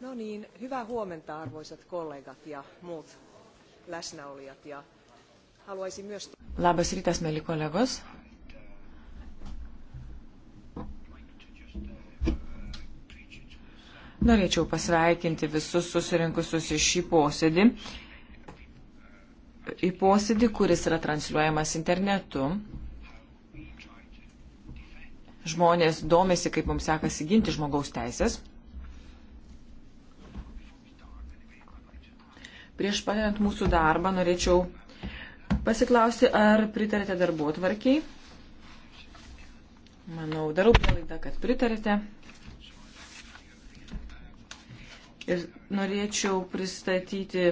No niin, hyvää huomenta arvoisat kollegat ja muut läsnäolijat. Ja haluaisin myös... Labas rytas, mėly kolegos. Norėčiau pasveikinti visus susirinkusius į šį posėdį. Į posėdį, kuris yra transliuojamas internetu. Žmonės domėsi, kaip mums sekasi ginti žmogaus teisės. prieš padedant mūsų darbą norėčiau pasiklausti, ar pritarėte darbo tvarkiai. Manau, darau prielaidą, kad pritarėte. Ir norėčiau pristatyti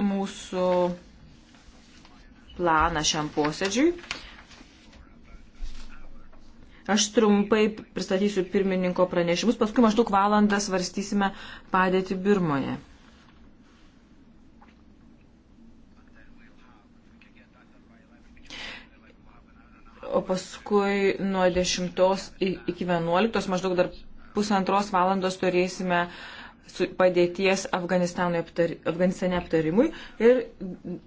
mūsų planą šiam posėdžiui. Aš trumpai pristatysiu pirmininko pranešimus, paskui maždaug valandą svarstysime padėti Birmoje. o paskui nuo 10 iki 11 maždaug dar pusantros valandos turėsime padėties aptari, Afganistane aptarimui ir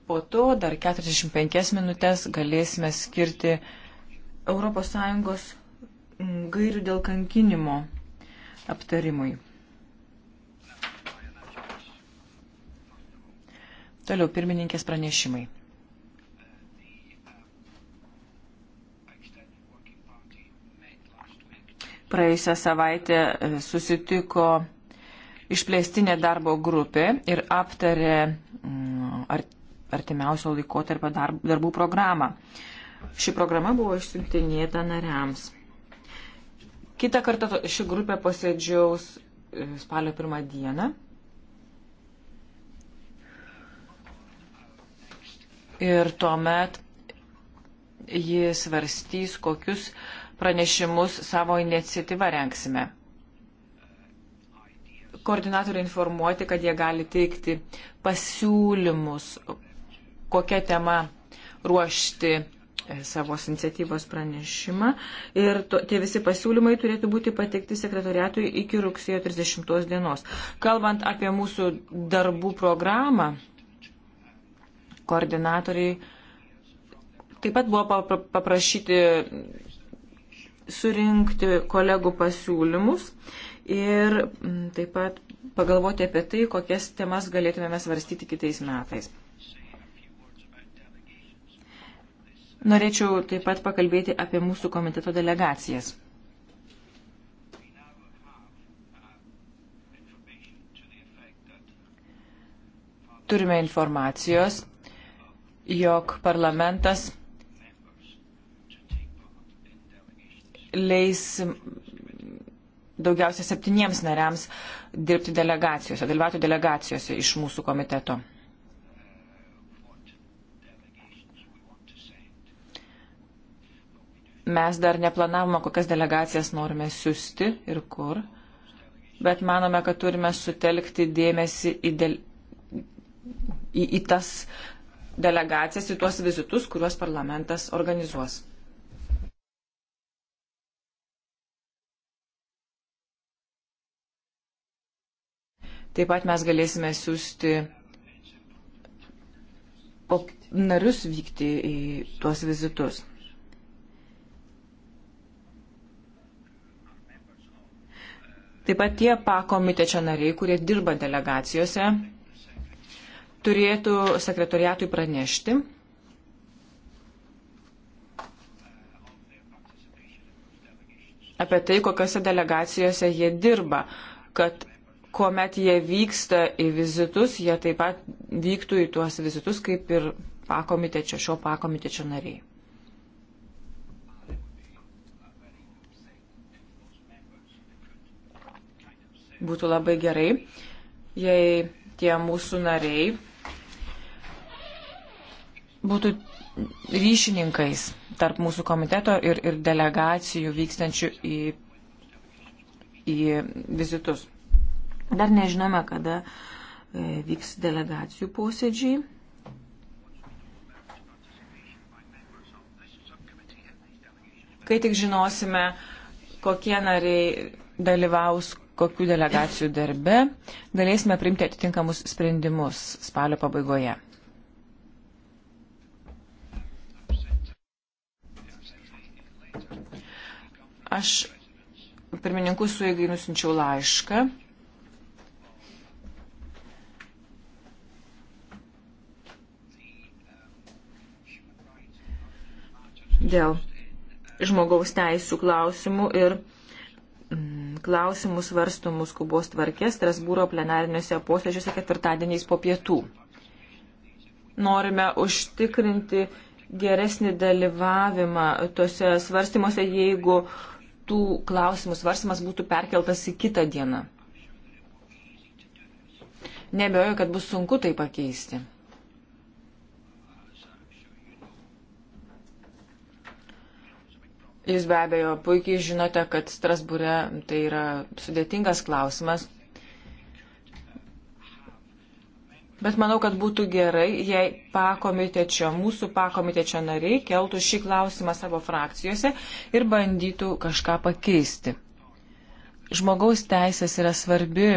po to dar 45 minutės galėsime skirti ES gairių dėl kankinimo aptarimui. Toliau pirmininkės pranešimai. Praėjusią savaitę e, susitiko išplėstinė darbo grupė ir aptarė mm, artimiausio laikotarpio darbų programą. Ši programa buvo išsiuntinėta nariams. Kita kartą ši grupė posėdžiaus e, spalio pirmą dieną. Ir tuomet jis varstys, kokius uh, pranešimus savo iniciatyvą renksime. Koordinatoriai informuoti, kad jie gali teikti pasiūlymus, kokia tema ruošti e, savo iniciatyvos pranešimą. Ir to, tie visi pasiūlymai turėtų būti pateikti sekretariatui iki rugsėjo 30 dienos. Kalbant apie mūsų darbų programą, koordinatoriai taip pat buvo paprašyti surinkti kolegų pasiūlymus ir mm, taip pat pagalvoti apie tai, kokias temas galėtumėme svarstyti kitais metais. Norėčiau taip pat pakalbėti apie mūsų komiteto delegacijas. Turime informacijos, jog parlamentas leis daugiausia septyniems nariams dirbti delegacijose, dalyvauti delegacijose iš mūsų komiteto. Mes dar neplanavome, kokias delegacijas norime siūsti ir kur, bet manome, kad turime sutelkti dėmesį į, del... į, į tas delegacijas, į tuos vizitus, kuriuos parlamentas organizuos. Taip pat mes galėsime siūsti narius vykti į tuos vizitus. Taip pat tie pakomitečio nariai, kurie dirba delegacijose, turėtų sekretoriatui pranešti apie tai, kokiuose delegacijose jie dirba, kad kuomet jie vyksta į vizitus, jie taip pat vyktų į tuos vizitus kaip ir pakomitečio, šio pakomitečio nariai. Būtų labai gerai, jei tie mūsų nariai būtų ryšininkais tarp mūsų komiteto ir, ir delegacijų vykstančių į, į vizitus. Dar nežinome, kada e, vyks delegacijų posėdžiai. Kai tik žinosime, kokie nariai dalyvaus kokių delegacijų darbe, galėsime priimti atitinkamus sprendimus spalio pabaigoje. Aš pirmininkų suėgai nusinčiau laišką dėl žmogaus teisų klausimų ir mm, klausimus varstomus skubos tvarkės Strasbūro plenariniuose posėdžiuose ketvirtadieniais po pietų. Norime užtikrinti geresnį dalyvavimą tose svarstymuose, jeigu tų klausimų svarstymas būtų perkeltas į kitą dieną. Nebejoju, kad bus sunku tai pakeisti. Jūs be abejo puikiai žinote, kad Strasbūre tai yra sudėtingas klausimas. Bet manau, kad būtų gerai, jei pakomitečio, mūsų pakomitečio nariai keltų šį klausimą savo frakcijose ir bandytų kažką pakeisti. Žmogaus teisės yra svarbi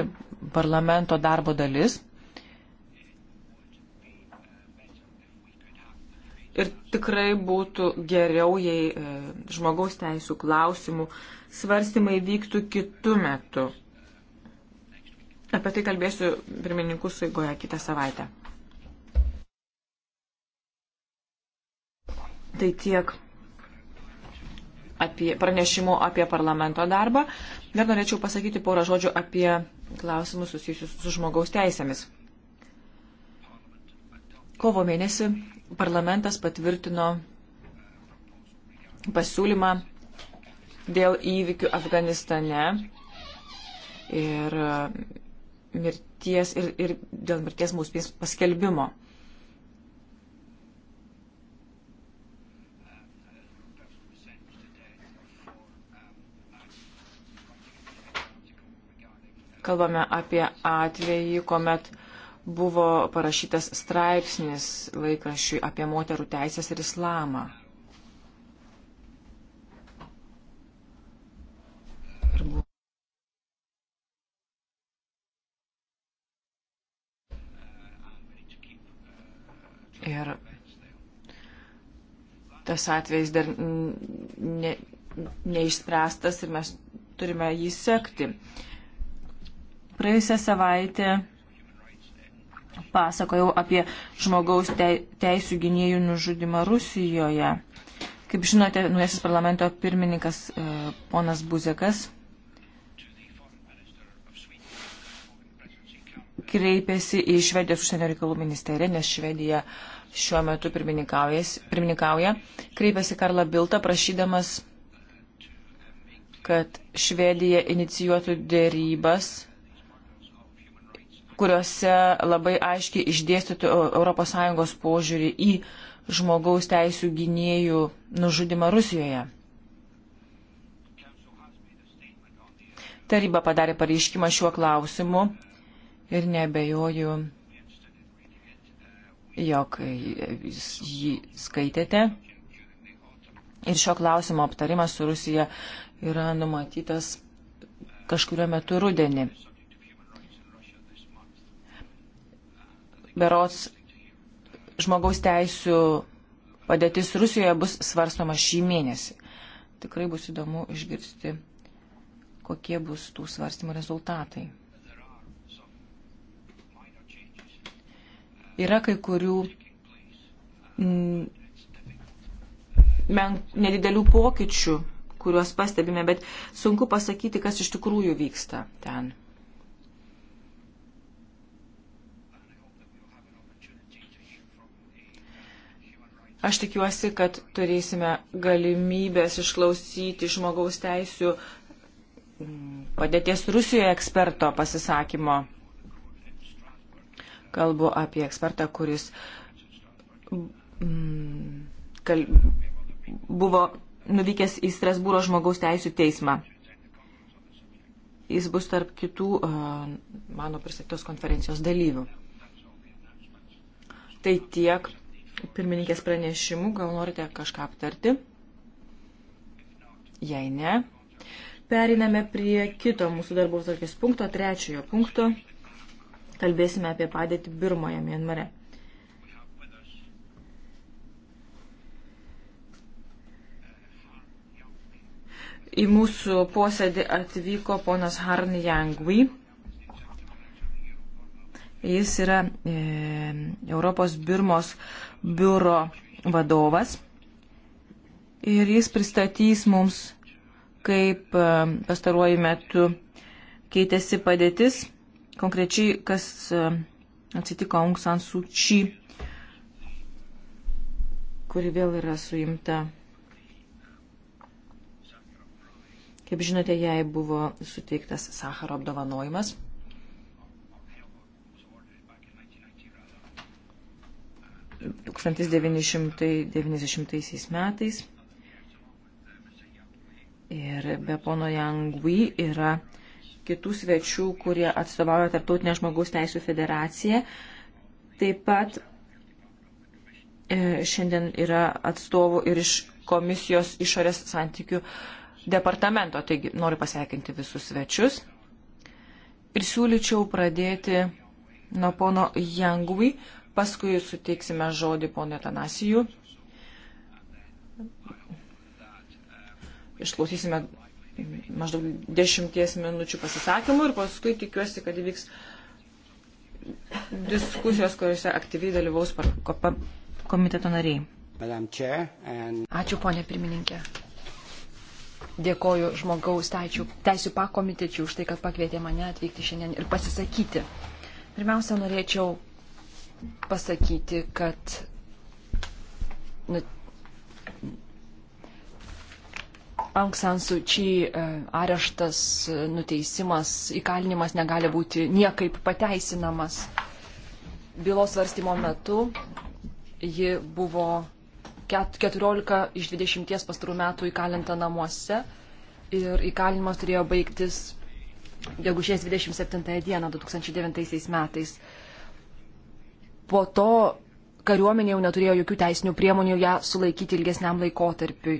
parlamento darbo dalis Ir tikrai būtų geriau, jei e, žmogaus teisų klausimų svarstymai vyktų kitų metų. Apie tai kalbėsiu pirmininkų suigoje kitą savaitę. Tai tiek apie pranešimų apie parlamento darbą. Dar norėčiau pasakyti porą žodžių apie klausimus susijusius su žmogaus teisėmis. Kovo mėnesį parlamentas patvirtino pasiūlymą dėl įvykių Afganistane ir, e, mirties, ir, ir dėl mirties bausmės paskelbimo. Kalbame apie atvejį, kuomet buvo parašytas straipsnis laikrašiui apie moterų teisės ir islamą. Ir buvo... Ir tas atvejs dar ne, neišspręstas ir mes turime jį sekti. Praėjusią savaitę pasakojau apie žmogaus teisų gynėjų nužudimą Rusijoje. Kaip žinote, nuėsis parlamento pirmininkas e, ponas Buzekas kreipėsi į Švedijos užsienio reikalų ministeriją, nes Švedija šiuo metu pirmininkauja, kreipėsi Karla Biltą prašydamas, kad Švedija inicijuotų dėrybas kuriuose labai aiškiai išdėstytų ES požiūrį į žmogaus teisų gynėjų nužudimą Rusijoje. Taryba padarė pareiškimą šiuo klausimu ir nebejoju, jog jį skaitėte. Ir šio klausimo aptarimas su Rusija yra numatytas kažkurio metu rudenį. berots žmogaus teisų padėtis Rusijoje bus svarstoma šį mėnesį. Tikrai bus įdomu išgirsti, kokie bus tų svarstymų rezultatai. Yra kai kurių m, mm, men, nedidelių pokyčių, kuriuos pastebime, bet sunku pasakyti, kas iš tikrųjų vyksta ten. Aš tikiuosi, kad turėsime galimybės išklausyti žmogaus teisų mm, padėties Rusijoje eksperto pasisakymo. Kalbu apie ekspertą, kuris mm, kal, buvo nuvykęs į Strasbūro žmogaus teisų teismą. Jis bus tarp kitų mano pristatytos konferencijos dalyvių. Tai tiek pirmininkės pranešimu. Gal norite kažką aptarti? Jei ne, periname prie kito mūsų darbo tvarkės punkto, trečiojo punkto. Kalbėsime apie padėtį Birmoje, Mienmare. Į mūsų posėdį atvyko ponas Harn Jangui. Jis yra e, Europos Birmos biuro vadovas ir jis pristatys mums, kaip e, pastaruoju metu keitėsi padėtis, konkrečiai kas e, atsitiko Aung San Suu Kyi, kuri vėl yra suimta. Kaip žinote, jai buvo suteiktas Sakaro apdovanojimas. 1990 metais. Ir be pono Jangui yra kitų svečių, kurie atstovauja Tartautinę žmogaus teisų federaciją. Taip pat e, šiandien yra atstovų ir iš komisijos išorės santykių departamento. Taigi noriu pasveikinti visus svečius. Ir siūlyčiau pradėti nuo pono Jangui, Paskui suteiksime žodį ponui Tanasijų. Išklausysime maždaug dešimties minučių pasisakymų ir paskui tikiuosi, kad įvyks diskusijos, kuriuose aktyviai dalyvaus komiteto nariai. Ačiū, ponė pirmininkė. Dėkoju žmogaus taičių, teisų pakomitečių už tai, kad pakvietė mane atvykti šiandien ir pasisakyti. Pirmiausia, norėčiau pasakyti, kad nu, Aung San Suu Kyi e, areštas, e, nuteisimas, įkalinimas negali būti niekaip pateisinamas. Bylos svarstymo metu ji buvo 14 iš 20 pastarų metų įkalinta namuose ir įkalinimas turėjo baigtis gegužės 27 dieną 2009 metais po to kariuomenė jau neturėjo jokių teisinių priemonių ją sulaikyti ilgesniam laikotarpiui.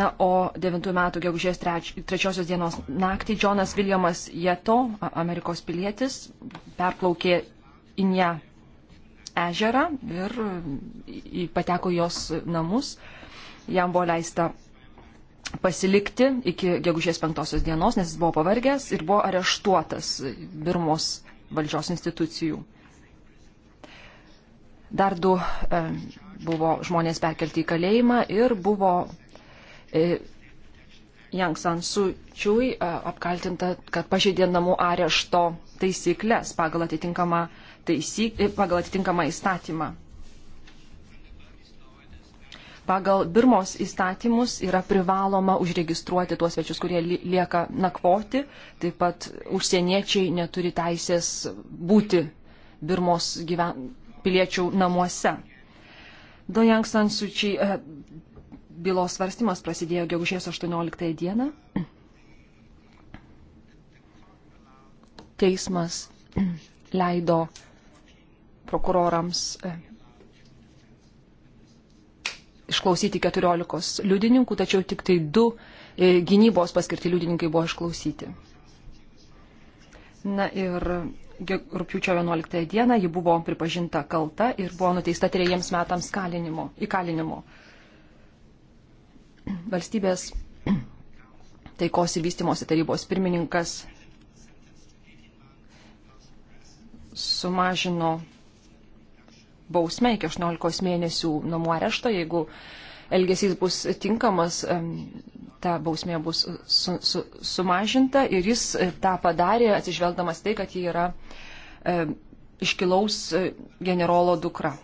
Na, o 9 metų gegužės 3 dienos naktį Džonas Viljamas Jeto, Amerikos pilietis, perplaukė Inja ežerą ir pateko jos namus. Jam buvo leista pasilikti iki gegužės 5 dienos, nes jis buvo pavargęs ir buvo areštuotas Birmos valdžios institucijų. Dar du e, buvo žmonės perkelti į kalėjimą ir buvo Yang e, San Su Čiui e, apkaltinta, kad pažeidė namų arešto taisyklės pagal atitinkamą, taisyk, pagal atitinkamą įstatymą. Pagal Birmos įstatymus yra privaloma užregistruoti tuos svečius, kurie lieka nakvoti, taip pat užsieniečiai neturi teisės būti Birmos gyven piliečių namuose. Dojang Sansučiai e, bylos svarstymas prasidėjo gegužės 18 dieną. Teismas leido prokurorams e, išklausyti 14 liudininkų, tačiau tik tai du e, gynybos paskirti liudininkai buvo išklausyti. Na ir rūpiučio 11 dieną ji buvo pripažinta kalta ir buvo nuteista trejiems metams kalinimo, įkalinimo. Valstybės taikos ir vystimosi tarybos pirmininkas sumažino bausmę iki 18 mėnesių namų arešto, jeigu elgesys bus tinkamas, ta bausmė bus su, su, sumažinta ir jis e, tą padarė atsižvelgdamas tai, kad ji yra e, iškilaus e, generolo dukra.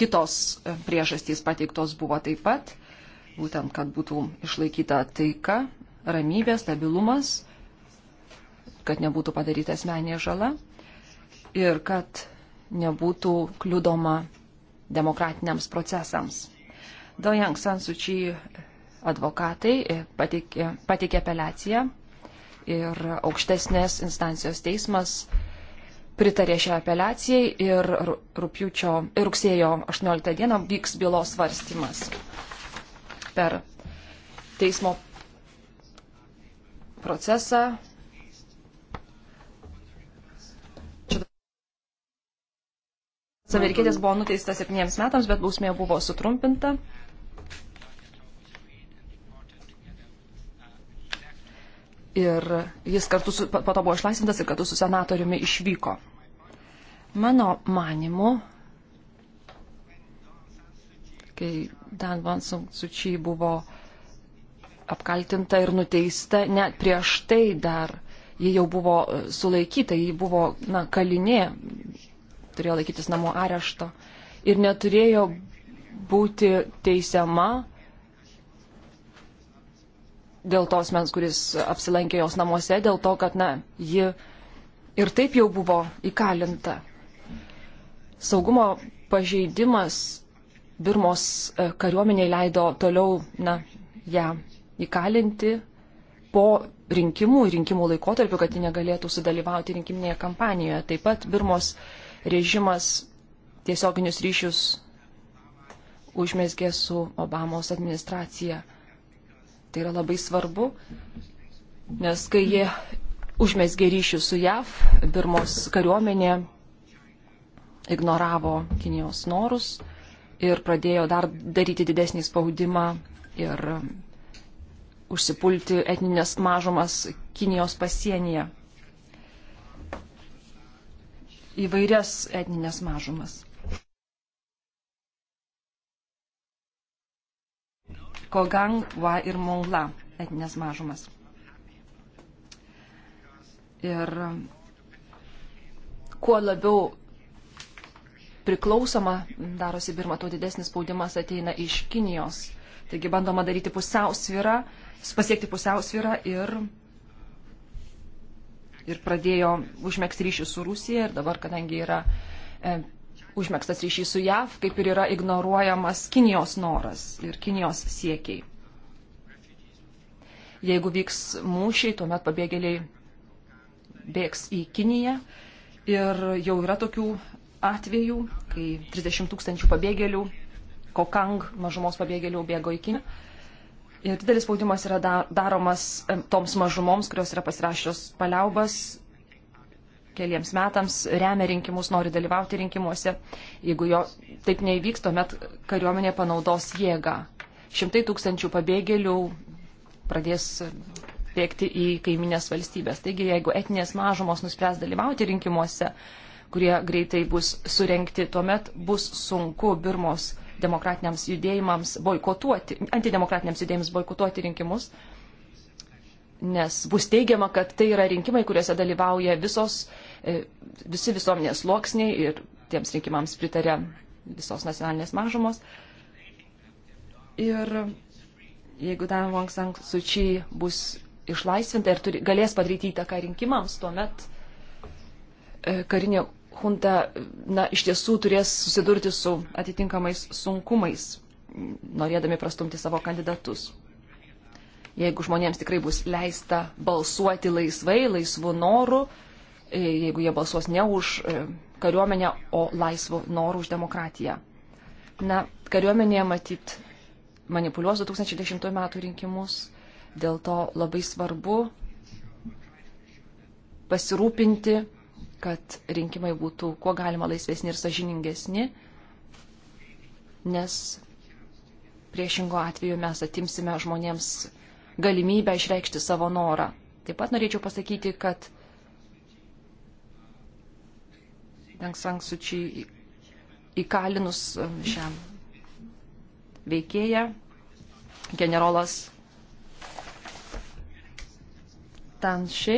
Kitos e, priežastys pateiktos buvo taip pat, būtent, kad būtų išlaikyta taika, ramybė, stabilumas, kad nebūtų padaryta asmenė žala ir kad nebūtų kliudoma demokratiniams procesams. Dojang Sansučiai advokatai e, pateikė, pateikė apeliaciją ir aukštesnės instancijos teismas pritarė šią apeliacijai ir rūpiučio, rugsėjo 18 dieną vyks bylos svarstymas per teismo procesą. Amerikietis buvo nuteistas septyniems metams, bet bausmė buvo sutrumpinta. ir jis kartu su, po to buvo išlaisvintas ir kartu su senatoriumi išvyko. Mano manimu, kai Dan Van Suči buvo apkaltinta ir nuteista, net prieš tai dar ji jau buvo e, sulaikyta, ji buvo na, kalinė, turėjo laikytis namų arešto ir neturėjo būti teisiama dėl tos mens, kuris apsilankė jos namuose, dėl to, kad, na, ji ir taip jau buvo įkalinta. Saugumo pažeidimas Birmos e, kariuomeniai leido toliau, na, ją įkalinti po rinkimų, rinkimų laikotarpiu, kad ji negalėtų sudalyvauti rinkiminėje kampanijoje. Taip pat Birmos režimas tiesioginius ryšius užmėsgė su Obamos administracija. Tai yra labai svarbu, nes kai jie užmesgė ryšių su JAV, Birmos kariuomenė ignoravo Kinijos norus ir pradėjo dar daryti didesnį spaudimą ir užsipulti etninės mažumas Kinijos pasienyje. Įvairias etninės mažumas. Kogang, Wa ir Mongla etinės mažumas. Ir kuo labiau priklausoma darosi Birma, tuo didesnis spaudimas ateina iš Kinijos. Taigi bandoma daryti pusiausvyrą, pasiekti pusiausvyrą ir, ir pradėjo užmėgsti ryšius su Rusija ir dabar, kadangi yra e, užmėgstas ryšys su JAV, kaip ir yra ignoruojamas Kinijos noras ir Kinijos siekiai. Jeigu vyks mūšiai, tuomet pabėgėliai bėgs į Kiniją ir jau yra tokių atvejų, kai 30 tūkstančių pabėgėlių, Kokang mažumos pabėgėlių bėgo į Kiniją. Ir didelis spaudimas yra daromas toms mažumoms, kurios yra pasirašęs paliaubas keliems metams, remia rinkimus, nori dalyvauti rinkimuose. Jeigu jo taip neįvyks, tuomet kariuomenė panaudos jėgą. Šimtai tūkstančių pabėgėlių pradės bėgti į kaiminės valstybės. Taigi, jeigu etinės mažumos nuspręs dalyvauti rinkimuose, kurie greitai bus surenkti, tuomet bus sunku Birmos demokratiniams judėjimams boikotuoti, antidemokratiniams judėjimams boikotuoti rinkimus, nes bus teigiama, kad tai yra rinkimai, kuriuose dalyvauja visos uh, E, visi visuomenės sluoksniai ir tiems rinkimams pritarė visos nacionalinės mažumos. Ir jeigu Dan Wang Sang Suči bus išlaisvinta ir turi, galės padaryti įtaką rinkimams, tuomet e, karinė junta na, iš tiesų turės susidurti su atitinkamais sunkumais, norėdami prastumti savo kandidatus. Jeigu žmonėms tikrai bus leista balsuoti laisvai, laisvu noru, E, jeigu jie balsuos ne už e, kariuomenę, o laisvų norų už demokratiją. Na, kariuomenėje matyt manipuliuos 2010 metų rinkimus, dėl to labai svarbu pasirūpinti, kad rinkimai būtų kuo galima laisvesni ir sažiningesni, nes priešingo atveju mes atimsime žmonėms galimybę išreikšti savo norą. Taip pat norėčiau pasakyti, kad Nengsangsučiai įkalinus um, šią veikėją. Generolas Tanši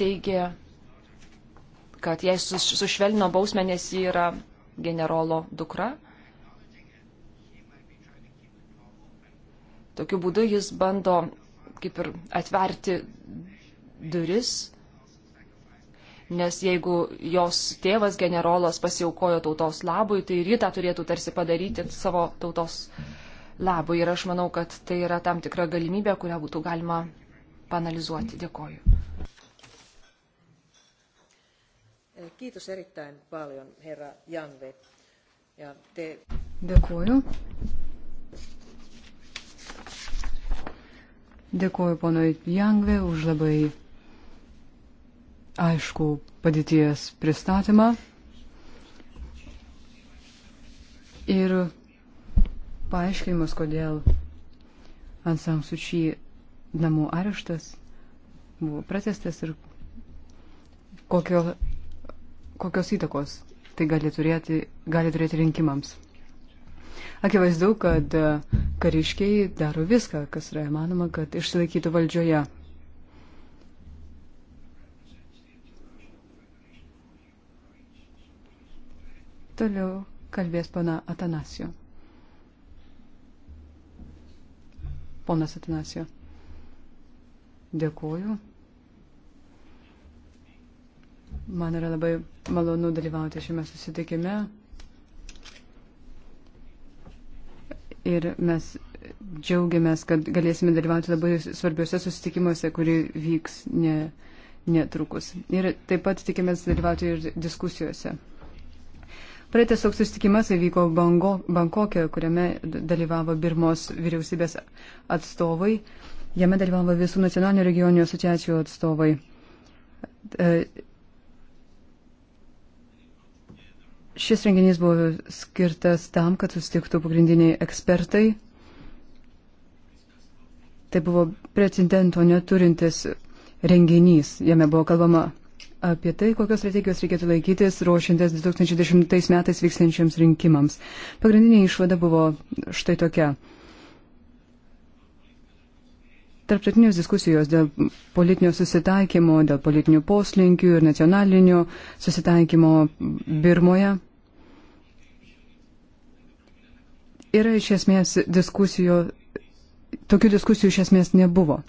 teigė, kad jai sušvelnino bausmę, nes ji yra generolo dukra. Tokiu būdu jis bando kaip ir atverti duris nes jeigu jos tėvas generolas pasiaukojo tautos labui, tai ir ji tą turėtų tarsi padaryti savo tautos labui. Ir aš manau, kad tai yra tam tikra galimybė, kurią būtų galima panalizuoti. Dėkoju. Kiitos erittäin paljon, herra Janve. Ja te... Dėkuoju. Dėkuoju ponui Jangve už labai aišku padėties pristatymą ir paaiškinimas, kodėl Ansam Suči namų areštas buvo pratestas ir kokio, kokios įtakos tai gali turėti, gali turėti rinkimams. Akivaizdu, kad kariškiai daro viską, kas yra įmanoma, kad išsilaikytų valdžioje. Toliau kalbės pana Atanasio. Ponas Atanasio. Dėkuoju. Man yra labai malonu dalyvauti šiame susitikime. Ir mes džiaugiamės, kad galėsime dalyvauti labai svarbiuose susitikimuose, kuri vyks ne, netrukus. Ir taip pat tikimės dalyvauti ir diskusijose. Praeitas toks susitikimas įvyko Bango, Bankokė, kuriame dalyvavo Birmos vyriausybės atstovai. Jame dalyvavo visų nacionalinių regioninių asociacijų atstovai. E, šis renginys buvo skirtas tam, kad sustiktų pagrindiniai ekspertai. Tai buvo precedento neturintis renginys. Jame buvo kalbama apie tai, kokios strategijos reikėtų laikytis ruošintis 2010 metais vyksiančiams rinkimams. Pagrindinė išvada buvo štai tokia. Tarptautinės diskusijos dėl politinio susitaikymo, dėl politinių poslinkių ir nacionalinio susitaikymo Birmoje yra iš esmės diskusijų tokių diskusijų iš esmės nebuvo.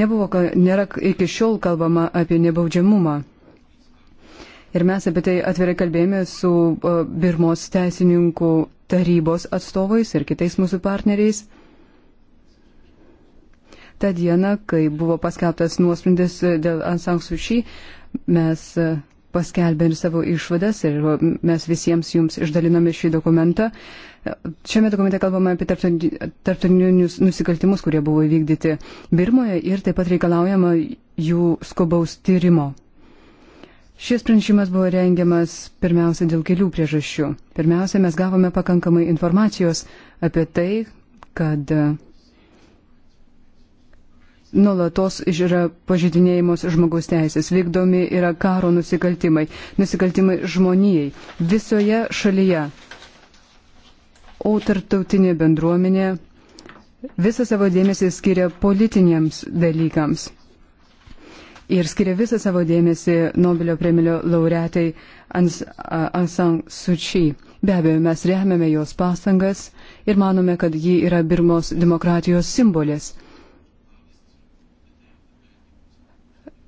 Nebuvo, nėra iki šiol kalbama apie nebaudžiamumą. Ir mes apie tai atvirai kalbėjome su Birmos teisininkų tarybos atstovais ir kitais mūsų partneriais. Ta diena, kai buvo paskelbtas nuosprendis e, dėl Ansang Suši, mes e, paskelbė ir savo išvadas ir mes visiems jums išdaliname šį dokumentą. Šiame dokumente kalbame apie tarptautinius nusikaltimus, kurie buvo įvykdyti Birmoje ir taip pat reikalaujama jų skubaus tyrimo. Šis pranešimas buvo rengiamas pirmiausia dėl kelių priežasčių. Pirmiausia, mes gavome pakankamai informacijos apie tai, kad e, nuolatos yra pažydinėjimos žmogaus teisės, vykdomi yra karo nusikaltimai, nusikaltimai žmonijai visoje šalyje. O tarptautinė bendruomenė visą savo dėmesį skiria politiniams dalykams ir skiria visą savo dėmesį Nobelio premijo laureatai Ansang Suči. Be abejo, mes remiame jos pastangas ir manome, kad ji yra Birmos demokratijos simbolis.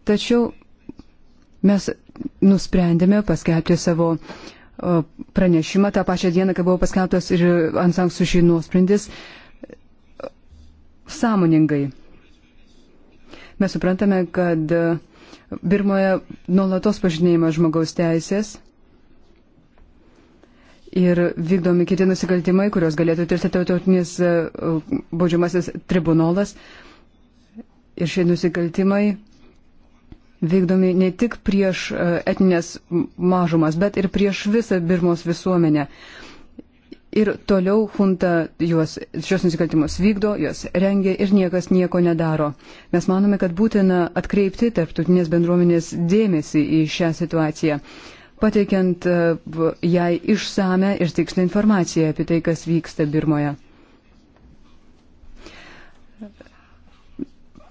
Tačiau mes nusprendėme paskelbti savo pranešimą tą pačią dieną, kai buvo paskelbtas ir Ansang Suši nuosprendis sąmoningai. Mes suprantame, kad Birmoje nuolatos pažinėjimas žmogaus teisės ir vykdomi kiti nusikaltimai, kurios galėtų tirti taututinis e, baudžiamasis tribunolas. Ir šie nusikaltimai vykdomi ne tik prieš e, etninės mažumas, bet ir prieš visą Birmos visuomenę ir toliau junta juos, šios nusikaltimus vykdo, juos rengia ir niekas nieko nedaro. Mes manome, kad būtina atkreipti tarptautinės bendruomenės dėmesį į šią situaciją, pateikiant e, jai išsame ir tikslę informaciją apie tai, kas vyksta Birmoje.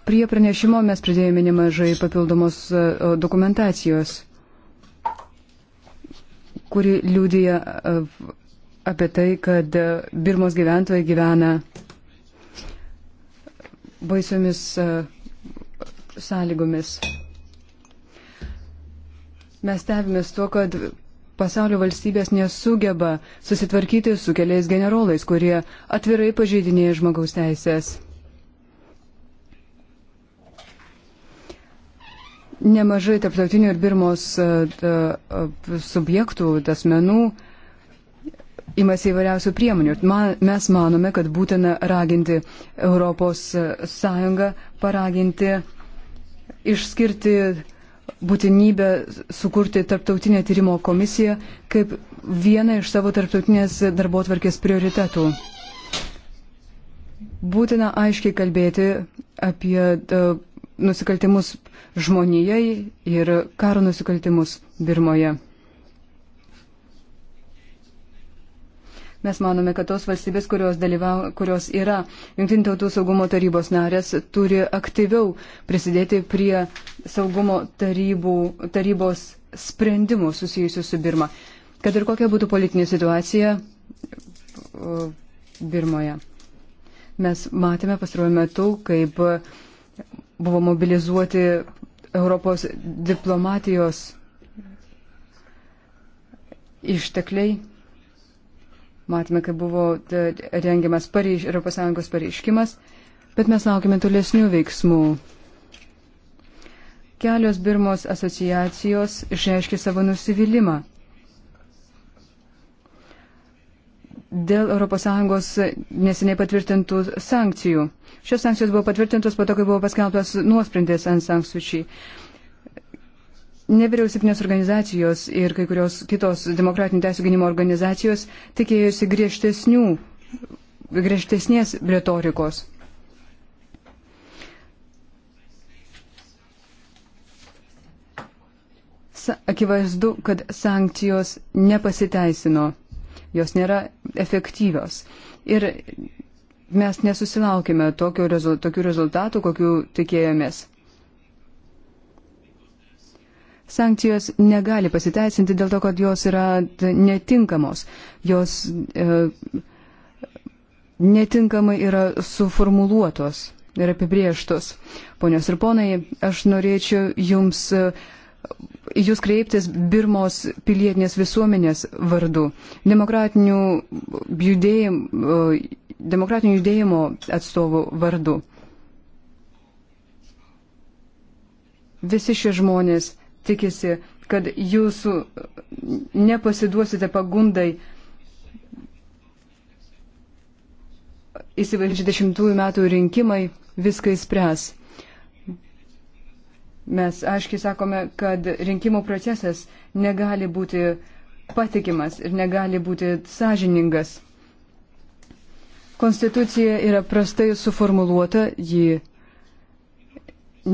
Prie pranešimo mes pridėjome nemažai papildomos e, dokumentacijos, kuri liūdėja e, apie tai, kad Birmos gyventojai gyvena baisiomis e, sąlygomis. Mes stebimės tuo, kad pasaulio valstybės nesugeba susitvarkyti su keliais generolais, kurie atvirai pažeidinėja žmogaus teisės. Nemažai tarptautinių ir Birmos e, e, subjektų, asmenų, uh, imasi įvairiausių priemonių. Man, mes manome, kad būtina raginti Europos e, Sąjungą, paraginti, išskirti būtinybę sukurti tarptautinę tyrimo komisiją kaip vieną iš savo tarptautinės darbo tvarkės prioritetų. Būtina aiškiai kalbėti apie uh, nusikaltimus žmonijai ir karo nusikaltimus Birmoje. Mes manome, kad tos valstybės, kurios, dalyvau, kurios yra Junktinių tautų saugumo tarybos narės, turi aktyviau prisidėti prie saugumo tarybų, tarybos sprendimų susijusių su Birma. Kad ir kokia būtų politinė situacija Birmoje. Mes matėme pastaruoju metu, kaip buvo mobilizuoti Europos diplomatijos ištekliai matėme, kaip buvo e, rengiamas Paryž, ES pareiškimas, bet mes laukime tolesnių veiksmų. Kelios Birmos asociacijos išreiškė savo nusivylimą dėl ES neseniai patvirtintų sankcijų. Šios sankcijos buvo patvirtintos po to, kai buvo paskelbtas nuosprendis ant sankcijų. Nevyriausybinės organizacijos ir kai kurios kitos demokratinių teisų gynimo organizacijos tikėjosi griežtesnių, griežtesnės retorikos. Akivaizdu, kad sankcijos nepasiteisino, jos nėra efektyvios. Ir mes nesusilaukime rezult, tokių rezultatų, kokių tikėjomės. Sankcijos negali pasiteisinti dėl to, kad jos yra netinkamos. Jos e, netinkamai yra suformuluotos ir apibrieštos. Ponios ir ponai, aš norėčiau jums. E, jūs kreiptis Birmos pilietinės visuomenės vardu. Demokratinių judėjimų, e, demokratinių judėjimo atstovų vardu. Visi šie žmonės tikisi, kad jūs nepasiduosite pagundai įsivažiuoti dešimtųjų metų rinkimai viską įspręs. Mes aiškiai sakome, kad rinkimų procesas negali būti patikimas ir negali būti sąžiningas. Konstitucija yra prastai suformuluota, ji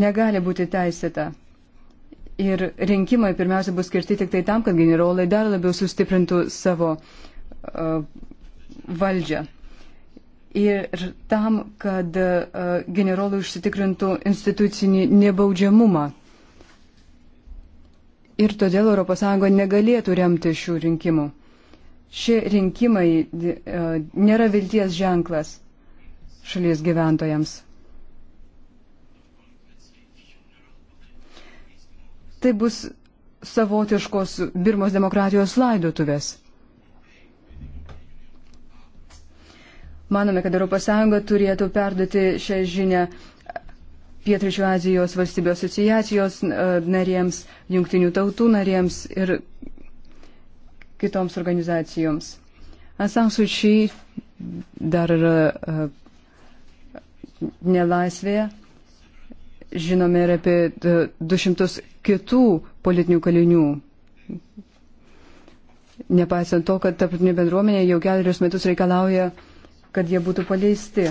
negali būti teisėta. Ir rinkimai pirmiausia bus skirti tik tai tam, kad generolai dar labiau sustiprintų savo uh, valdžią. Ir tam, kad uh, generolai užsitikrintų institucinį nebaudžiamumą. Ir todėl ES negalėtų remti šių rinkimų. Šie rinkimai uh, nėra vilties ženklas šalies gyventojams. tai bus savotiškos Birmos demokratijos laidotuvės. Manome, kad ES turėtų perduoti šią žinią Pietričių Azijos valstybių asociacijos e, narėms, jungtinių tautų narėms ir kitoms organizacijoms. Asang Suči dar yra e, nelaisvėje. Žinome ir apie 200 e, kitų politinių kalinių. Nepaisant to, kad tarptautinė bendruomenė jau keliarius metus reikalauja, kad jie būtų paleisti.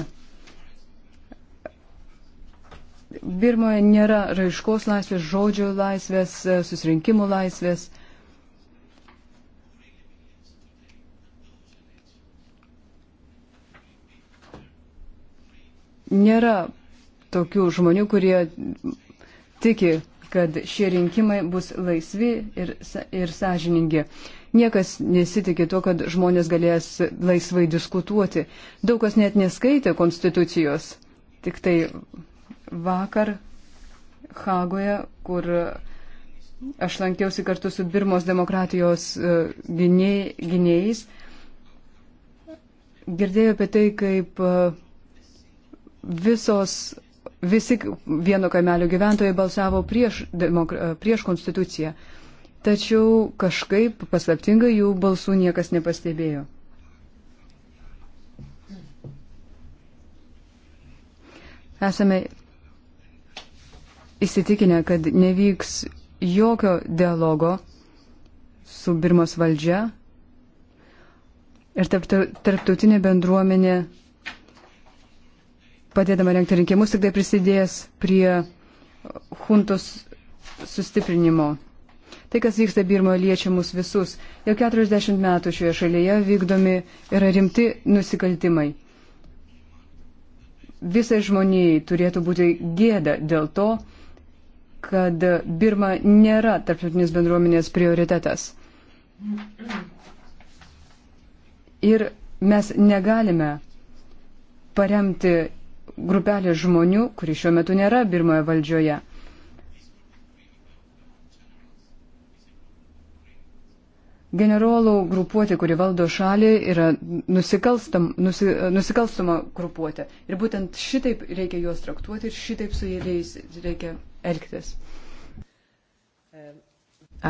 Birmoje nėra raiškos laisvės, žodžio laisvės, susirinkimų laisvės. Nėra tokių žmonių, kurie tiki, kad šie rinkimai bus laisvi ir, ir sąžiningi. Niekas nesitikė to, kad žmonės galės laisvai diskutuoti. Daug kas net neskaitė konstitucijos. Tik tai vakar Hagoje, kur aš lankiausi kartu su Birmos demokratijos e, gynėjais, girdėjau apie tai, kaip e, visos visi vieno kaimelio gyventojai balsavo prieš, demokra, prieš konstituciją. Tačiau kažkaip paslaptingai jų balsų niekas nepastebėjo. Esame įsitikinę, kad nevyks jokio dialogo su Birmos valdžia ir tarptautinė bendruomenė padėdama renkti rinkimus, tik tai prisidės prie huntos sustiprinimo. Tai, kas vyksta Birmoje, liečia mus visus. Jau 40 metų šioje šalyje vykdomi yra rimti nusikaltimai. Visai žmonijai turėtų būti gėda dėl to, kad Birma nėra tarptautinės bendruomenės prioritetas. Ir mes negalime paremti grupelė žmonių, kuri šiuo metu nėra Birmoje valdžioje. Generolų grupuotė, kuri valdo šalį, yra nusikalstam, nusi, nusikalstama grupuotė. Ir būtent šitaip reikia juos traktuoti ir šitaip su jais reikia elgtis.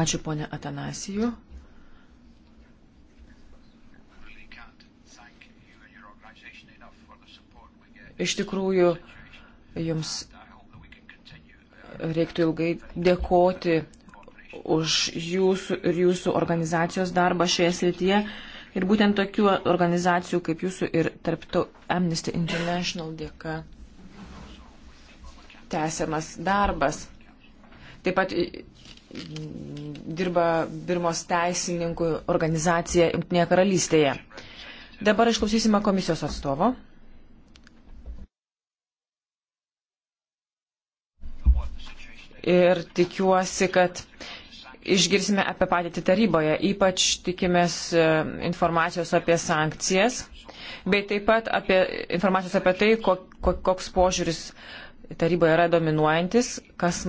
Ačiū, ponė Atanasijų. Iš tikrųjų, jums reiktų ilgai dėkoti už jūsų ir jūsų organizacijos darbą šioje srityje. Ir būtent tokių organizacijų kaip jūsų ir tarptau Amnesty International dėka tęsiamas darbas. Taip pat dirba Birmos teisininkų organizacija Junktinėje karalystėje. Dabar išklausysime komisijos atstovo. ir tikiuosi, kad išgirsime apie padėtį taryboje. Ypač tikimės e, informacijos apie sankcijas, bei taip pat apie, informacijos apie tai, koks požiūris taryboje yra dominuojantis, kas,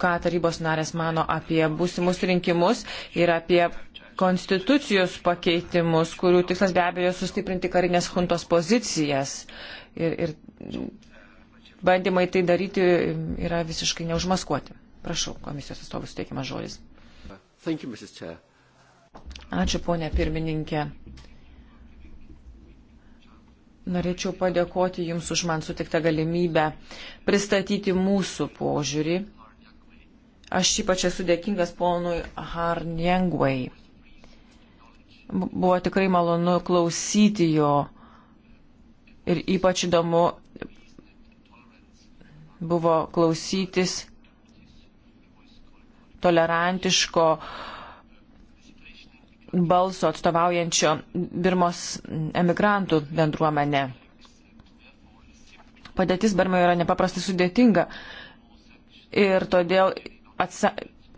ką tarybos narės mano apie būsimus rinkimus ir apie konstitucijos pakeitimus, kurių tikslas be abejo sustiprinti karinės huntos pozicijas ir, ir bandymai tai daryti yra visiškai neužmaskuoti. Prašau, komisijos atstovų suteikimas žodis. Thank you, Mrs. Chair. Ačiū, ponė pirmininkė. Norėčiau padėkoti Jums už man sutiktą galimybę pristatyti mūsų požiūrį. Aš ypač esu dėkingas ponui Harniengvai. Buvo tikrai malonu klausyti jo ir ypač įdomu buvo klausytis tolerantiško balso atstovaujančio Birmos emigrantų bendruomenę. Padėtis Birmoje yra nepaprastai sudėtinga ir todėl atsa,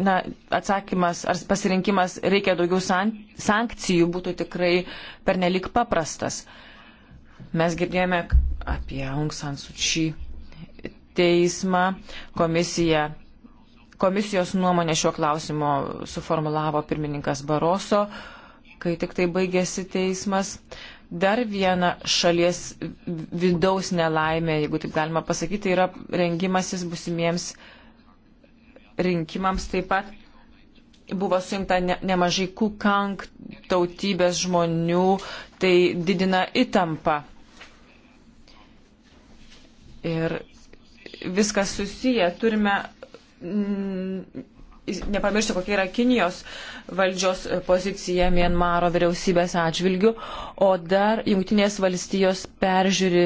na, atsakymas ar pasirinkimas reikia daugiau san, sankcijų būtų tikrai pernelik paprastas. Mes girdėjome apie Aung San Suu Kyi teismą. Komisija, komisijos nuomonę šiuo klausimu suformulavo pirmininkas Baroso, kai tik tai baigėsi teismas. Dar viena šalies vidaus nelaimė, jeigu taip galima pasakyti, yra rengimasis busimiems rinkimams. Taip pat buvo suimta ne, nemažai kukank tautybės žmonių, tai didina įtampą. Ir viskas susiję. Turime mm, nepamiršti, kokia yra Kinijos valdžios e, pozicija Mienmaro vyriausybės atžvilgių, o dar Junktinės valstijos peržiūri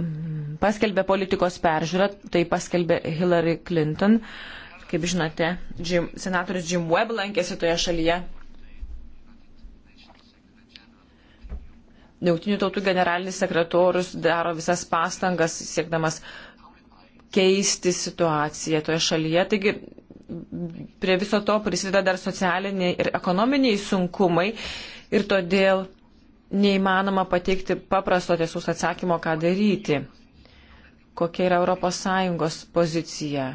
mm, paskelbė politikos peržiūrą, tai paskelbė Hillary Clinton. Kaip žinote, Jim, senatorius Jim Webb lankėsi toje šalyje Jungtinių tautų generalinis sekretorius daro visas pastangas siekdamas keisti situaciją toje šalyje. Taigi prie viso to prisideda dar socialiniai ir ekonominiai sunkumai ir todėl neįmanoma pateikti paprasto tiesus atsakymo, ką daryti. Kokia yra ES pozicija?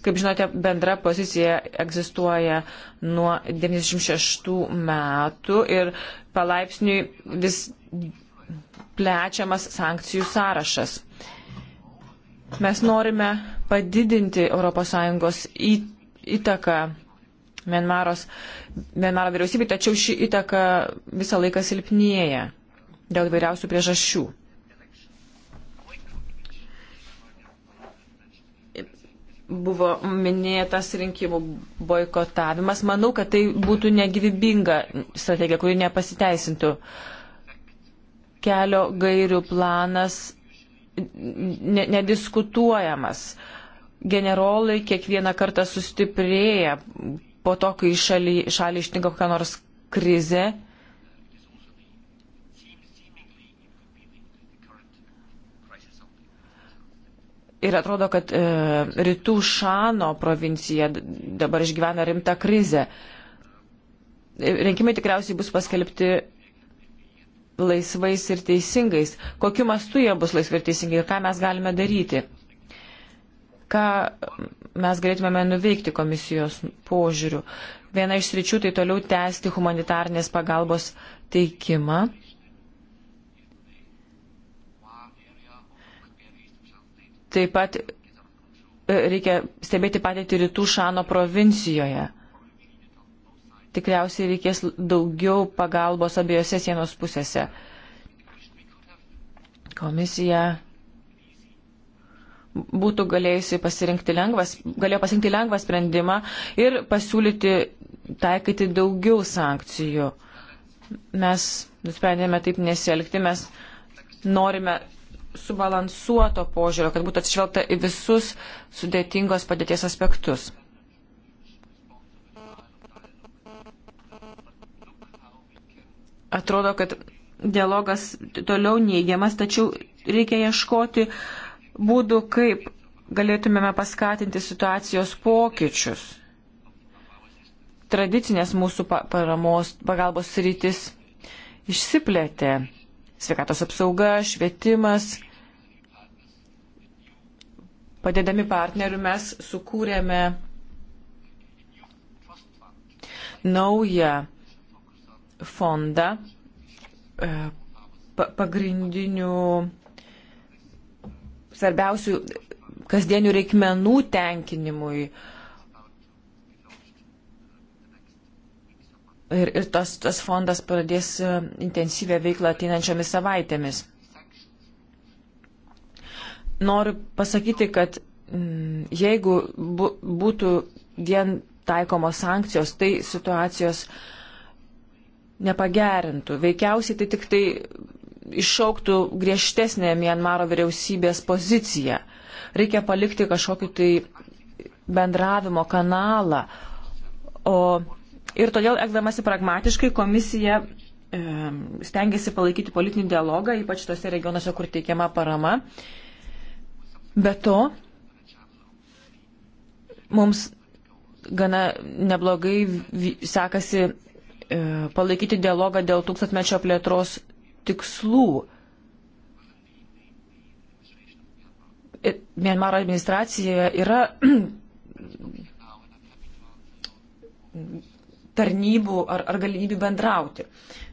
Kaip žinote, bendra pozicija egzistuoja nuo 96 metų ir palaipsniui vis plečiamas sankcijų sąrašas. Mes norime padidinti ES įtaką Mienmaros, Mienmaro vyriausybei, tačiau ši įtaka visą laiką silpnėja dėl vairiausių priežasčių. buvo minėtas rinkimų boikotavimas. Manau, kad tai būtų negyvybinga strategija, kuri nepasiteisintų. Kelio gairių planas ne, nediskutuojamas. Generolai kiekvieną kartą sustiprėja po to, kai šalį, šalį ištinka kokia nors krizė Ir atrodo, kad e, rytų Šano provincija dabar išgyvena rimtą krizę. E, rinkimai tikriausiai bus paskelbti laisvais ir teisingais. Kokiu mastu jie bus laisvi ir teisingi ir ką mes galime daryti? Ką mes galėtumėme nuveikti komisijos požiūrių? Viena iš sričių tai toliau tęsti humanitarnės pagalbos teikimą Taip pat e, reikia stebėti padėti rytų Šano provincijoje. Tikriausiai reikės daugiau pagalbos abiejose sienos pusėse. Komisija būtų galėjusi pasirinkti lengvas, galėjo pasirinkti lengvą sprendimą ir pasiūlyti taikyti daugiau sankcijų. Mes nusprendėme taip nesielgti, mes norime subalansuoto požiūrio, kad būtų atsižvelgta į visus sudėtingos padėties aspektus. Atrodo, kad dialogas toliau neigiamas, tačiau reikia ieškoti būdų, kaip galėtumėme paskatinti situacijos pokyčius. Tradicinės mūsų paramos pagalbos rytis išsiplėtė sveikatos apsauga, švietimas. Padėdami partnerių mes sukūrėme naują fondą e, pagrindinių svarbiausių kasdienių reikmenų tenkinimui, uh, ir, ir tas, tas fondas pradės e, intensyvę veiklą ateinančiomis savaitėmis. Noriu pasakyti, kad mm, jeigu būtų vien taikomos sankcijos, tai situacijos nepagerintų. Veikiausiai tai tik tai iššauktų griežtesnė Mianmaro vyriausybės pozicija. Reikia palikti kažkokį tai bendravimo kanalą. O Ir todėl, elgdamasi pragmatiškai, komisija e, stengiasi palaikyti politinį dialogą, ypač tose regionuose, kur teikiama parama. Be to, mums gana neblogai sekasi e, palaikyti dialogą dėl tūkstantmečio plėtros tikslų. E, Mienmaro administracijoje yra tarnybų ar, ar galimybių bendrauti.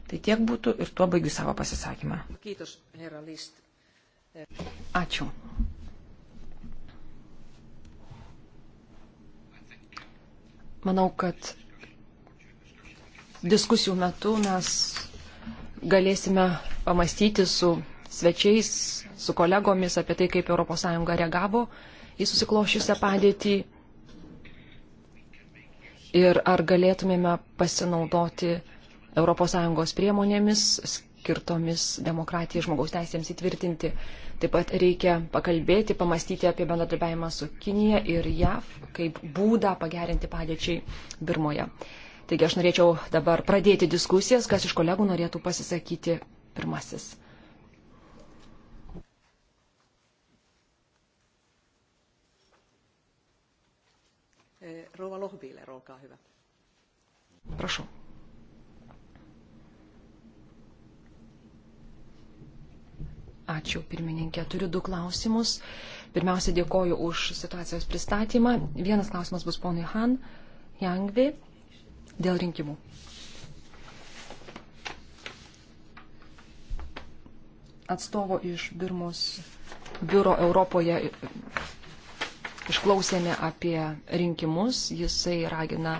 Tai tiek būtų ir tuo baigiu savo pasisakymą. Kiitos, Ačiū. Manau, kad diskusijų metu mes galėsime pamastyti su svečiais, su kolegomis apie tai, kaip ES reagavo į susiklošiusią padėtį ir ar galėtumėme pasinaudoti ES priemonėmis skirtomis demokratijai žmogaus teisėms įtvirtinti. Taip pat reikia pakalbėti, pamastyti apie bendradarbiavimą su Kinija ir JAV kaip būdą pagerinti padėčiai Birmoje. Taigi aš norėčiau dabar pradėti diskusijas, kas iš kolegų norėtų pasisakyti pirmasis. Rouva Lohbiiler, olkaa hyvä. Прошу. Ačiū, pirmininkė. Turiu du klausimus. Pirmiausia, dėkoju už situacijos pristatymą. Vienas klausimas bus ponui Han Jangvi dėl rinkimų. Atstovo iš Birmos biuro Europoje išklausėme apie rinkimus, jisai ragina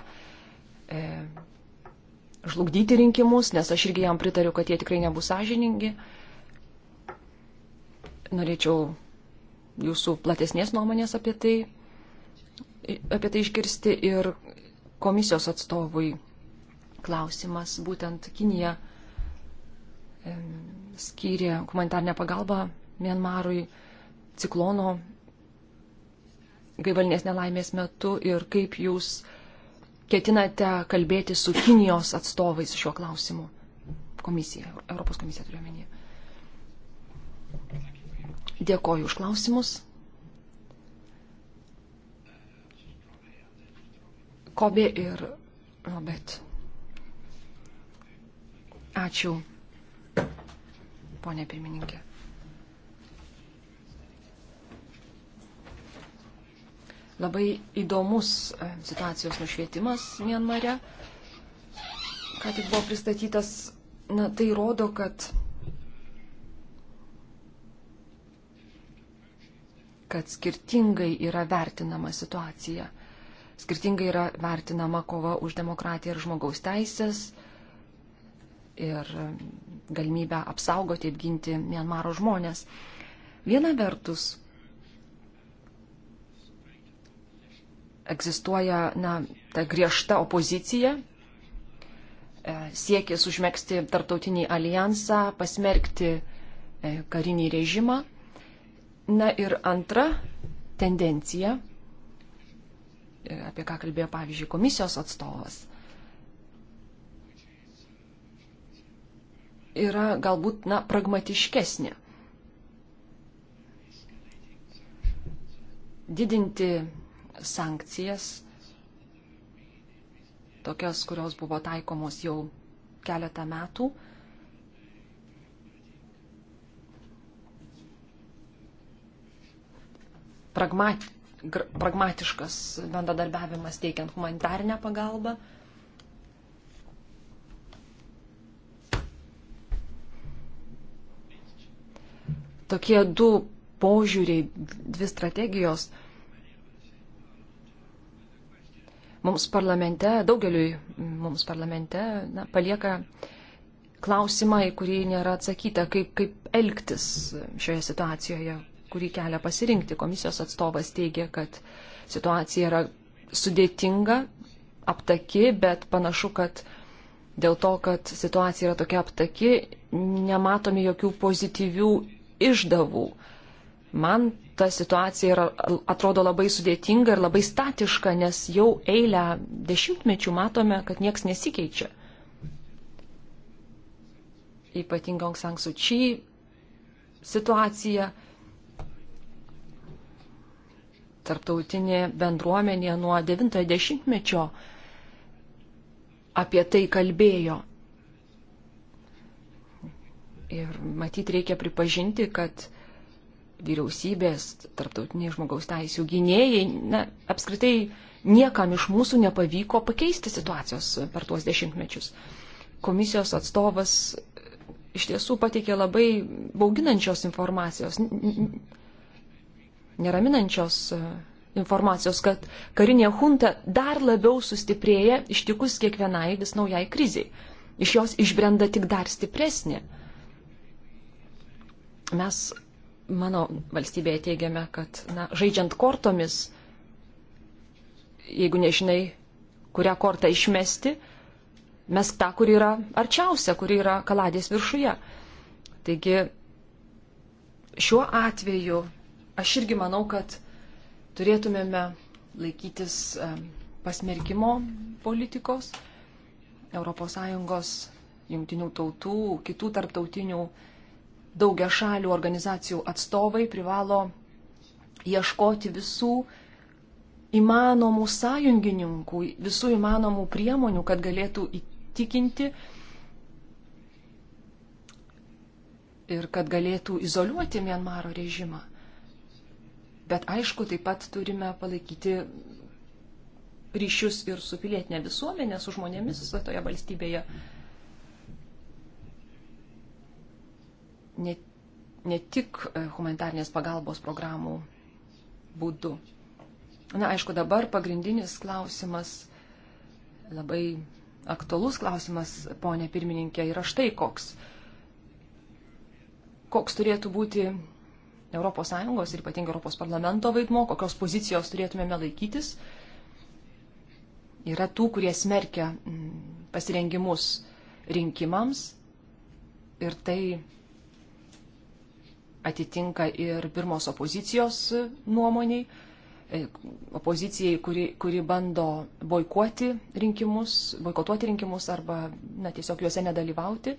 e, žlugdyti rinkimus, nes aš irgi jam pritariu, kad jie tikrai nebus sąžiningi. Norėčiau jūsų platesnės nuomonės apie tai, apie tai išgirsti ir komisijos atstovui klausimas. Būtent Kinija skyrė humanitarnę pagalbą Mienmarui ciklono gaivalinės nelaimės metu ir kaip jūs ketinate kalbėti su Kinijos atstovais šiuo klausimu? Komisija, Europos komisija turiu omenyje. Dėkoju už klausimus. Kobi ir Robert. Ačiū, ponė pirmininkė. Labai įdomus e, situacijos nušvietimas Mienmare, ką tik buvo pristatytas, na, tai rodo, kad, kad skirtingai yra vertinama situacija. Skirtingai yra vertinama kova už demokratiją ir žmogaus teisės ir e, galimybę apsaugoti, apginti Mienmaro žmonės. Viena vertus, egzistuoja na, ta griežta opozicija, e, siekis užmėgsti tartautinį alijansą, pasmerkti e, karinį režimą. Na ir antra tendencija, e, apie ką kalbėjo pavyzdžiui komisijos atstovas, yra galbūt na, pragmatiškesnė. Didinti sankcijas, tokias, kurios buvo taikomos jau keletą metų. Pragmat, pragmatiškas bendradarbiavimas teikiant humanitarinę pagalbą. Tokie du požiūriai, dvi strategijos mums parlamente, daugeliui mums parlamente na, palieka klausimą, į kurį nėra atsakyta, kaip, kaip elgtis šioje situacijoje, kurį kelią pasirinkti. Komisijos atstovas teigia, kad situacija yra sudėtinga, aptaki, bet panašu, kad dėl to, kad situacija yra tokia aptaki, nematome jokių pozityvių išdavų. Man ta situacija yra, atrodo labai sudėtinga ir labai statiška, nes jau eilę dešimtmečių matome, kad niekas nesikeičia. Ypatinga Aung San Suu Kyi situacija. Tarptautinė bendruomenė nuo 90-mečio apie tai kalbėjo. Ir matyt, reikia pripažinti, kad vyriausybės, tarptautiniai žmogaus teisų gynėjai, na, apskritai niekam iš mūsų nepavyko pakeisti situacijos per tuos dešimtmečius. Komisijos atstovas iš tiesų pateikė labai bauginančios informacijos, neraminančios e, informacijos, kad karinė junta dar labiau sustiprėja ištikus kiekvienai vis naujai kriziai. Iš jos išbrenda tik dar stipresnė. Mes mano valstybėje teigiame, kad na, žaidžiant kortomis, jeigu nežinai, kurią kortą išmesti, mes tą, kuri yra arčiausia, kuri yra kaladės viršuje. Taigi šiuo atveju aš irgi manau, kad turėtumėme laikytis pasmerkimo politikos ES, jungtinių tautų, kitų tarptautinių uh, daugia šalių organizacijų atstovai privalo ieškoti visų įmanomų sąjungininkų, visų įmanomų priemonių, kad galėtų įtikinti ir kad galėtų izoliuoti Mienmaro režimą. Bet aišku, taip pat turime palaikyti ryšius ir su pilietinė visuomenė, su žmonėmis toje valstybėje. Mhm ne, ne tik e, humanitarnės pagalbos programų būdu. Na, aišku, dabar pagrindinis klausimas, labai aktualus klausimas, ponė pirmininkė, yra štai koks. Koks turėtų būti ES ir ypatingai ES parlamento vaidmo, kokios pozicijos turėtumėme laikytis. Yra tų, kurie smerkia pasirengimus rinkimams ir tai atitinka ir Birmos opozicijos nuomoniai, e, opozicijai, kuri, kuri bando boikuoti rinkimus, boikotuoti rinkimus arba na, tiesiog juose nedalyvauti.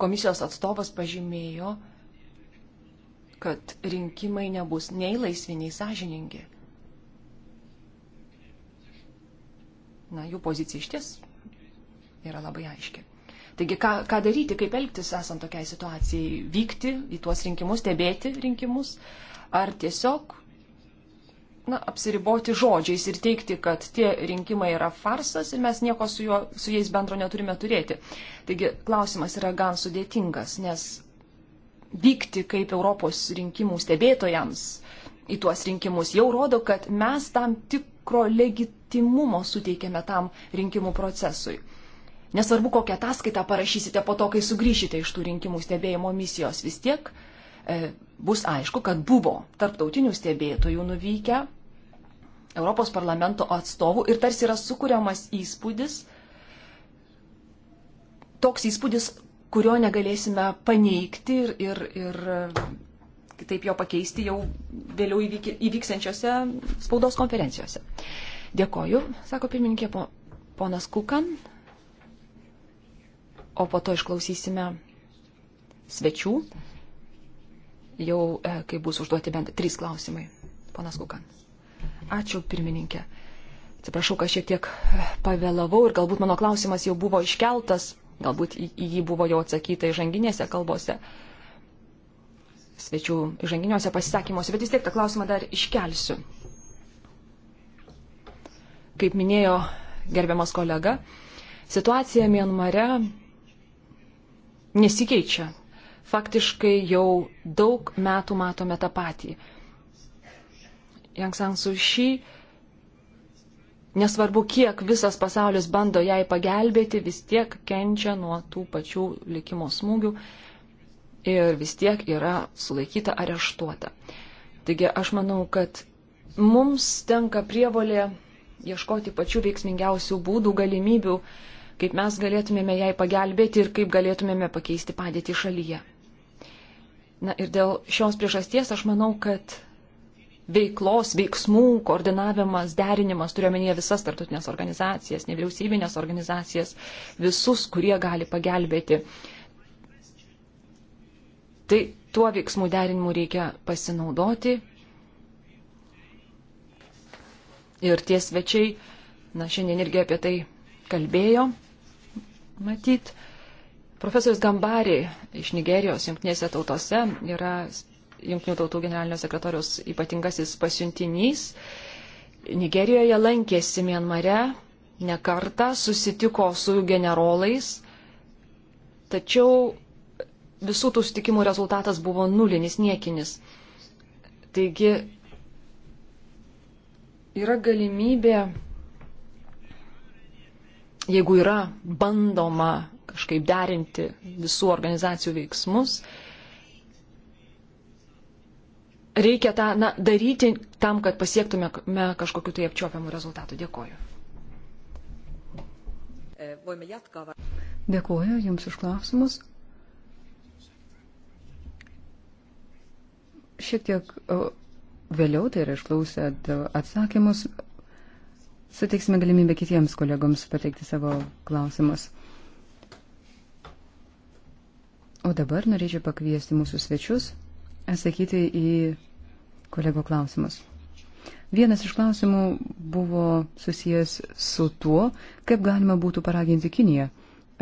Komisijos atstovas pažymėjo, kad rinkimai nebus nei laisvi, nei sąžiningi. Na, jų pozicija iš ties yra labai aiški. Taigi, ką, ką daryti, kaip elgtis esant tokiai situacijai? Vykti į tuos rinkimus, stebėti rinkimus, ar tiesiog na, apsiriboti žodžiais ir teikti, kad tie rinkimai yra farsas ir mes nieko su, juo, su jais bendro neturime turėti. Taigi klausimas yra gan sudėtingas, nes vykti kaip Europos rinkimų stebėtojams į tuos rinkimus jau rodo, kad mes tam tikro legitimumo suteikėme tam rinkimų procesui. Nesvarbu, kokią ataskaitą parašysite po to, kai sugrįšite iš tų rinkimų stebėjimo misijos, vis tiek e, bus aišku, kad buvo tarptautinių stebėtojų nuvykę Europos parlamento atstovų ir tarsi yra sukūriamas įspūdis, toks įspūdis, kurio negalėsime paneigti ir, ir, ir e, kitaip jo pakeisti jau vėliau įvyk, įvyksiančiose spaudos konferencijose. Dėkoju, sako pirmininkė ponas Kukan o po to išklausysime svečių, jau e, kai bus užduoti bent trys klausimai. Ponas Kukan. Ačiū, pirmininkė. Atsiprašau, kad šiek tiek e, pavėlavau ir galbūt mano klausimas jau buvo iškeltas, galbūt į jį buvo jau atsakyta įžanginėse kalbose, svečių įžanginiuose pasisakymuose, bet vis tiek tą klausimą dar iškelsiu. Kaip minėjo gerbiamas kolega, situacija Mianmare nesikeičia. Faktiškai jau daug metų matome tą patį. Jangsang Suši, nesvarbu kiek visas pasaulis bando jai pagelbėti, vis tiek kenčia nuo tų pačių likimo smūgių ir vis tiek yra sulaikyta, areštuota. Taigi aš manau, kad mums tenka prievolė ieškoti pačių veiksmingiausių būdų, galimybių, uh, kaip mes galėtumėme jai pagelbėti ir kaip galėtumėme pakeisti padėtį šalyje. Na ir dėl šios priežasties aš manau, kad veiklos, veiksmų, koordinavimas, derinimas, turiuomenėje visas tartutinės organizacijas, nevyriausybinės organizacijas, visus, kurie gali pagelbėti. Tai tuo veiksmų derinimu reikia pasinaudoti. Ir tie svečiai, na, šiandien irgi apie tai kalbėjo. Matyt, profesorius Gambari iš Nigerijos jungtinėse tautose yra jungtinių tautų generalinio sekretoriaus ypatingasis pasiuntinys. Nigerijoje lankėsi Mienmare, nekarta susitiko su generolais, tačiau visų tų sutikimų rezultatas buvo nulinis, niekinis. Taigi yra galimybė jeigu yra bandoma kažkaip derinti visų organizacijų veiksmus, reikia tą na, daryti tam, kad pasiektume kažkokiu tai apčiopiamu rezultatu. Dėkoju. Dėkoju Jums už klausimus. Šiek tiek vėliau, tai yra išklausę atsakymus, Suteiksime galimybę kitiems kolegoms pateikti savo klausimus. O dabar norėčiau pakviesti mūsų svečius atsakyti į kolego klausimus. Vienas iš klausimų buvo susijęs su tuo, kaip galima būtų paraginti Kiniją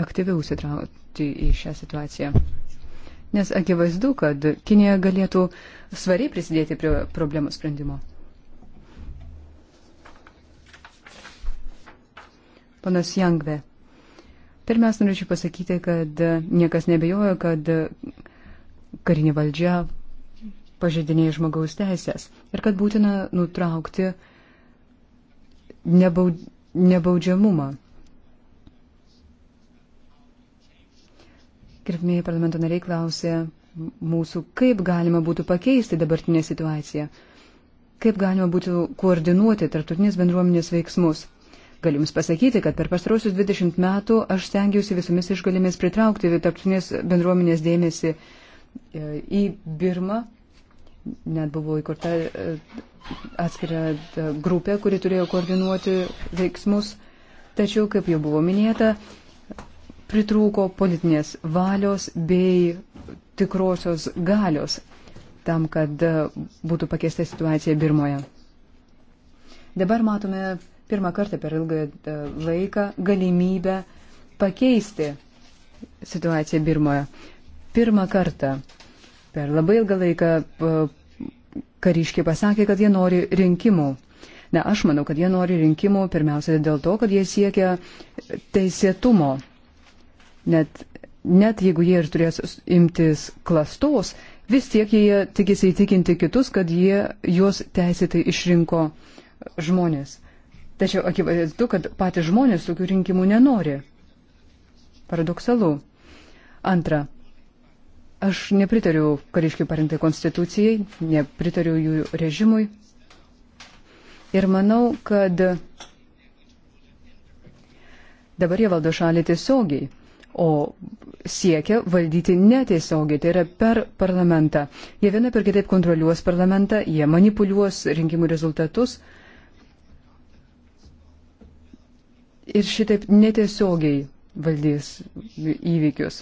aktyviau įsitraukti į šią situaciją. Nes akivaizdu, kad Kinija galėtų svariai prisidėti prie problemų sprendimo. Panas Jangve. Pirmiausia, norėčiau pasakyti, kad niekas nebejoja, kad karinė valdžia pažeidinėja žmogaus teisės ir kad būtina nutraukti nebaud, nebaudžiamumą. Gerbėjai parlamento nariai klausė mūsų, kaip galima būtų pakeisti dabartinę situaciją, kaip galima būtų koordinuoti tarptautinės bendruomenės veiksmus. Galiu Jums pasakyti, kad per pastarosius 20 metų aš stengiausi visomis išgalėmis pritraukti tarptautinės bendruomenės dėmesį e, į Birmą. Net buvo įkurta e, atskira e, grupė, kuri turėjo koordinuoti veiksmus. Tačiau, kaip jau buvo minėta, pritrūko politinės valios bei tikrosios galios tam, kad būtų pakeista situacija Birmoje. Dabar matome pirmą kartą per ilgą e, laiką galimybę pakeisti situaciją Birmoje. Pirmą kartą per labai ilgą laiką e, kariškiai pasakė, kad jie nori rinkimų. Na, aš manau, kad jie nori rinkimų pirmiausia dėl to, kad jie siekia teisėtumo. Net, net jeigu jie ir turės imtis klastos, vis tiek jie tikisi įtikinti kitus, kad jie juos teisėtai išrinko žmonės. Tačiau akivaizdu, kad patys žmonės tokių rinkimų nenori. Paradoksalu. Antra, aš nepritariu kariškių parintai konstitucijai, nepritariu jų režimui. Ir manau, kad dabar jie valdo šalį tiesiogiai, o siekia valdyti netiesiogiai, tai yra per parlamentą. Jie viena per kitaip kontroliuos parlamentą, jie manipuliuos rinkimų rezultatus. ir šitaip netiesiogiai valdys įvykius.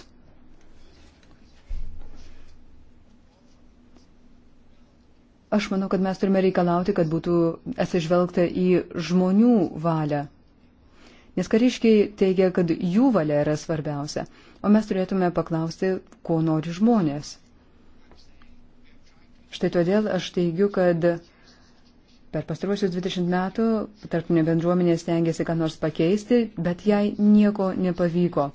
Aš manau, kad mes turime reikalauti, kad būtų atsižvelgta į žmonių valią. Nes kariškiai teigia, kad jų valia yra svarbiausia. O mes turėtume paklausti, ko nori žmonės. Štai todėl aš teigiu, kad Per pastaruosius 20 metų tarpinė bendruomenė stengiasi ką nors pakeisti, bet jai nieko nepavyko.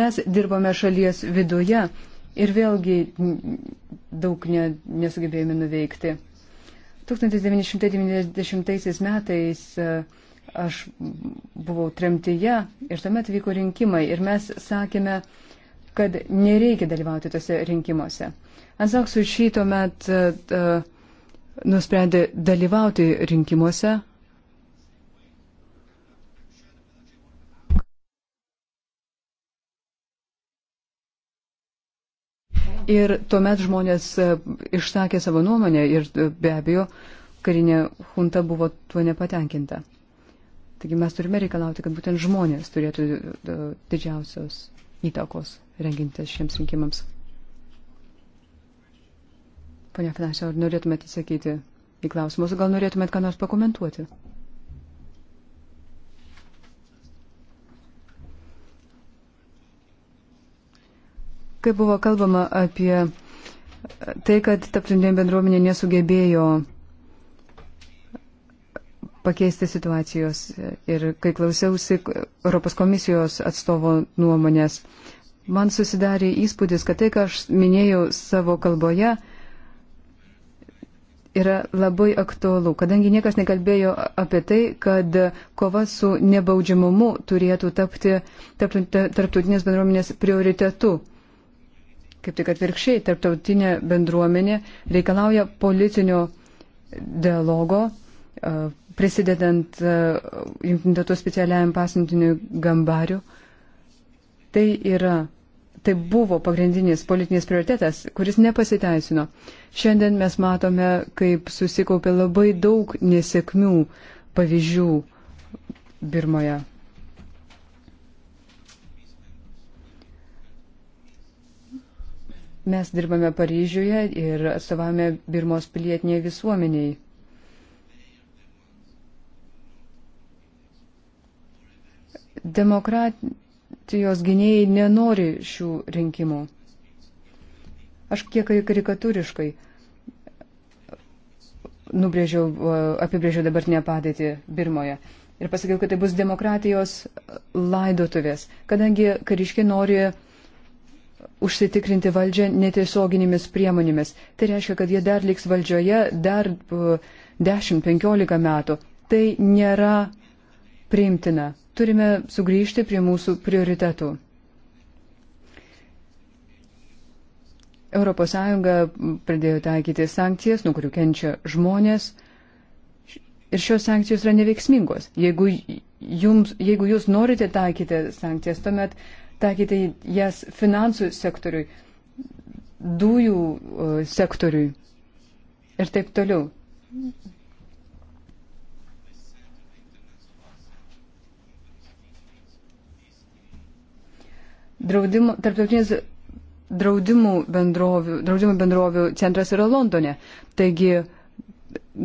Mes dirbome šalies viduje ir vėlgi daug ne, nesugebėjome nuveikti. 1990 metais e, aš buvau tremtyje ir tuomet vyko rinkimai ir mes sakėme, kad nereikia dalyvauti tose rinkimuose. Ansaksų šį tuomet uh, nusprendė dalyvauti rinkimuose. Ir tuomet žmonės e, išsakė savo nuomonę ir e, be abejo karinė junta buvo tuo nepatenkinta. Taigi mes turime reikalauti, kad būtent žmonės turėtų e, didžiausios įtakos rengintis šiems rinkimams. Pane Finansio, ar norėtumėt įsakyti į klausimus, gal norėtumėt ką nors pakomentuoti? Kai buvo kalbama apie tai, kad taptinė bendruomenė nesugebėjo pakeisti situacijos ir kai klausiausi Europos komisijos atstovo nuomonės, man susidarė įspūdis, kad tai, ką aš minėjau savo kalboje, yra labai aktualu, kadangi niekas nekalbėjo apie tai, kad kova su nebaudžiamumu turėtų tapti tarptautinės bendruomenės prioritetu. Kaip tik atvirkščiai, tarptautinė bendruomenė reikalauja politinio dialogo, prisidedant jungtinių tautų specialiajam pasiuntiniui Gambariu. Tai yra tai buvo pagrindinis politinis prioritetas, kuris nepasiteisino. Šiandien mes matome, kaip susikaupė labai daug nesėkmių pavyzdžių Birmoje. Mes dirbame Paryžiuje ir atstovame Birmos pilietiniai visuomeniai. Demokrat, partijos gynėjai nenori šių rinkimų. Aš kiek karikatūriškai nubrėžiau, apibrėžiau dabartinę padėtį Birmoje. Ir pasakiau, kad tai bus demokratijos laidotuvės, kadangi kariškiai nori užsitikrinti valdžią netiesioginėmis priemonėmis. Tai reiškia, kad jie dar liks valdžioje dar 10-15 uh, metų. Tai nėra priimtina turime sugrįžti prie mūsų prioritetų. ES pradėjo taikyti sankcijas, nuo kurių kenčia žmonės. Ir šios sankcijos yra neveiksmingos. Jeigu, jums, jeigu jūs norite taikyti sankcijas, tuomet taikyti jas finansų sektoriui, dujų e, sektoriui ir taip toliau. Draudimo, tarptautinės draudimų bendrovių, draudimų bendrovių centras yra Londone. Taigi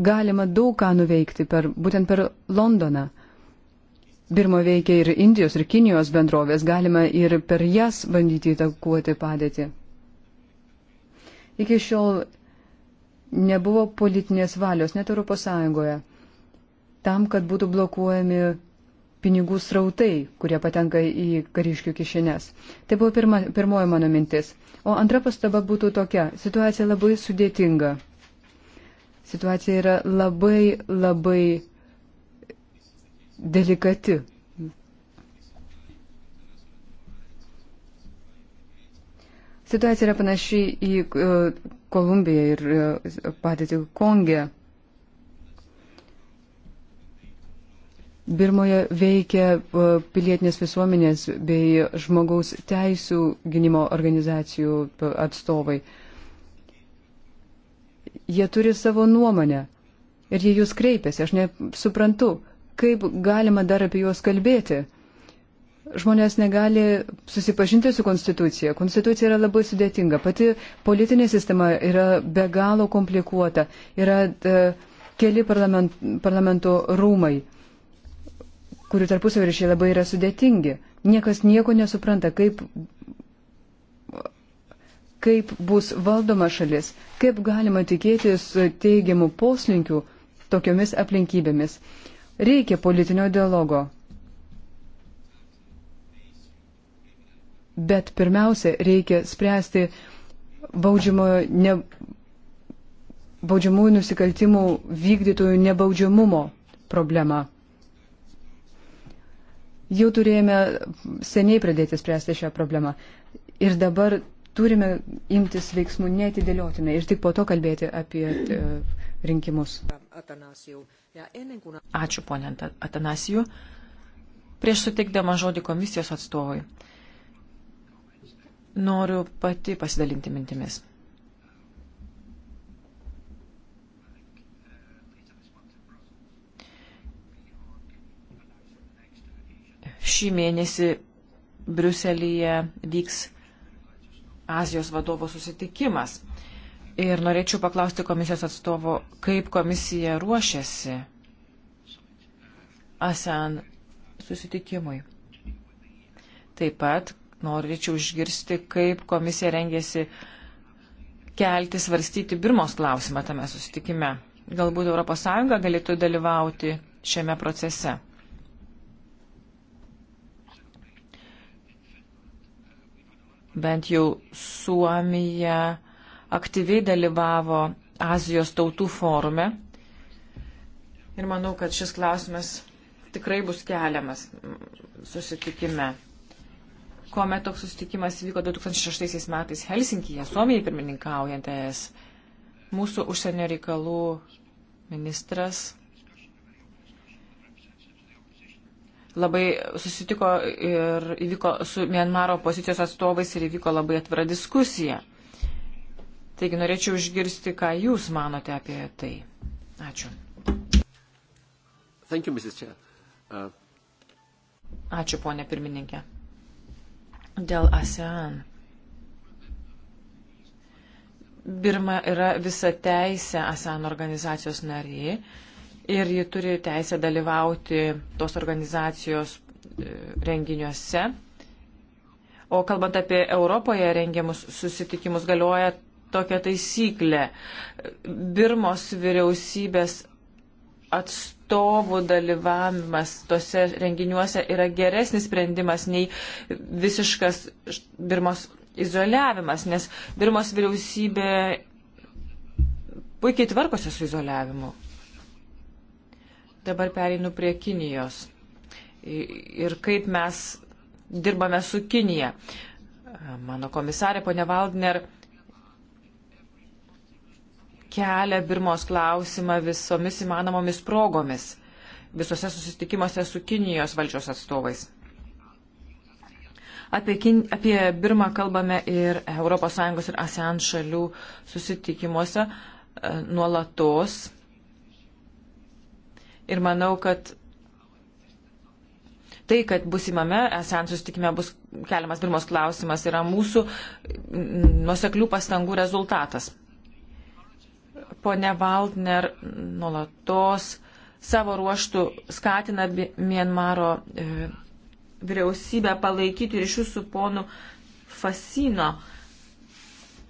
galima daug ką nuveikti per, būtent per Londoną. Birmo veikia ir Indijos, ir Kinijos bendrovės, galima ir per jas bandyti įtakuoti padėtį. Iki šiol nebuvo politinės valios, net ES, tam, kad būtų blokuojami pinigų srautai, kurie patenka į kariškių kišenes. Tai buvo pirma, pirmoji mano mintis. O antra pastaba būtų tokia. Situacija labai sudėtinga. Situacija yra labai, labai delikati. Situacija yra panaši į uh, Kolumbiją ir uh, padėtį Kongę. Birmoje veikia e, pilietinės visuomenės bei žmogaus teisų gynimo organizacijų e, atstovai. Jie turi savo nuomonę ir jie jūs kreipiasi. Aš nesuprantu, kaip galima dar apie juos kalbėti. Žmonės negali susipažinti su konstitucija. Konstitucija yra labai sudėtinga. Pati politinė sistema yra be galo komplikuota. Yra e, keli parlament, parlamento rūmai kurių tarpusavio ryšiai labai yra sudėtingi. Niekas nieko nesupranta, kaip, kaip bus valdoma šalis, kaip galima tikėtis teigiamų poslinkių tokiomis aplinkybėmis. Reikia politinio dialogo. Bet pirmiausia, reikia spręsti baudžiamojo ne, baudžiamųjų nusikaltimų vykdytojų nebaudžiamumo problemą. Jau turėjome seniai pradėti spręsti šią problemą. Ir dabar turime imtis veiksmų neatidėliotinai ir tik po to kalbėti apie e, rinkimus. Ačiū, ponė Atanasijų. Prieš suteikdama žodį komisijos atstovui, noriu pati pasidalinti mintimis. Šį mėnesį Briuselyje vyks Azijos vadovo susitikimas. Ir norėčiau paklausti komisijos atstovo, kaip komisija ruošiasi ASEAN susitikimui. Taip pat norėčiau išgirsti, kaip komisija rengėsi kelti svarstyti Birmos klausimą tame susitikime. Galbūt ES galėtų dalyvauti šiame procese. bent jau Suomija aktyviai dalyvavo Azijos tautų forume. Ir manau, kad šis klausimas tikrai bus keliamas susitikime. Kuomet toks susitikimas vyko 2006 metais Helsinkyje, Suomijai pirmininkaujant ES, mūsų užsienio reikalų ministras labai susitiko ir įvyko su Mienmaro pozicijos atstovais ir įvyko labai atvira diskusija. Taigi norėčiau išgirsti, ką Jūs manote apie tai. Ačiū. Thank you, Mrs. Chair. Uh... Ačiū, ponė pirmininkė. Dėl ASEAN. Birma yra visa teisė ASEAN organizacijos nariai ir ji turi teisę dalyvauti tos organizacijos e, renginiuose. O kalbant apie Europoje rengiamus susitikimus, galioja tokia taisyklė. Birmos vyriausybės atstovų dalyvavimas tose renginiuose yra geresnis sprendimas nei visiškas Birmos izoliavimas, nes Birmos vyriausybė puikiai tvarkosi su izoliavimu. Dabar pereinu prie Kinijos ir kaip mes dirbame su Kinija. Mano komisarė ponė Valdner kelia Birmos klausimą visomis įmanomomis progomis visose susitikimuose su Kinijos valdžios atstovais. Apie, Kin, apie Birmą kalbame ir ES ir ASEAN šalių susitikimuose e, nuolatos Ir manau, kad tai, kad busimame esant sustikime bus keliamas pirmos klausimas, yra mūsų nuseklių pastangų rezultatas. Pone Valtner nuolatos savo ruoštų skatina Mienmaro e, vyriausybę palaikyti ryšius su ponu Fasino.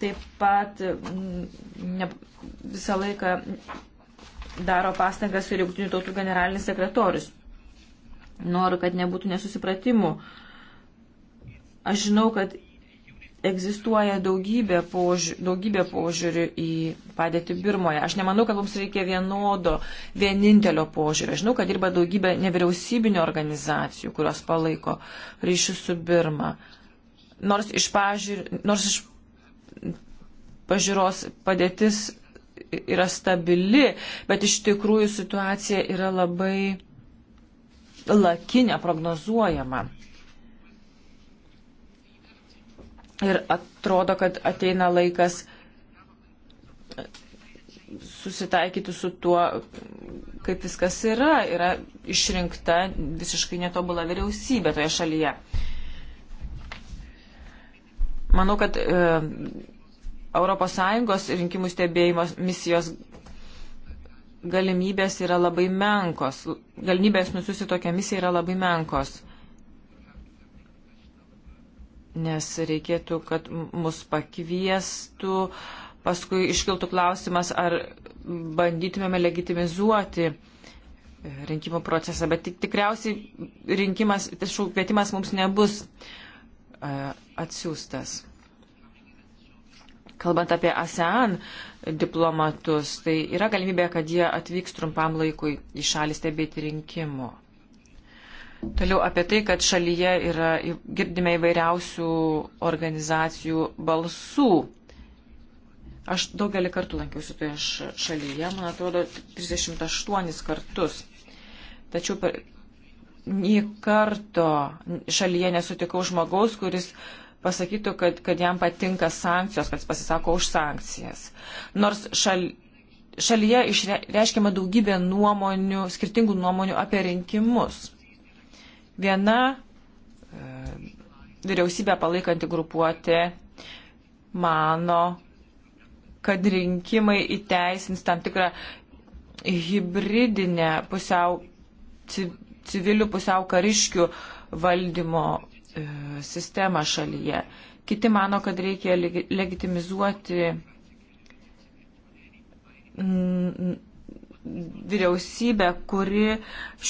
Taip pat ne, visą laiką daro pastangas ir jungtinių tautų generalinis sekretorius. Noriu, kad nebūtų nesusipratimų. Aš žinau, kad egzistuoja daugybė, požiū, daugybė požiūrių į padėtį Birmoje. Aš nemanau, kad mums reikia vienodo, vienintelio požiūrio. Aš žinau, kad dirba daugybė nevyriausybinio organizacijų, kurios palaiko ryšius su Birma. Nors iš, pažiūr, nors iš pažiūros padėtis yra stabili, bet iš tikrųjų situacija yra labai lakinė, prognozuojama. Ir atrodo, kad ateina laikas susitaikyti su tuo, kaip viskas yra. Yra išrinkta visiškai netobula vyriausybė toje šalyje. Manau, kad e, ES rinkimų stebėjimo misijos galimybės yra labai menkos, galimybės nusiusi tokią misiją yra labai menkos, nes reikėtų, kad mus pakviestų, paskui iškiltų klausimas, ar bandytumėme legitimizuoti e, rinkimų procesą, bet tik, tikriausiai rinkimas, tačiau kvietimas mums nebus e, atsiųstas. Kalbant apie ASEAN diplomatus, tai yra galimybė, kad jie atvyks trumpam laikui į šalį stebėti rinkimų. Toliau apie tai, kad šalyje yra girdime įvairiausių organizacijų balsų. Aš daugelį kartų lankiausi toje šalyje, man atrodo, 38 kartus. Tačiau per, nį karto šalyje nesutikau žmogaus, kuris uh, pasakytų, kad, kad jam patinka sankcijos, kad jis pasisako už sankcijas. Nors šal, šalyje išreiškiama daugybė nuomonių, skirtingų nuomonių apie rinkimus. Viena e, vyriausybę palaikanti grupuotė mano, kad rinkimai įteisins tam tikrą hybridinę pusiau civilių, pusiau kariškių valdymo E, sistemą šalyje. Kiti mano, kad reikia legitimizuoti vyriausybę, kuri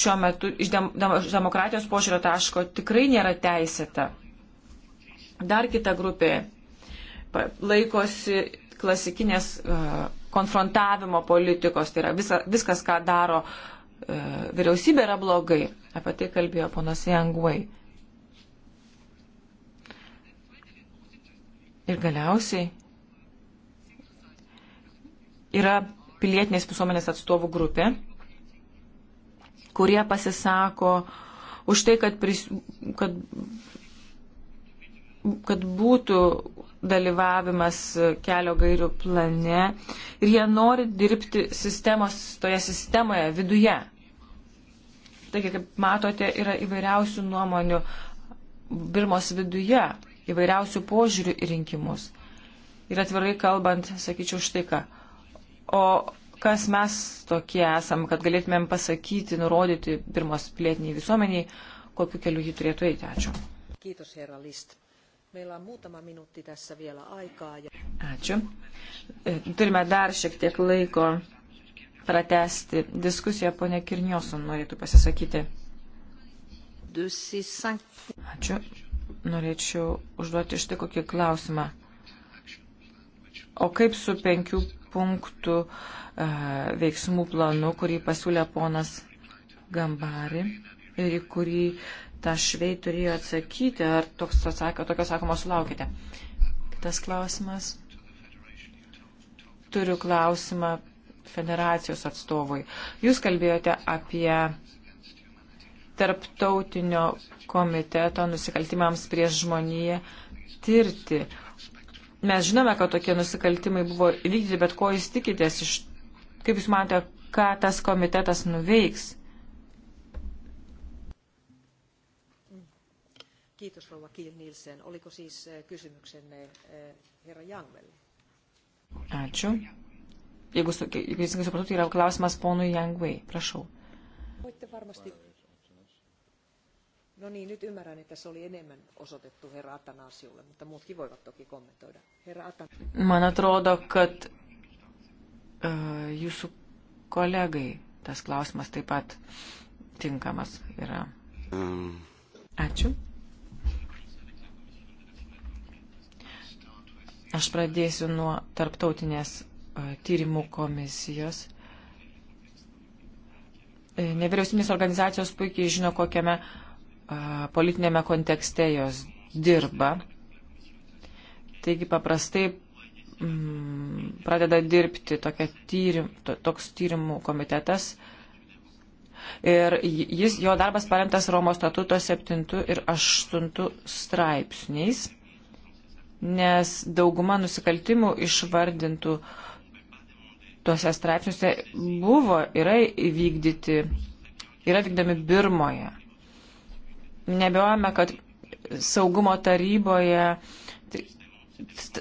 šiuo metu iš demokratijos požiūrio taško tikrai nėra teisėta. Dar kita grupė laikosi klasikinės e, konfrontavimo politikos, tai yra visa, viskas, ką daro e, vyriausybė, yra blogai. Apie tai kalbėjo ponas Jangvai. Ir galiausiai yra pilietinės visuomenės atstovų grupė, kurie pasisako už tai, kad, pris, kad, kad būtų dalyvavimas kelio gairių plane ir jie nori dirbti sistemos, toje sistemoje viduje. Taigi, kaip matote, yra įvairiausių nuomonių Birmos viduje įvairiausių požiūrių į rinkimus. Ir atvirai kalbant, sakyčiau štai ką. O kas mes tokie esam, kad galėtumėm pasakyti, nurodyti pirmos pilietiniai visuomeniai, kokiu keliu ji turėtų eiti. Ačiū. Kiitos, herra List. Meillä on muutama minuutti tässä vielä aikaa. Ja... Ačiū. E, turime dar šiek tiek laiko pratesti diskusiją. Pone Kirniosun norėtų pasisakyti. Ačiū norėčiau užduoti štai kokį klausimą. O kaip su penkių punktų e, veiksmų planu, kurį pasiūlė ponas Gambari ir į kurį ta švei turėjo atsakyti, ar toks atsakė, tokio sakomo sulaukite? Kitas klausimas. Turiu klausimą federacijos atstovui. Jūs kalbėjote apie tarptautinio komiteto nusikaltimams prieš žmoniją tirti. Mes žinome, kad tokie nusikaltimai buvo įvykdyti, bet ko jūs tikitės iš, kaip jūs matote, ką tas komitetas nuveiks? Kiitos rouva Kiil Nielsen. Oliko siis eh, kysymyksenne eh, herra Jangvelle? Ačiū. Jeigu teisingai supratau, tai yra klausimas ponui Jangvei. Prašau. Voitte varmasti No niin, nyt ymmärrän, että se oli enemmän osoitettu herra Atanasiolle, mutta muutkin voivat toki kommentoida. Herra Atanasio. Man atrodo, kad uh, jūsų kolegai tas klausimas taip pat tinkamas yra. Um. Ačiū. Aš pradėsiu nuo tarptautinės e, tyrimų komisijos. E, nevyriausybinės organizacijos puikiai žino, kokiame uh, politinėme kontekste jos dirba. Taigi paprastai mm, pradeda dirbti tyrim, to, toks tyrimų komitetas ir jis, jo darbas paremtas Romos statuto 7 ir 8 straipsniais, nes dauguma nusikaltimų išvardintų tuose straipsniuose buvo, yra įvykdyti, yra vykdami Birmoje. Nebejojame, kad saugumo taryboje,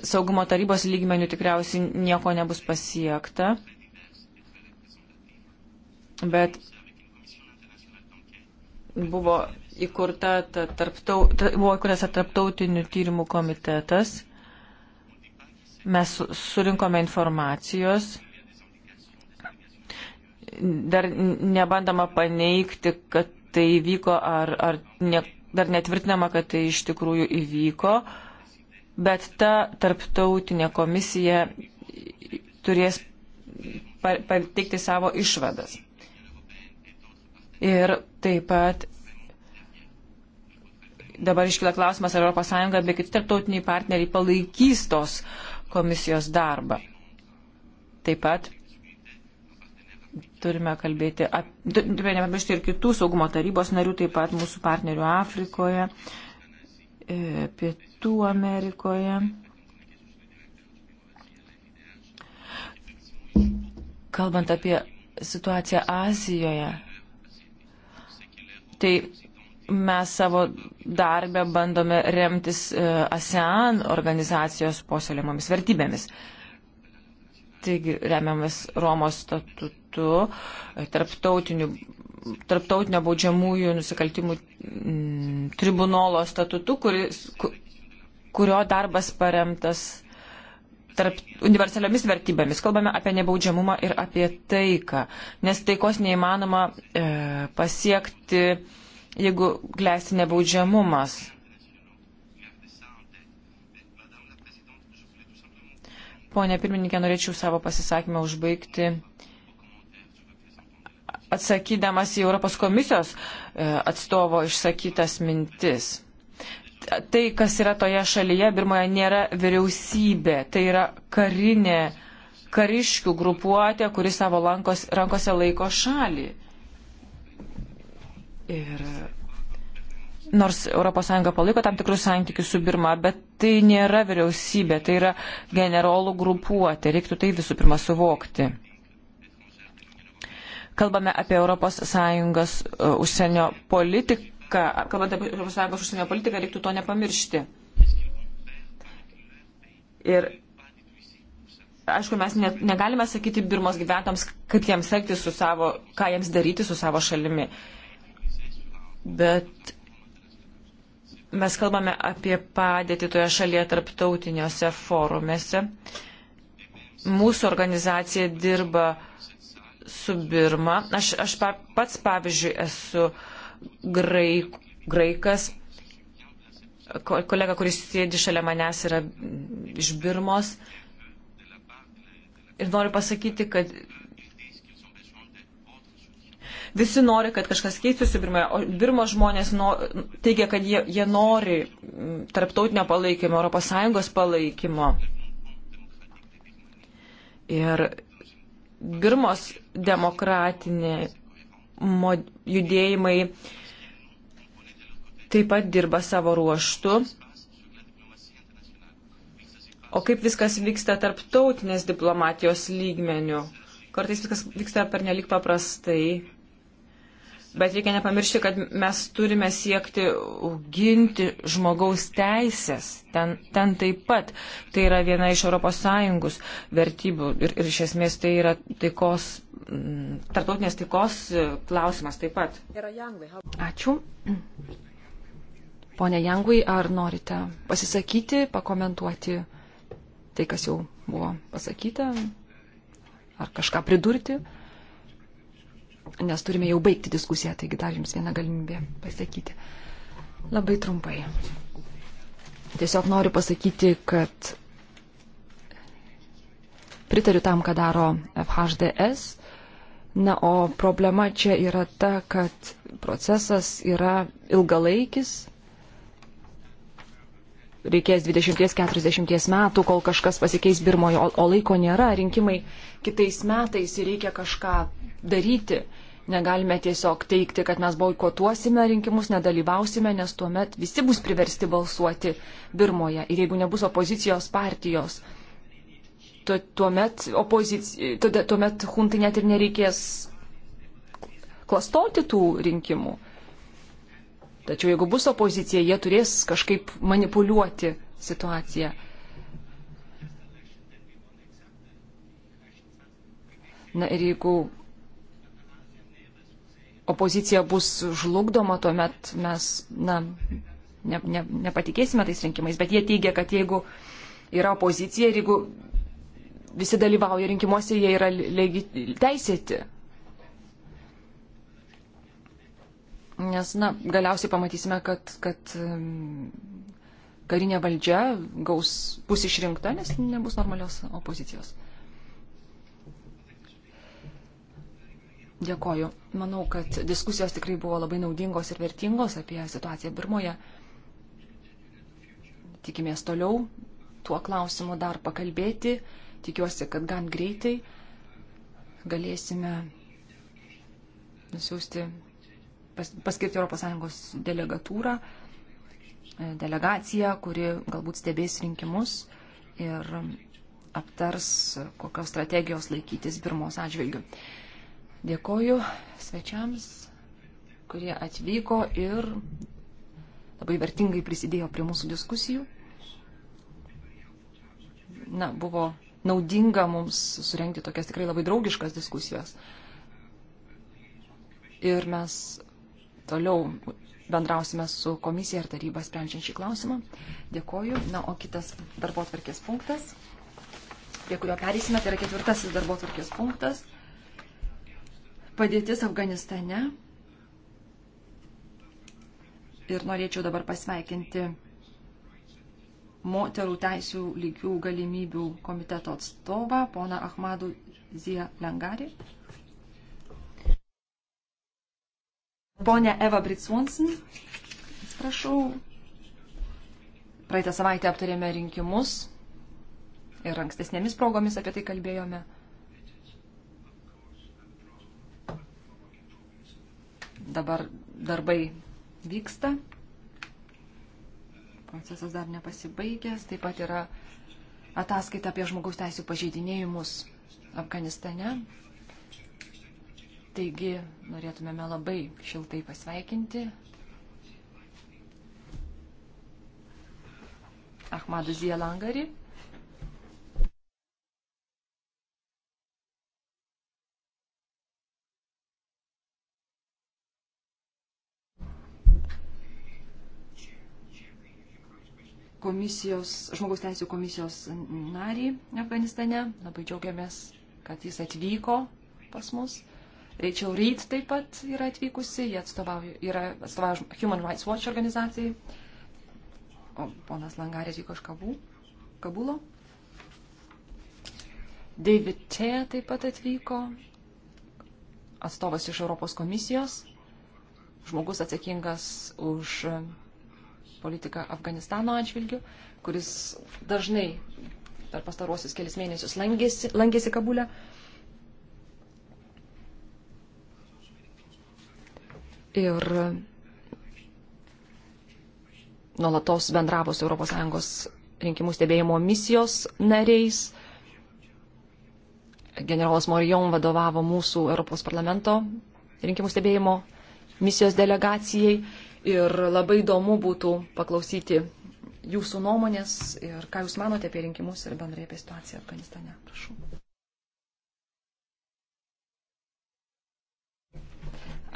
saugumo tarybos lygmenių tikriausiai nieko nebus pasiekta. Bet buvo įkurta ta tarptau, ta, buvo įkurtas tarptautinių tyrimų komitetas. Mes surinkome informacijos. Dar nebandama paneigti, kad tai įvyko, ar, ar ne, dar netvirtinama, kad tai iš tikrųjų įvyko, bet ta tarptautinė komisija turės pateikti savo išvadas. Ir taip pat dabar iškyla klausimas, ar ES bei kiti tarptautiniai partneriai palaikys tos komisijos darbą. Taip pat turime kalbėti, ap, turime nepamiršti ir kitų saugumo tarybos narių, taip pat mūsų partnerių Afrikoje, e, Pietų Amerikoje. Kalbant apie situaciją Azijoje, tai mes savo darbę bandome remtis e, ASEAN organizacijos posėlėmomis vertybėmis. Taigi remiamas Romos statutu metu e, tarptautinio baudžiamųjų nusikaltimų tribunolo statutu, kuris, kurio darbas paremtas tarp universaliomis vertybėmis. Kalbame apie nebaudžiamumą ir apie taiką, nes taikos neįmanoma e, pasiekti, jeigu glesti nebaudžiamumas. Pone pirmininkė, norėčiau savo pasisakymą užbaigti atsakydamas į Europos komisijos e, atstovo išsakytas mintis. Tai, kas yra toje šalyje, Birmoje, nėra vyriausybė, tai yra karinė, kariškių grupuotė, kuri savo lankos, rankose laiko šalį. Ir e, nors ES palaiko tam tikrus santykius su Birma, bet tai nėra vyriausybė, tai yra generolų grupuotė, reiktų tai visų pirma suvokti kalbame apie ES e, užsienio politiką, kalbant apie ES užsienio politiką, reiktų to nepamiršti. Ir aišku, mes ne, negalime sakyti Birmos gyventams, kaip jiems sekti su savo, ką jiems daryti su savo šalimi. Bet mes kalbame apie padėtį toje šalyje tarptautiniuose forumėse. Mūsų organizacija dirba su Birma. Aš, aš pa, pats, pavyzdžiui, esu graik, graikas. Kolega, kuris sėdi šalia manęs, yra iš Birmos. Ir noriu pasakyti, kad visi nori, kad kažkas keistųsi Birmoje, o Birmo žmonės no, teigia, kad jie, jie nori mm, tarptautinio palaikymo, ES palaikymo. Ir Birmos demokratinė judėjimai taip pat dirba savo ruoštų. O kaip viskas vyksta tarptautinės diplomatijos lygmenių? Kartais viskas vyksta pernelik paprastai Bet reikia nepamiršti, kad mes turime siekti ginti žmogaus teisės. Ten, ten taip pat tai yra viena iš ES vertybių ir, ir iš esmės tai yra taikos, mm, tartautinės taikos e, klausimas taip pat. Ačiū. Pone Jangui, ar norite pasisakyti, pakomentuoti tai, kas jau buvo pasakyta, ar kažką pridurti? nes turime jau baigti diskusiją, taigi dar jums viena galimybė pasakyti. Labai trumpai. Tiesiog noriu pasakyti, kad pritariu tam, ką daro FHDS. Na, o problema čia yra ta, kad procesas yra ilgalaikis. Reikės 20-40 metų, kol kažkas pasikeis Birmoje, o, o laiko nėra. Rinkimai kitais metais ir reikia kažką daryti. Negalime tiesiog teikti, kad mes boikotuosime rinkimus, nedalyvausime, nes tuomet visi bus priversti balsuoti Birmoje. Ir jeigu nebus opozicijos partijos, tuomet, opozici... tuomet huntai net ir nereikės klastoti tų rinkimų. Tačiau jeigu bus opozicija, jie turės kažkaip manipuliuoti situaciją. Na ir jeigu opozicija bus žlugdoma, tuomet mes, na, ne, ne, nepatikėsime tais rinkimais, bet jie teigia, kad jeigu yra opozicija ir jeigu visi dalyvauja rinkimuose, jie yra legi, teisėti. Nes, na, galiausiai pamatysime, kad, kad karinė valdžia gaus bus išrinkta, nes nebus normalios opozicijos. Dėkoju. Manau, kad diskusijos tikrai buvo labai naudingos ir vertingos apie situaciją Birmoje. Tikimės toliau tuo klausimu dar pakalbėti. Tikiuosi, kad gan greitai galėsime nusiųsti, pas, paskirti ES delegatūrą, e, delegaciją, kuri galbūt stebės rinkimus ir aptars, kokios strategijos laikytis Birmos atžvilgių. Dėkoju svečiams, kurie atvyko ir labai vertingai prisidėjo prie mūsų diskusijų. Na, buvo naudinga mums surenkti tokias tikrai labai draugiškas diskusijas. Ir mes toliau bendrausime su komisija ir taryba sprendžiant šį klausimą. Dėkoju. Na, o kitas darbo tvarkės punktas, prie kurio perėsime, tai yra ketvirtasis darbo tvarkės punktas padėtis Afganistane. Ir norėčiau dabar pasveikinti moterų teisų lygių galimybių komiteto atstovą, poną Ahmadų Zija Lengari. Pone Eva Britsonsen, prašau. Praeitą savaitę aptarėme rinkimus ir ankstesnėmis progomis apie tai kalbėjome. dabar darbai vyksta. Procesas dar nepasibaigęs. Taip pat yra ataskaita apie žmogaus teisų pažeidinėjimus Afganistane. Taigi norėtumėme labai šiltai pasveikinti Ahmadą Zielangarį komisijos, žmogaus teisų komisijos narį Afganistane. Labai džiaugiamės, kad jis atvyko pas mus. Reičiau Reid taip pat yra atvykusi, jie atstovauja, yra atstovauja Human Rights Watch organizacijai. O ponas Langarė atvyko iš Kabų, Kabulo. David Te taip pat atvyko, atstovas iš Europos komisijos, žmogus atsakingas už politiką Afganistano atžvilgiu, kuris dažnai per pastaruosius kelias mėnesius langėsi, langėsi Kabulę. Ir nuolatos bendravo su ES rinkimų stebėjimo misijos nariais. Generolas Morijon vadovavo mūsų Europos parlamento rinkimų stebėjimo misijos delegacijai Ir labai įdomu būtų paklausyti jūsų nuomonės ir ką jūs manote apie rinkimus ir bendrai apie situaciją Afganistane. Prašau.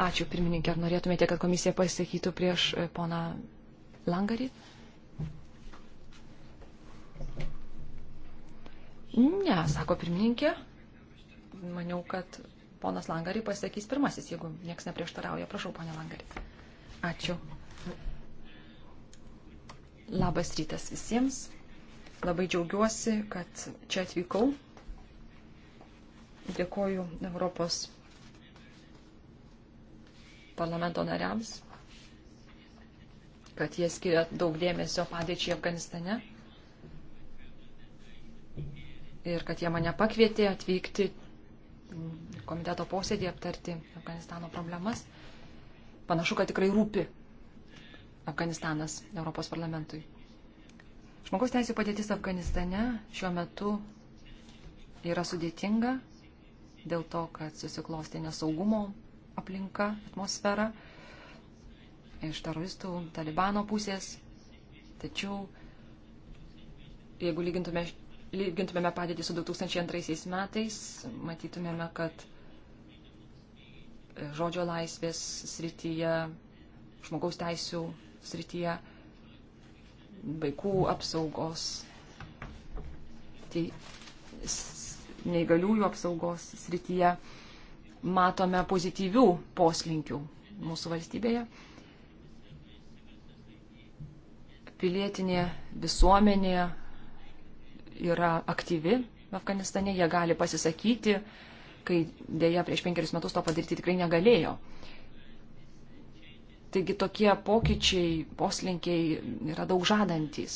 Ačiū, pirmininkė. Ar norėtumėte, kad komisija pasisakytų prieš e, poną Langarį? Ne, sako pirmininkė. Maniau, kad ponas Langarį pasakys pirmasis, jeigu nieks neprieštarauja. Prašau, ponė Langarį. Ačiū. Labas rytas visiems. Labai džiaugiuosi, kad čia atvykau. Dėkoju Europos parlamento nariams, kad jie skiria daug dėmesio padėčiai Afganistane ir kad jie mane pakvietė atvykti komiteto posėdį aptarti Afganistano problemas panašu, kad tikrai rūpi Afganistanas Europos parlamentui. Žmogaus teisų padėtis Afganistane šiuo metu yra sudėtinga dėl to, kad susiklosti nesaugumo aplinka, atmosfera iš teroristų Talibano pusės. Tačiau, jeigu lygintume, lygintumėme padėtį su 2002 metais, matytumėme, kad žodžio laisvės srityje, žmogaus teisų srityje, vaikų apsaugos, tai neįgaliųjų apsaugos srityje matome pozityvių poslinkių mūsų valstybėje. Pilietinė visuomenė yra aktyvi Afganistane, jie gali pasisakyti, kai dėja prieš penkerius metus to padaryti tikrai negalėjo. Taigi tokie pokyčiai, poslinkiai yra daug žadantis.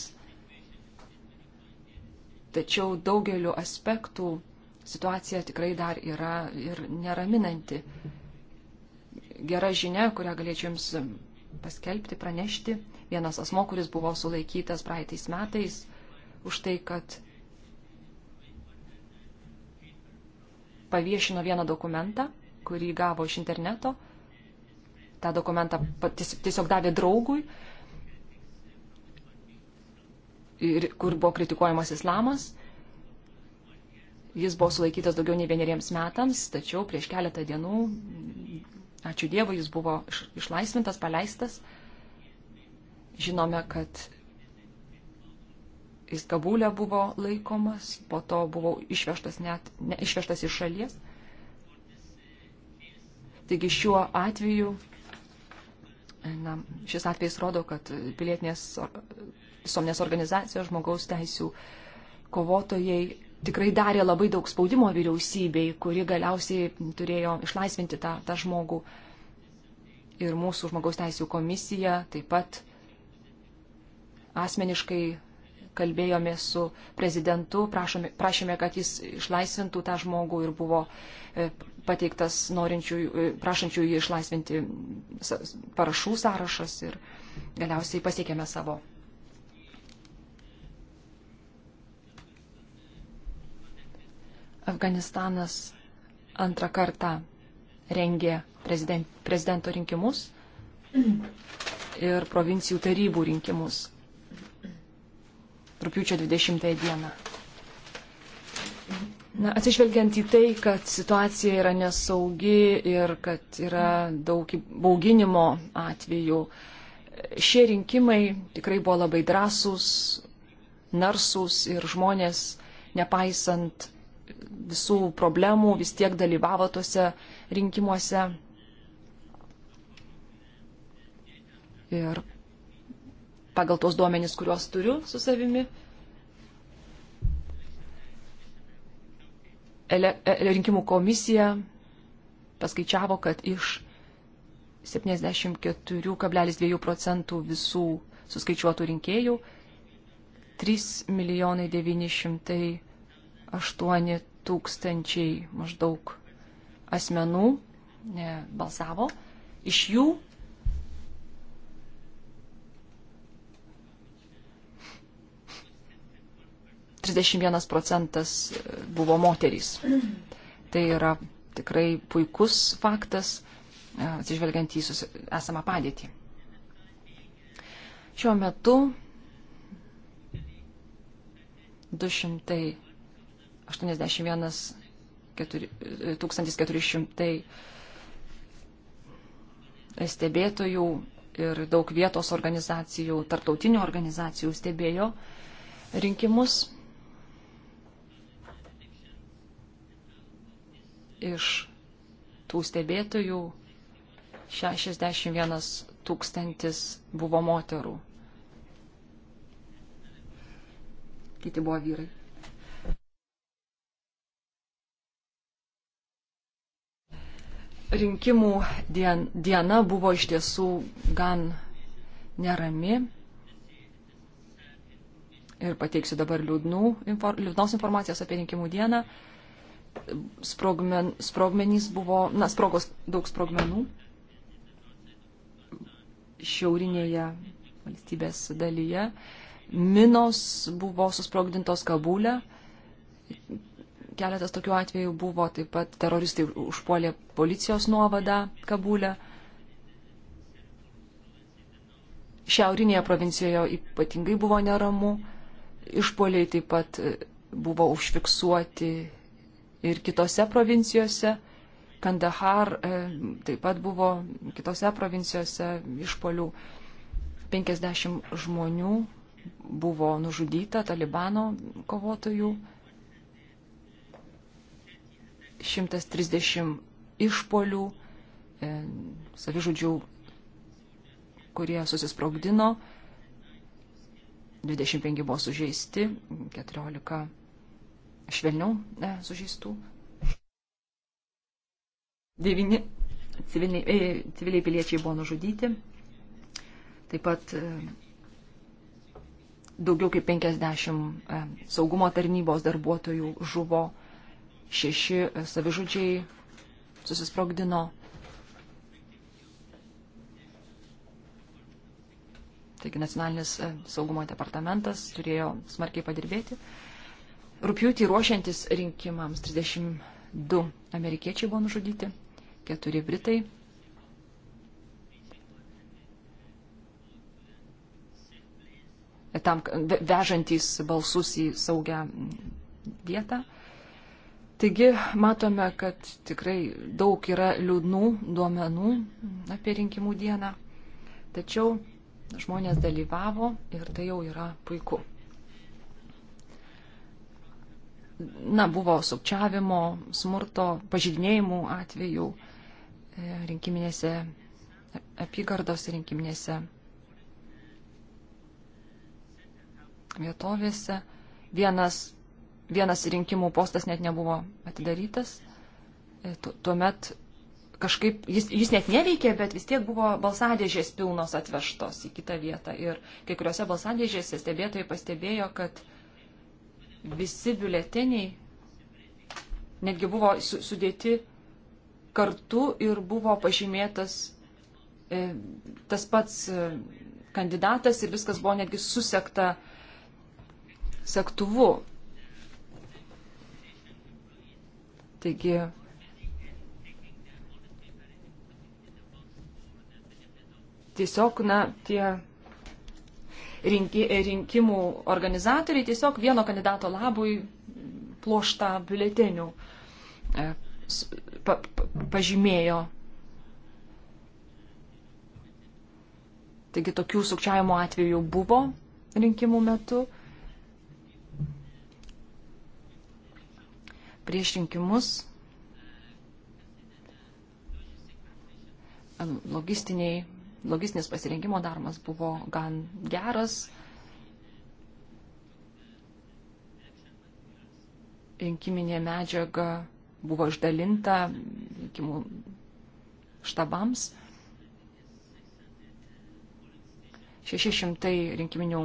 Tačiau daugeliu aspektų situacija tikrai dar yra ir neraminanti. Gera žinia, kurią galėčiau Jums paskelbti, pranešti. Vienas asmo, kuris buvo sulaikytas praeitais metais už tai, kad paviešino vieną dokumentą, kurį gavo iš interneto. Ta dokumentą tiesiog davė draugui, ir, kur buvo kritikuojamas islamas. Jis buvo sulaikytas daugiau nei vieneriems metams, tačiau prieš keletą dienų, ačiū Dievui, jis buvo išlaisvintas, paleistas. Žinome, kad jis Kabulė buvo laikomas, po to buvo išvežtas, net, ne, išvežtas iš šalies. Taigi šiuo atveju, na, šis atvejis rodo, kad pilietinės visuomenės organizacijos, žmogaus teisų kovotojai tikrai darė labai daug spaudimo vyriausybei, kuri galiausiai turėjo išlaisvinti tą, tą žmogų. Ir mūsų žmogaus teisų komisija taip pat asmeniškai kalbėjome su prezidentu, prašome, prašėme, kad jis išlaisvintų tą žmogų ir buvo e, pateiktas norinčių, e, prašančių jį išlaisvinti parašų sąrašas ir galiausiai pasiekėme savo. Afganistanas antrą kartą rengė prezident, prezidento rinkimus ir provincijų tarybų rinkimus rūpiučio 20 dieną. Na, atsižvelgiant į tai, kad situacija yra nesaugi ir kad yra daug bauginimo atvejų, šie rinkimai tikrai buvo labai drąsūs, narsus ir žmonės, nepaisant visų problemų, vis tiek dalyvavo tose rinkimuose. Ir pagal tos duomenys, kuriuos turiu su savimi. Ele, e, rinkimų komisija paskaičiavo, kad iš 74,2 procentų visų suskaičiuotų rinkėjų 3 milijonai 908 tūkstančiai maždaug asmenų balsavo. Iš jų 31 procentas e, buvo moterys. Tai yra tikrai puikus faktas, e, atsižvelgiant į esamą padėtį. Šiuo metu 281 1400 e, stebėtojų ir daug vietos organizacijų, tartautinių organizacijų stebėjo rinkimus. iš tų stebėtojų 61 tūkstantis buvo moterų. Kiti buvo vyrai. Rinkimų dien, diena buvo iš tiesų gan nerami. Ir pateiksiu dabar liūdnų, liūdnos informacijos apie rinkimų dieną. Uh, sprogmen, sprogmenys buvo, na, sprogos daug sprogmenų šiaurinėje valstybės dalyje. Minos buvo susprogdintos Kabulę. Keletas tokių atvejų buvo, taip pat teroristai užpuolė policijos nuovadą Kabulę. Šiaurinėje provincijoje ypatingai buvo neramu. Išpoliai taip pat buvo užfiksuoti ir kitose provincijose. Kandahar e, taip pat buvo kitose provincijose išpolių. 50 žmonių buvo nužudyta talibano kovotojų. 130 išpolių e, savižudžių, kurie susisprogdino. 25 buvo sužeisti, 14 švelniau e, sužeistų. Devini civiliai, e, civiliai piliečiai buvo nužudyti. Taip pat e, daugiau kaip 50 e, saugumo tarnybos darbuotojų žuvo, šeši e, savižudžiai susisprogdino. Taigi nacionalinis e, saugumo departamentas turėjo smarkiai padirbėti. E, Rūpjūtį ruošiantis rinkimams 32 amerikiečiai buvo nužudyti, 4 britai. Tam vežantys balsus į saugią vietą. Taigi matome, kad tikrai daug yra liūdnų duomenų apie rinkimų dieną. Tačiau žmonės dalyvavo ir tai jau yra puiku na, buvo sukčiavimo, smurto, pažydinėjimų atvejų e, rinkiminėse apygardos rinkiminėse vietovėse. Vienas, vienas rinkimų postas net nebuvo atidarytas. E, tuomet kažkaip jis, jis net neveikė, bet vis tiek buvo balsadėžės pilnos atvežtos į kitą vietą. Ir kai kuriuose balsadėžėse stebėtojai pastebėjo, kad visi biuleteniai netgi buvo sudėti kartu ir buvo pažymėtas e, tas pats e, kandidatas ir viskas buvo netgi susekta sektuvu. Taigi tiesiog, na, tie rinki, rinkimų organizatoriai tiesiog vieno kandidato labui pluoštą biuletenių e, pa, pa, pažymėjo. Taigi tokių sukčiavimo atvejų buvo rinkimų metu. Prieš rinkimus logistiniai logistinis pasirinkimo darbas buvo gan geras. Rinkiminė medžiaga buvo išdalinta rinkimų štabams. 600 rinkiminių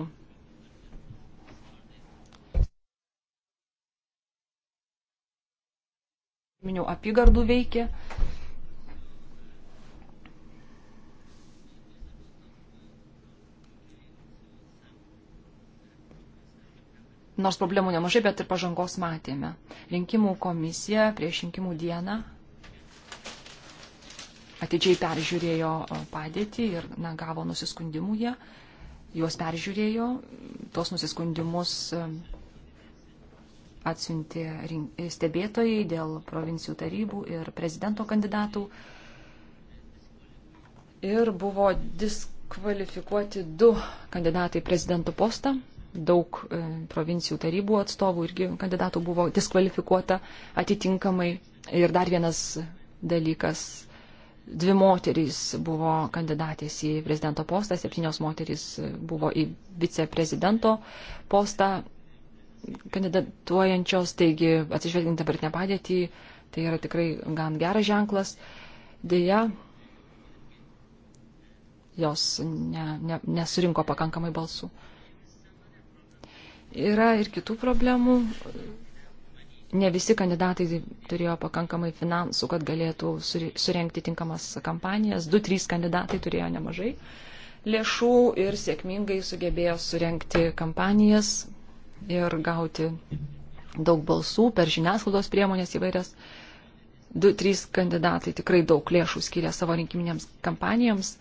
rinkiminių apygardų veikė Nors problemų nemažai, bet ir pažangos matėme. Rinkimų komisija prieš rinkimų dieną atidžiai peržiūrėjo padėtį ir na, gavo nusiskundimų jie. Juos peržiūrėjo, tuos nusiskundimus e, atsiuntė e, stebėtojai dėl provincijų tarybų ir prezidento kandidatų. Ir buvo diskvalifikuoti du kandidatai prezidentų postą daug e, provincijų tarybų atstovų irgi kandidatų buvo diskvalifikuota atitinkamai. Ir dar vienas dalykas. Dvi moterys buvo kandidatės į prezidento postą, septynios moterys buvo į viceprezidento postą kandidatuojančios, taigi atsižvelgiant dabartinę padėtį, tai yra tikrai gan geras ženklas. Deja, jos ne, ne, nesurinko pakankamai balsų. Yra ir kitų problemų. Ne visi kandidatai turėjo pakankamai finansų, kad galėtų surenkti tinkamas kampanijas. Du, trys kandidatai turėjo nemažai lėšų ir sėkmingai sugebėjo surenkti kampanijas ir gauti daug balsų per žiniasklaidos priemonės įvairias. Du, trys kandidatai tikrai daug lėšų skiria savo rinkiminėms kampanijoms,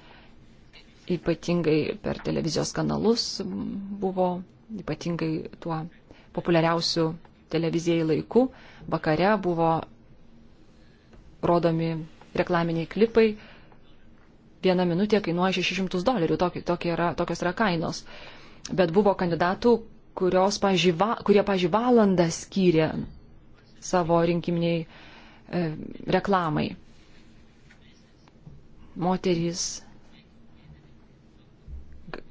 ypatingai per televizijos kanalus buvo ypatingai tuo populiariausiu televizijai laiku. Vakare buvo rodomi reklaminiai klipai. Viena minutė kainuoja 600 dolerių, tokie, tokie yra, tokios yra kainos. Bet buvo kandidatų, kurios, pažiūrė, kurie, pažiūrė, valandą skyrė savo rinkiminiai e, reklamai. Moterys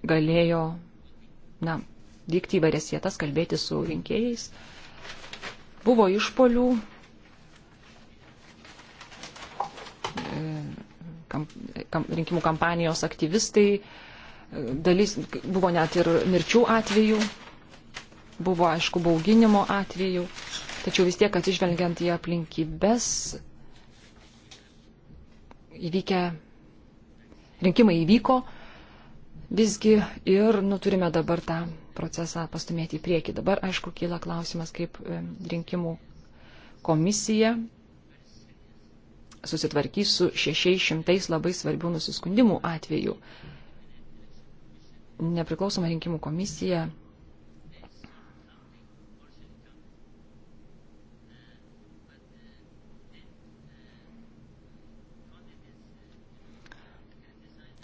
galėjo na, vykti į varias vietas, kalbėti su rinkėjais. Buvo išpolių, kam, kam, rinkimų kampanijos aktyvistai, dalis buvo net ir mirčių atvejų, buvo aišku bauginimo atvejų, tačiau vis tiek atsižvelgiant į aplinkybės įvykę, rinkimai įvyko, visgi ir nu, turime dabar tą procesą pastumėti į priekį. Dabar, aišku, kyla klausimas, kaip rinkimų komisija susitvarkys su 600 labai svarbių nusiskundimų atveju. Nepriklausoma rinkimų komisija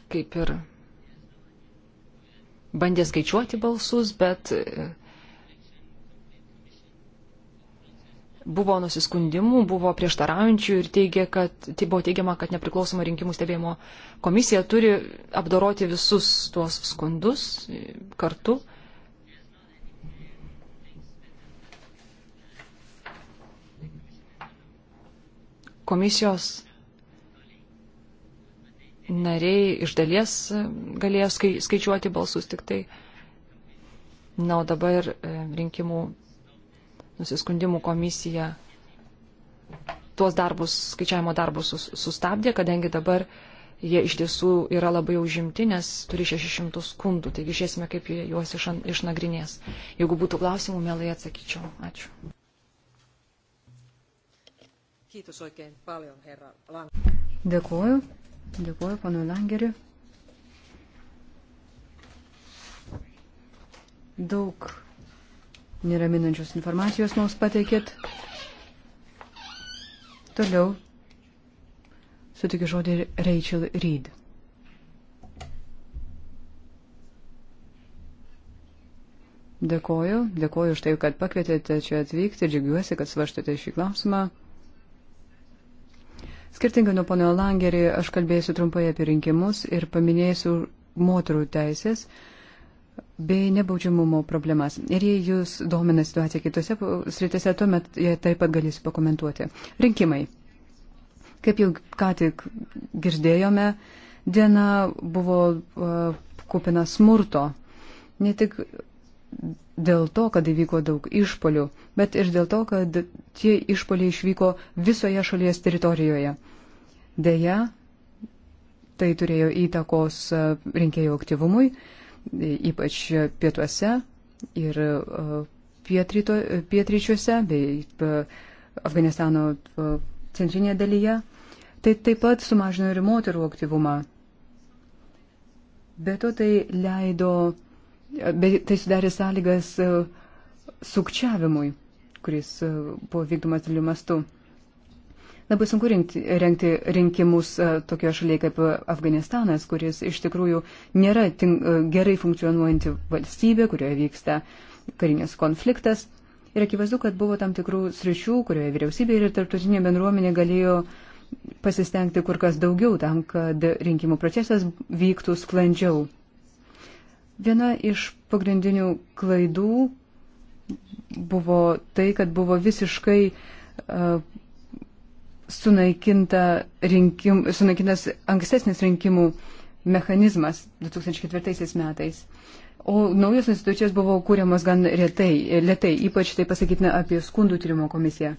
kaip ir bandė skaičiuoti balsus, bet e, buvo nusiskundimų, buvo prieštaraujančių ir teigė, kad, tai buvo teigiama, kad nepriklausoma rinkimų stebėjimo komisija turi apdoroti visus tuos skundus e, kartu. Komisijos nariai iš dalies galėjo skaičiuoti balsus tik tai. Na, o dabar e, rinkimų nusiskundimų komisija tuos darbus, skaičiavimo darbus sus, sustabdė, kadangi dabar jie iš tiesų yra labai užimti, nes turi 600 skundų, taigi žiūrėsime, kaip jie juos iš, išnagrinės. Jeigu būtų klausimų, mielai atsakyčiau. Ačiū. Dėkuoju. Dėkuoju, ponui Langeriu. Daug neraminančios informacijos mums pateikėt. Toliau sutikiu žodį Rachel Reed. Dėkoju, dėkoju už tai, kad pakvietėte čia atvykti, džiugiuosi, kad svarstote šį klausimą. Skirtingai nuo pono Langerį, aš kalbėsiu trumpai apie rinkimus ir paminėsiu moterų teisės bei nebaudžiamumo problemas. Ir jei jūs domina situacija kitose sritise, tuomet jie taip pat galėsiu pakomentuoti. Rinkimai. Kaip jau ką tik girdėjome, diena buvo uh, kupina smurto. Ne tik dėl to, kad įvyko daug išpolių, bet ir dėl to, kad tie išpoliai išvyko visoje šalies teritorijoje. Deja, tai turėjo įtakos e, rinkėjų aktyvumui, e, ypač pietuose ir e, pietryto, pietryčiuose bei Afganistano centrinėje dalyje. Tai taip pat sumažino ir moterų aktyvumą. Be to tai leido bet tai sudarė sąlygas e, sukčiavimui, kuris e, buvo vykdomas dideliu mastu. Labai sunku rinkti, renkti rinkimus e, tokioje šalyje kaip Afganistanas, kuris iš tikrųjų nėra tink, gerai funkcionuojanti valstybė, kurioje vyksta karinės konfliktas. Ir akivaizdu, kad buvo tam tikrų sričių, kurioje vyriausybė ir tarptautinė bendruomenė galėjo pasistengti kur kas daugiau tam, kad rinkimų procesas vyktų sklandžiau. Viena iš pagrindinių klaidų buvo tai, kad buvo visiškai uh, sunaikinta rinkim, sunaikintas ankstesnis rinkimų mechanizmas 2004 metais. O naujos institucijos buvo kūriamos gan retai, e, lietai, ypač tai pasakytina apie skundų tyrimo komisiją.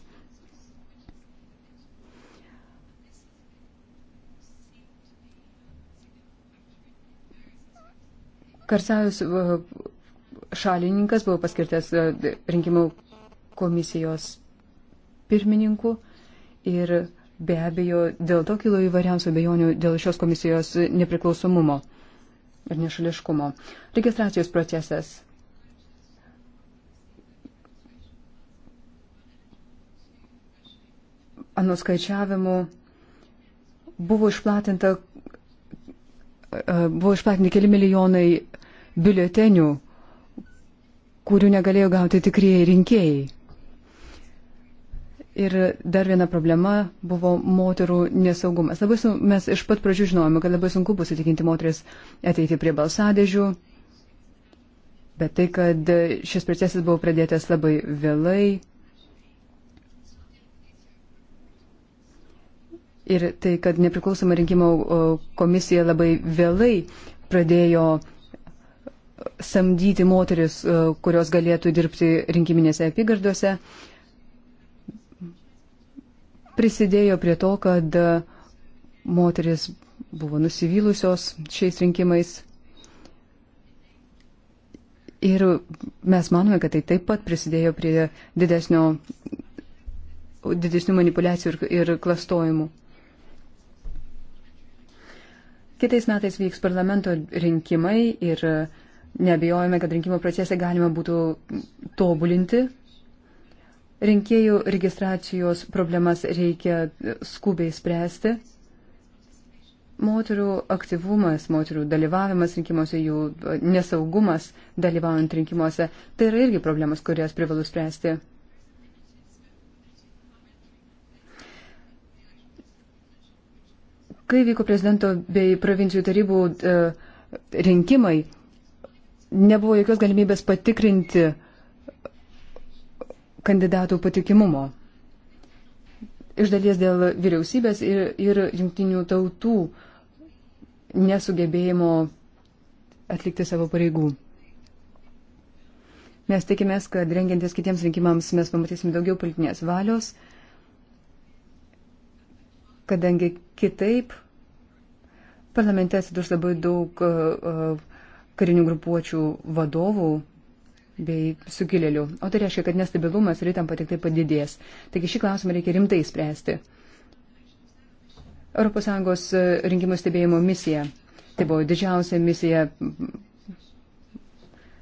Karsajus šalininkas buvo paskirtas e, rinkimų komisijos pirmininku ir be abejo dėl to kilo įvairiausių bejonių dėl šios komisijos nepriklausomumo ir nešališkumo. Registracijos procesas. Anuskaičiavimu buvo išplatinta E, buvo išplatinti keli milijonai biuletenių, kurių negalėjo gauti tikrieji rinkėjai. Ir dar viena problema buvo moterų nesaugumas. Labai su, mes iš pat pradžių žinojome, kad labai sunku bus įtikinti moteris ateiti prie balsadėžių, bet tai, kad šis procesas buvo pradėtas labai vėlai, ir tai, kad nepriklausoma rinkimo komisija labai vėlai pradėjo e, samdyti moteris, e, kurios galėtų dirbti rinkiminėse apygardose, prisidėjo prie to, kad e, moteris buvo nusivylusios šiais rinkimais. Ir mes manome, kad tai taip pat prisidėjo prie didesnio, didesnių manipulacijų ir, ir klastojimų. Kitais metais vyks parlamento rinkimai ir nebejojame, kad rinkimų procesą galima būtų tobulinti. Rinkėjų registracijos problemas reikia skubiai spręsti. Moterų aktyvumas, moterų dalyvavimas rinkimuose, jų nesaugumas dalyvaujant rinkimuose, tai yra irgi problemas, kurias privalu spręsti. Kai vyko prezidento bei provincijų tarybų e, rinkimai, nebuvo jokios galimybės patikrinti kandidatų patikimumo. Iš dalies dėl vyriausybės ir, ir jungtinių tautų nesugebėjimo atlikti savo pareigų. Mes tikimės, kad rengiantis kitiems rinkimams mes pamatysim daugiau politinės valios kadangi kitaip parlamente atsidurs labai daug e, e, karinių grupuočių vadovų bei sukilėlių. O tai reiškia, kad nestabilumas ir įtampa tik tai padidės. Taigi šį klausimą reikia rimtai spręsti. ES e, rinkimų stebėjimo misija. Tai buvo didžiausia misija,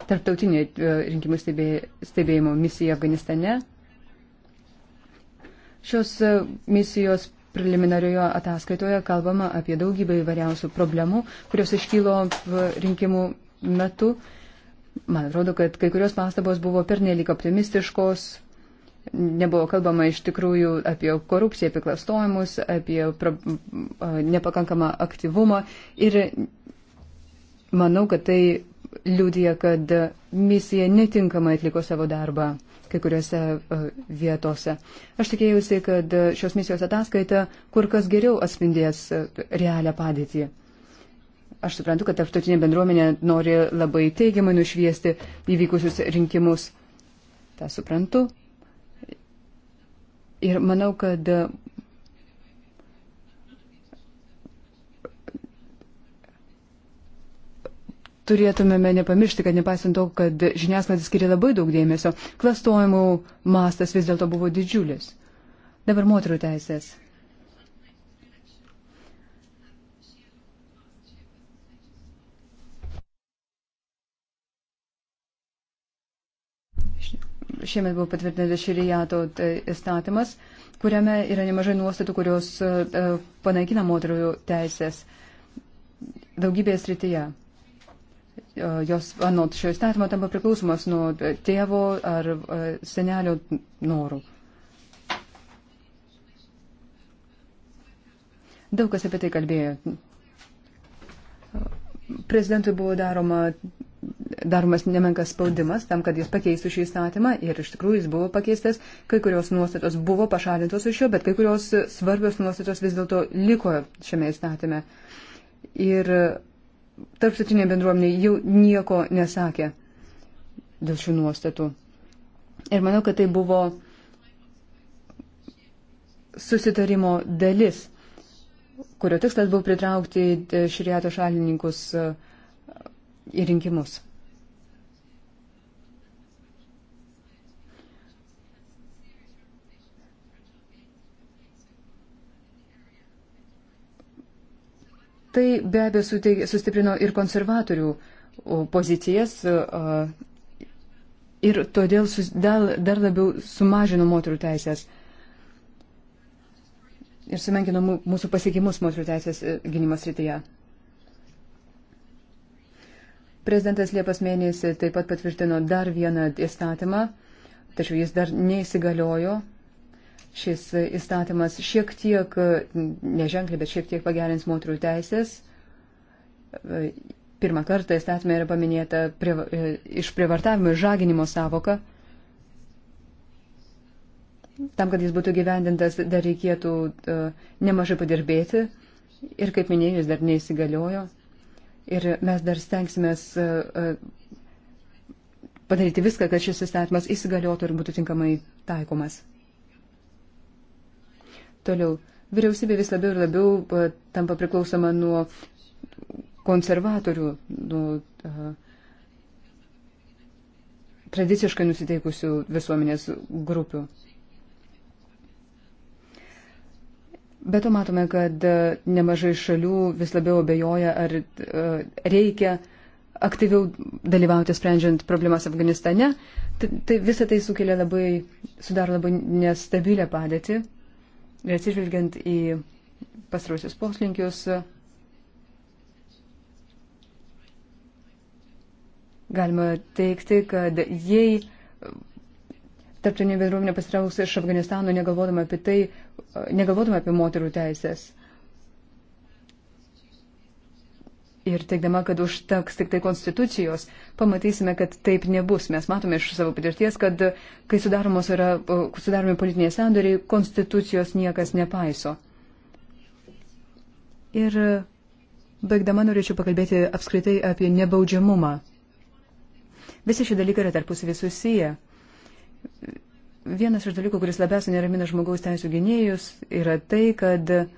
tarptautinė rinkimų stebėjimo misija Afganistane. Šios misijos preliminarioje ataskaitoje kalbama apie daugybę įvairiausių problemų, kurios iškylo rinkimų metu. Man atrodo, kad kai kurios pastabos buvo pernelik optimistiškos, nebuvo kalbama iš tikrųjų apie korupciją, apie klastojimus, apie pra, nepakankamą aktyvumą. Ir manau, kad tai liūdija, kad misija netinkamai atliko savo darbą kai kuriuose e, vietose. Aš tikėjausi, kad šios misijos ataskaita kur kas geriau atspindės e, realią padėtį. Aš suprantu, kad tarptautinė bendruomenė nori labai teigiamai nušviesti įvykusius rinkimus. Ta suprantu. Ir manau, kad turėtumėme nepamiršti, kad nepaisant to, kad žiniasklaida skiria labai daug dėmesio, klastojimų mastas vis dėlto buvo didžiulis. Dabar moterų teisės. Šiemet buvo patvirtintas širijato tai, įstatymas, kuriame yra nemažai nuostatų, kurios e, panaikina moterų teisės daugybėje srityje jos, anot šio įstatymo, tampa priklausomas nuo tėvo ar e, senelio norų. Daug kas apie tai kalbėjo. Prezidentui buvo daroma, daromas nemenkas spaudimas tam, kad jis pakeistų šį įstatymą ir iš tikrųjų jis buvo pakeistas, kai kurios nuostatos buvo pašalintos iš jo, bet kai kurios svarbios nuostatos vis dėlto liko šiame įstatyme. Ir uh, tarptautinė bendruomenė jau nieko nesakė dėl šių nuostatų. Ir manau, kad tai buvo susitarimo dalis, kurio tikslas buvo pritraukti širiato šalininkus e, į rinkimus. Tai be abejo sustiprino ir konservatorių pozicijas ir todėl dar labiau sumažino moterų teisės ir sumenkino mūsų pasiekimus moterų teisės e, gynimo srityje. Prezidentas Liepas mėnesį taip pat patvirtino dar vieną įstatymą, tačiau jis dar neįsigaliojo šis įstatymas šiek tiek, neženkliai, bet šiek tiek pagerins moterų teisės. Pirmą kartą įstatymė yra paminėta prie, iš prievartavimo ir žaginimo savoka. Tam, kad jis būtų gyvendintas, dar reikėtų uh, nemažai padirbėti ir, kaip minėjau, jis dar neįsigaliojo. Ir mes dar stengsime uh, e, padaryti viską, kad šis įstatymas įsigaliotų ir būtų tinkamai taikomas. Toliau, vyriausybė vis labiau ir labiau e, tampa priklausoma nuo konservatorių, nuo uh, tradiciškai nusiteikusių visuomenės grupių. Bet to matome, kad e, nemažai šalių vis labiau abejoja, ar uh, reikia aktyviau dalyvauti sprendžiant problemas Afganistane. Tai, tai visą tai sukelia labai, sudaro labai nestabilę padėtį ir atsižvelgiant į pastarosius poslinkius, galima teikti, kad jei tarptautinė bendruomenė pasitrauks iš Afganistano, negalvodama apie tai, negalvodama apie moterų teisės, Ir teikdama, kad užteks tik tai konstitucijos, pamatysime, kad taip nebus. Mes matome iš savo patirties, kad kai sudaromos yra, sudaromi politiniai sandoriai, konstitucijos niekas nepaiso. Ir baigdama norėčiau pakalbėti apskritai apie nebaudžiamumą. Visi šie dalykai yra tarpusavį susiję. Vienas iš dalykų, kuris labiausiai neramina žmogaus teisų gynėjus, yra tai, kad uh,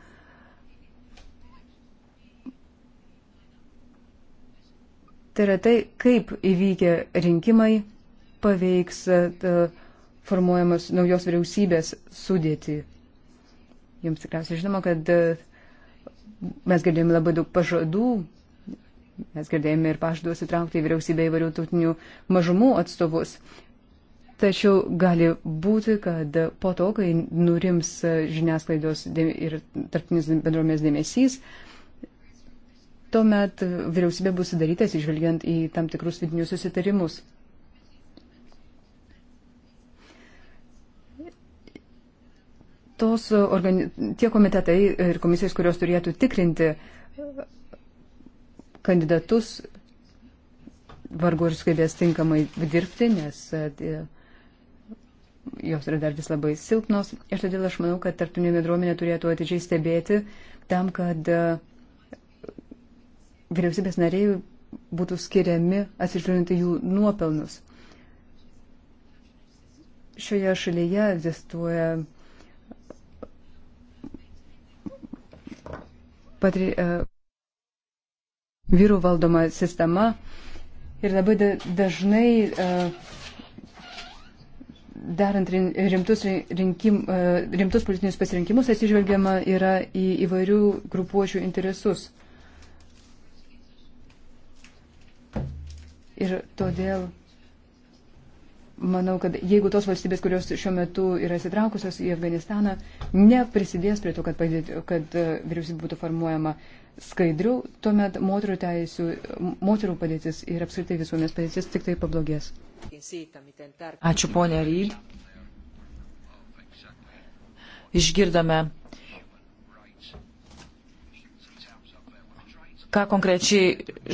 Tai yra tai, kaip įvykę rinkimai paveiks e, formuojamas naujos vyriausybės sudėti. Jums tikriausiai žinoma, kad e, mes girdėjome labai daug pažadų, mes girdėjome ir pažadus įtraukti į vyriausybę įvairių tautinių mažumų atstovus. Tačiau gali būti, kad po to, kai nurims e, žiniasklaidos ir tarptinis bendruomės dėmesys, uh, tuomet vyriausybė bus sudarytas išvelgiant į tam tikrus vidinius susitarimus. Tos organi... tie komitetai ir komisijos, kurios turėtų tikrinti kandidatus, vargu ir skubės tinkamai dirbti, nes e, jos yra dar vis labai silpnos. Ir todėl aš manau, kad tarptautinė bendruomenė turėtų atidžiai stebėti tam, kad uh, vyriausybės nariai būtų skiriami atsižvelgiant į jų nuopelnus. Šioje šalyje egzistuoja patri, e, vyrų valdoma sistema ir labai dažnai e, darant rimtus, rinkim, e, rimtus politinius pasirinkimus atsižvelgiama yra į įvairių grupuočių interesus. Ir todėl manau, kad jeigu tos valstybės, kurios šiuo metu yra įsitraukusios į Afganistaną, neprisidės prie to, kad, padėtų, kad e, vyriausybė būtų formuojama skaidrių, tuomet moterų, teisių, moterų padėtis ir apskritai visuomenės padėtis tik tai pablogės. Ačiū, ponė Ryd. Išgirdome ką konkrečiai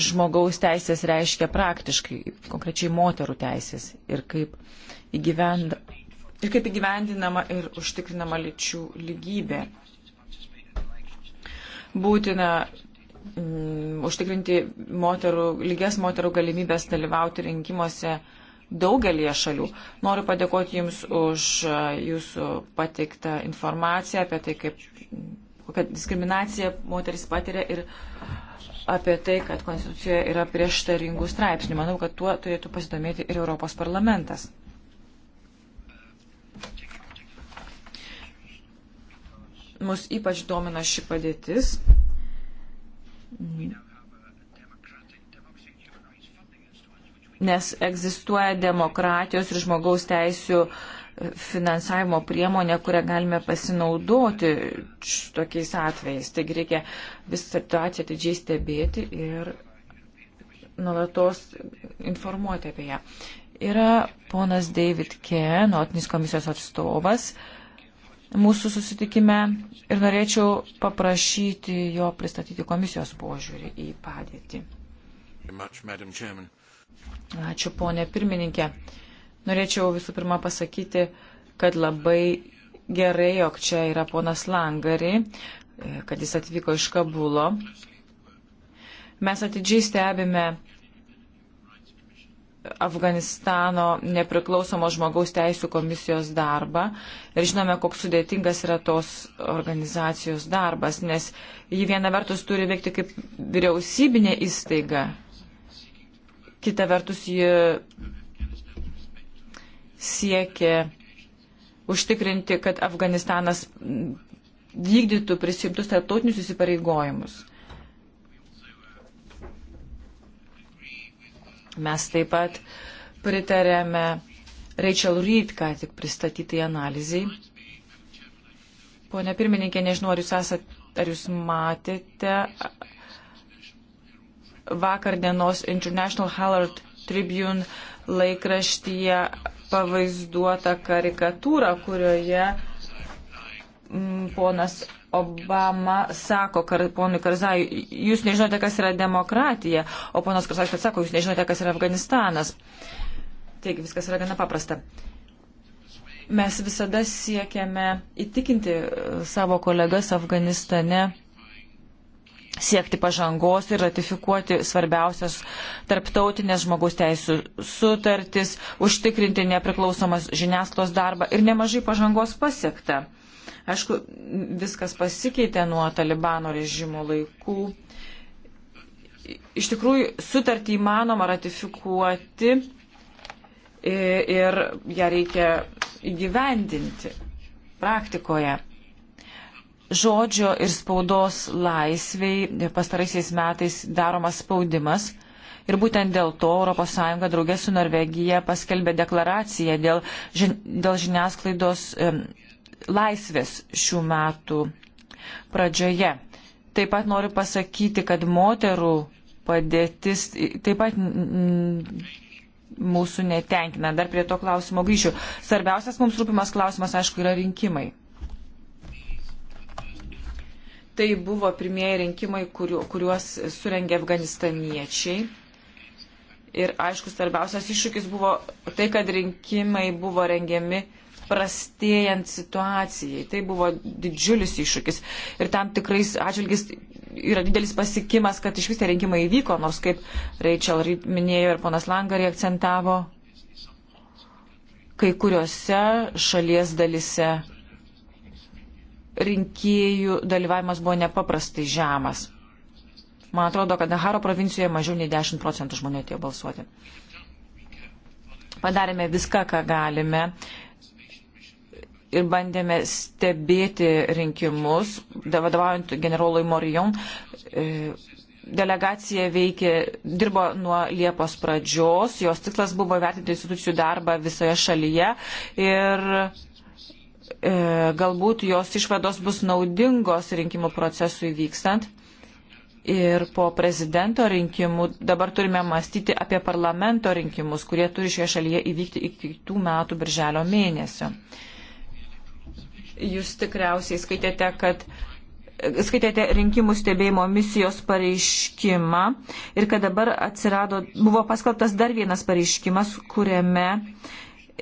žmogaus teisės reiškia praktiškai, konkrečiai moterų teisės ir kaip, įgyvend... ir kaip įgyvendinama ir užtikrinama lyčių lygybė. Būtina mm, užtikrinti moterų, lygias moterų galimybės dalyvauti rinkimuose daugelie šalių. Noriu padėkoti Jums už e, Jūsų pateiktą informaciją apie tai, kaip, kokią diskriminaciją moteris patiria ir apie tai, kad Konstitucijoje yra prieštaringų straipsnių. Manau, kad tuo turėtų pasidomėti ir Europos parlamentas. Mus ypač domina ši padėtis. Nes egzistuoja demokratijos ir žmogaus teisų uh, finansavimo priemonė, kurią galime pasinaudoti tokiais atvejais. Taigi reikia visą situaciją atidžiai stebėti ir nuolatos informuoti apie ją. Yra ponas David Ke, nuotinis komisijos atstovas, mūsų susitikime ir norėčiau paprašyti jo pristatyti komisijos požiūrį į padėtį. Ačiū, ponė pirmininkė. Norėčiau visų pirma pasakyti, kad labai gerai, jog čia yra ponas Langari, e, kad jis atvyko iš Kabulo. Mes atidžiai stebime Afganistano nepriklausomos žmogaus teisų komisijos darbą ir žinome, koks sudėtingas yra tos organizacijos darbas, nes ji viena vertus turi veikti kaip vyriausybinė įstaiga, kita vertus ji siekė užtikrinti, kad Afganistanas vykdytų prisimtus tarptautinius įsipareigojimus. Mes taip pat pritarėme Rachel Reed ką tik pristatytai analizai. Pone pirmininkė, nežinau, ar jūs, esat, ar jūs matėte vakar dienos International Hallard Tribune uh, laikraštyje pavaizduota karikatūra, kurioje mm, ponas Obama sako kar, ponui Karzai, jūs nežinote, kas yra demokratija, o ponas Karzai atsako, jūs nežinote, kas yra Afganistanas. Taigi viskas yra gana paprasta. Mes visada siekiame įtikinti e, savo kolegas Afganistane siekti pažangos ir ratifikuoti svarbiausias tarptautinės žmogaus teisų sutartis, užtikrinti nepriklausomas žiniasklaidos darbą ir nemažai pažangos pasiekta. Aišku, viskas pasikeitė nuo Talibano režimo laikų. Iš tikrųjų, sutartį įmanoma ratifikuoti ir ją reikia įgyvendinti praktikoje žodžio ir spaudos laisviai pastaraisiais metais daromas spaudimas. Ir būtent dėl to ES draugė su Norvegija paskelbė deklaraciją dėl, žin, dėl žiniasklaidos e, laisvės šių metų pradžioje. Taip pat noriu pasakyti, kad moterų padėtis taip pat mm, mūsų netenkina. Dar prie to klausimo grįšiu. Svarbiausias mums rūpimas klausimas, aišku, yra rinkimai. Tai buvo pirmieji rinkimai, kuriuos surengė afganistaniečiai. Ir aišku, svarbiausias iššūkis buvo tai, kad rinkimai buvo rengiami prastėjant situacijai. Tai buvo didžiulis iššūkis. Ir tam tikrais atžvilgis yra didelis pasikimas, kad iš vis tie rinkimai įvyko, nors kaip Rachel minėjo ir ponas Langarį akcentavo, kai kuriuose šalies dalise rinkėjų dalyvavimas buvo nepaprastai žemas. Man atrodo, kad Daharo provincijoje mažiau nei 10 procentų žmonių atėjo balsuoti. Padarėme viską, ką galime ir bandėme stebėti rinkimus, vadovaujant generolui Morijon. E, delegacija veikė, dirbo nuo Liepos pradžios, jos tikslas buvo vertinti institucijų darbą visoje šalyje ir E, galbūt jos išvados bus naudingos rinkimų procesui vykstant. Ir po prezidento rinkimų dabar turime mąstyti apie parlamento rinkimus, kurie turi šioje šalyje įvykti iki kitų metų birželio mėnesio. Jūs tikriausiai skaitėte, kad skaitėte rinkimų stebėjimo misijos pareiškimą ir kad dabar atsirado, buvo paskaltas dar vienas pareiškimas, kuriame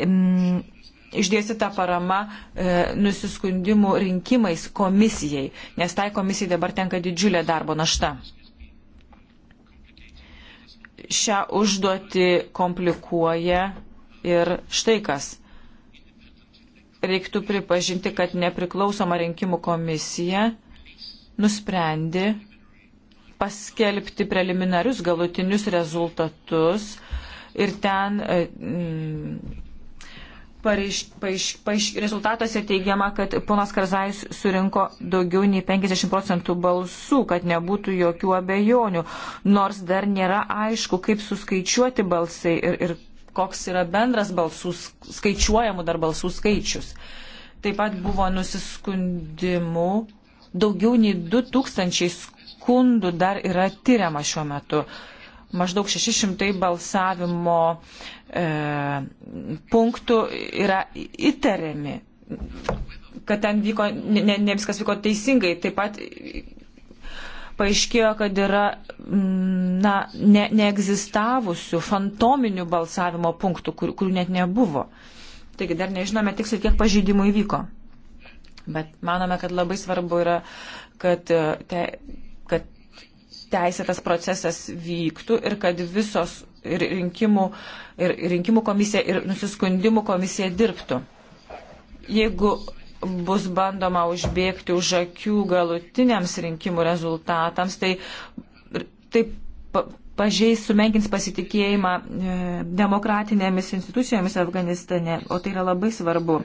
mm, išdėstyta parama e, nusiskundimų rinkimais komisijai, nes tai komisijai dabar tenka didžiulė darbo našta. Šią užduotį komplikuoja ir štai kas. Reiktų pripažinti, kad nepriklausoma rinkimų komisija nusprendė paskelbti preliminarius galutinius rezultatus ir ten e, m, pareiš, paaiš, paaiš, rezultatuose teigiama, kad ponas Karzajus surinko daugiau nei 50 procentų balsų, kad nebūtų jokių abejonių, nors dar nėra aišku, kaip suskaičiuoti balsai ir, ir koks yra bendras balsų, skaičiuojamų dar balsų skaičius. Taip pat buvo nusiskundimų, daugiau nei 2000 skundų dar yra tyriama šiuo metu. Uh, maždaug 600 balsavimo e, punktų yra įtariami, kad ten vyko, ne, ne viskas vyko teisingai. Taip pat paaiškėjo, kad yra mm, na, ne, neegzistavusių fantominių balsavimo punktų, kur, kurių net nebuvo. Taigi dar nežinome tiksliai, kiek pažeidimų įvyko. Bet manome, kad labai svarbu yra, kad e, te, teisėtas procesas vyktų ir kad visos ir rinkimų, ir rinkimų komisija, ir nusiskundimų komisija dirbtų. Jeigu bus bandoma užbėgti už akių galutiniams rinkimų rezultatams, tai taip pažeis, sumenkins pasitikėjimą e, demokratinėmis institucijomis Afganistane, o tai yra labai svarbu.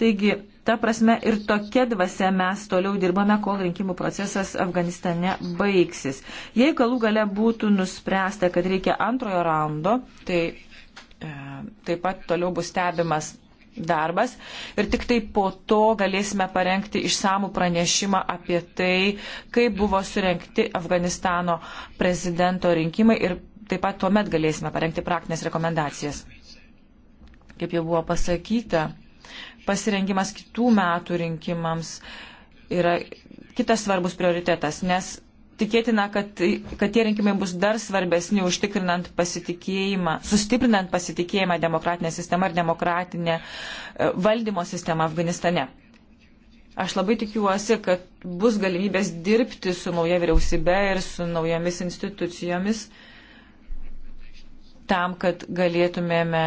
Taigi, Ta prasme ir tokia dvasia mes toliau dirbame, kol rinkimų procesas Afganistane baigsis. Jei galų gale būtų nuspręsta, kad reikia antrojo raundo, tai e, taip pat toliau bus stebimas darbas ir tik tai po to galėsime parengti išsamų pranešimą apie tai, kaip buvo surenkti Afganistano prezidento rinkimai ir taip pat tuomet galėsime parengti praktinės rekomendacijas. Kaip jau buvo pasakyta, pasirengimas kitų metų rinkimams yra kitas svarbus prioritetas, nes tikėtina, kad, kad tie rinkimai bus dar svarbesni užtikrinant pasitikėjimą, sustiprinant pasitikėjimą demokratinę sistemą ir demokratinę e, valdymo sistemą Afganistane. Aš labai tikiuosi, kad bus galimybės dirbti su nauja vyriausybe ir su naujomis institucijomis tam, kad galėtumėme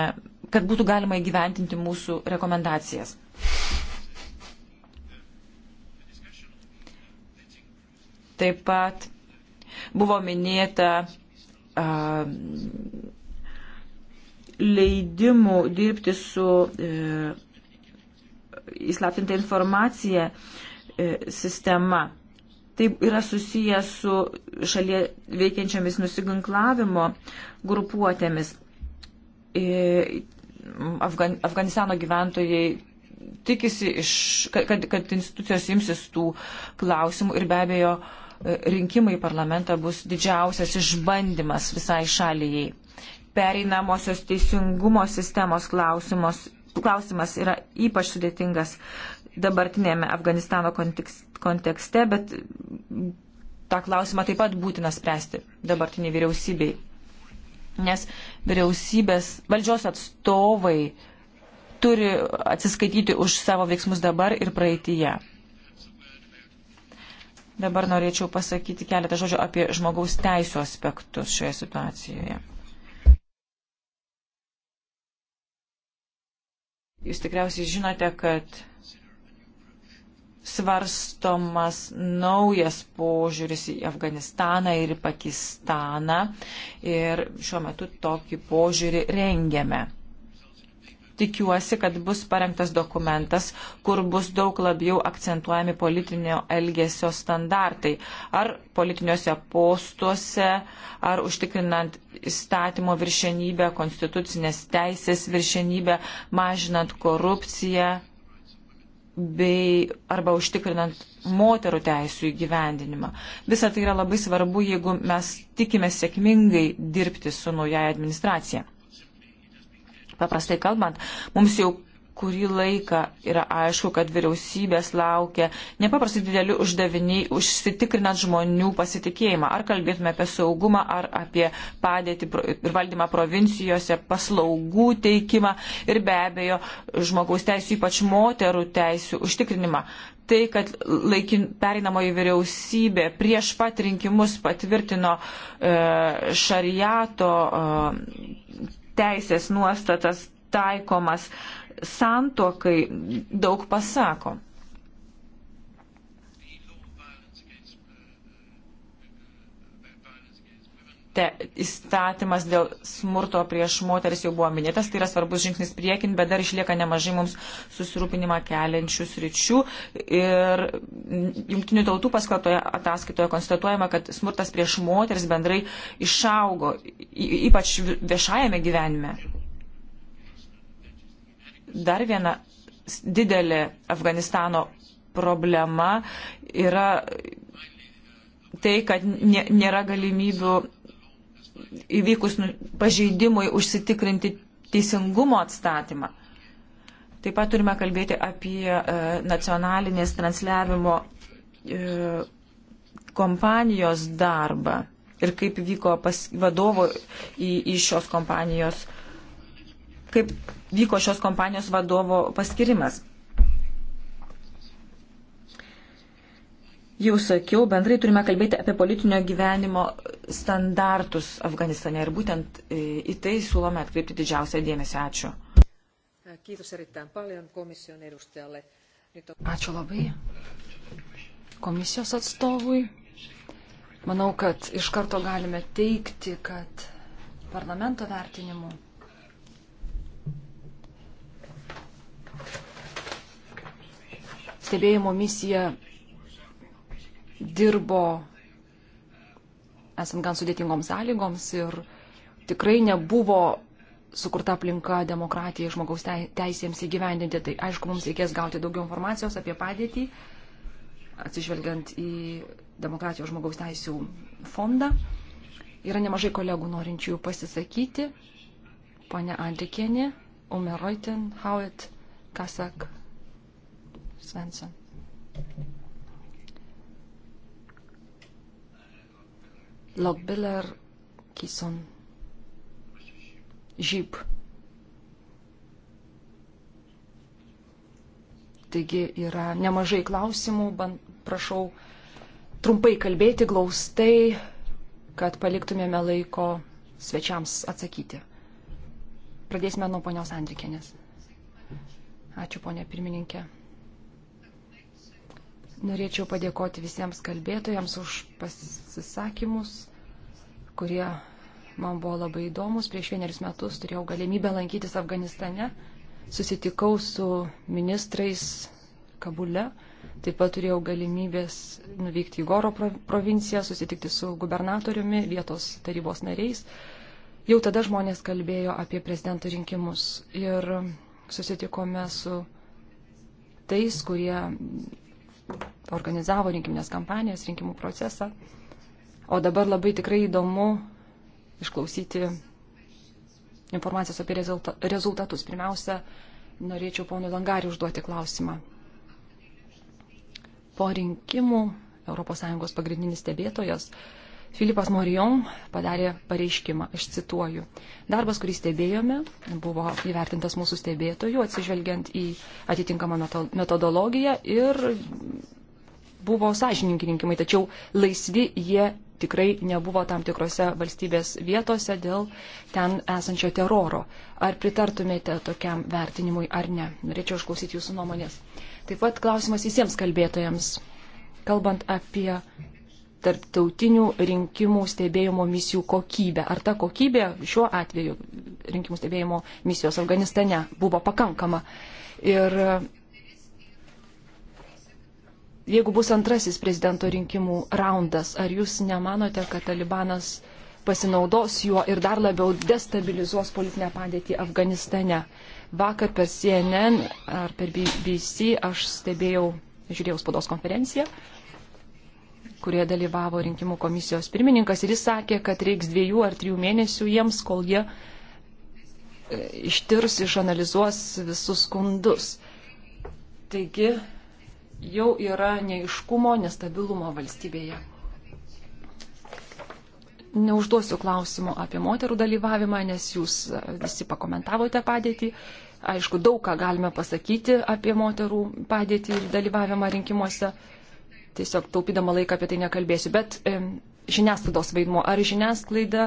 kad būtų galima įgyventinti mūsų rekomendacijas. Taip pat buvo minėta a, leidimų dirbti su e, įslaptinta informacija e, sistema. Tai yra susiję su šalie veikiančiamis nusiginklavimo grupuotėmis. E, Afgan, Afganistano gyventojai tikisi, iš, kad, kad institucijos imsis tų klausimų ir be abejo e, rinkimai į parlamentą bus didžiausias išbandymas visai šalijai. Pereinamosios teisingumo sistemos klausimas yra ypač sudėtingas dabartinėme Afganistano kontekste, bet tą klausimą taip pat būtina spręsti dabartiniai vyriausybei nes vyriausybės valdžios atstovai turi atsiskaityti už savo veiksmus dabar ir praeitįje. Dabar norėčiau pasakyti keletą žodžių apie žmogaus teisų aspektus šioje situacijoje. Jūs tikriausiai žinote, kad svarstomas naujas požiūris į Afganistaną ir į Pakistaną ir šiuo metu tokį požiūrį rengiame. Tikiuosi, kad bus parengtas dokumentas, kur bus daug labiau akcentuojami politinio elgesio standartai. Ar politiniuose postuose, ar užtikrinant įstatymo viršenybę, konstitucinės teisės viršenybę, mažinant korupciją, bei arba užtikrinant moterų teisų įgyvendinimą. Visa tai yra labai svarbu, jeigu mes tikime sėkmingai dirbti su naujaja administracija. Paprastai kalbant, mums jau kurį laiką yra aišku, kad vyriausybės laukia nepaprastai dideli uždaviniai užsitikrinant žmonių pasitikėjimą. Ar kalbėtume apie saugumą, ar apie padėtį ir valdymą provincijose, paslaugų teikimą ir be abejo žmogaus teisų, ypač moterų teisų užtikrinimą. Tai, kad laikin, pereinamoji vyriausybė prieš pat rinkimus patvirtino e, šariato e, teisės nuostatas taikomas santokai daug pasako. te, įstatymas dėl smurto prieš moteris jau buvo minėtas, tai yra svarbus žingsnis priekin, bet dar išlieka nemažai mums susirūpinimą keliančių sričių. Ir jungtinių tautų paskaltoje ataskaitoje konstatuojama, kad smurtas prieš moteris bendrai išaugo, ypač viešajame gyvenime dar viena didelė Afganistano problema yra tai, kad nėra galimybių įvykus nu, pažeidimui užsitikrinti teisingumo atstatymą. Taip pat turime kalbėti apie e, nacionalinės transliavimo e, kompanijos darbą ir kaip vyko pas vadovo į, į šios kompanijos, kaip vyko šios kompanijos vadovo paskirimas. Jau sakiau, bendrai turime kalbėti apie politinio gyvenimo standartus Afganistane ir būtent e, į tai siūlome atkreipti didžiausią dėmesį. Ačiū. Ačiū labai komisijos atstovui. Manau, kad iš karto galime teikti, kad parlamento vertinimu stebėjimo misija dirbo esant gan sudėtingoms sąlygoms ir tikrai nebuvo sukurta aplinka demokratijai žmogaus teisėms įgyvendinti. Tai aišku, mums reikės gauti daugiau informacijos apie padėtį, atsižvelgiant į demokratijos žmogaus teisų fondą. Yra nemažai kolegų norinčių pasisakyti. Pone Andrikienė, Umeroitin, Howitt, Kasak, Svensson. Lockbiller, Kisson, Žyb. Taigi yra nemažai klausimų, band, prašau trumpai kalbėti glaustai, kad paliktumėme laiko svečiams atsakyti. Pradėsime nuo ponios Andrikienės. Ačiū, ponė pirmininkė. Norėčiau padėkoti visiems kalbėtojams už pasisakymus, kurie man buvo labai įdomus. Prieš vienerius metus turėjau galimybę lankytis Afganistane, susitikau su ministrais Kabule, taip pat turėjau galimybės nuvykti į Goro provinciją, susitikti su gubernatoriumi, vietos tarybos nariais. Jau tada žmonės kalbėjo apie prezidento rinkimus ir susitikome su tais, kurie organizavo rinkiminės kampanijas, rinkimų procesą. O dabar labai tikrai įdomu išklausyti informacijos apie rezultatus. Pirmiausia, norėčiau ponui Langariu užduoti klausimą. Po rinkimų ES pagrindinis stebėtojas Filipas Morion padarė pareiškimą, aš cituoju. Darbas, kurį stebėjome, buvo įvertintas mūsų stebėtojų, atsižvelgiant į atitinkamą metodologiją ir buvo sąžininkai rinkimai, tačiau laisvi jie tikrai nebuvo tam tikrose valstybės vietose dėl ten esančio teroro. Ar pritartumėte tokiam vertinimui ar ne? Norėčiau išklausyti jūsų nuomonės. Taip pat klausimas visiems kalbėtojams. Kalbant apie tarptautinių rinkimų stebėjimo misijų kokybę. Ar ta kokybė šiuo atveju rinkimų stebėjimo misijos Afganistane buvo pakankama? Ir e, jeigu bus antrasis prezidento rinkimų raundas, ar jūs nemanote, kad Talibanas pasinaudos juo ir dar labiau destabilizuos politinę padėtį Afganistane? Vakar per CNN ar per BBC aš stebėjau, žiūrėjau spados konferenciją kurie dalyvavo rinkimų komisijos pirmininkas ir jis sakė, kad reiks dviejų ar trijų mėnesių jiems, kol jie e, ištirs, išanalizuos visus skundus. Taigi jau yra neiškumo, nestabilumo valstybėje. Neužduosiu klausimų apie moterų dalyvavimą, nes jūs e, visi pakomentavote padėtį. Aišku, daug ką galime pasakyti apie moterų padėtį ir dalyvavimą rinkimuose tiesiog taupydama laiką apie tai nekalbėsiu, bet žiniasklaidos vaidmo. Ar žiniasklaida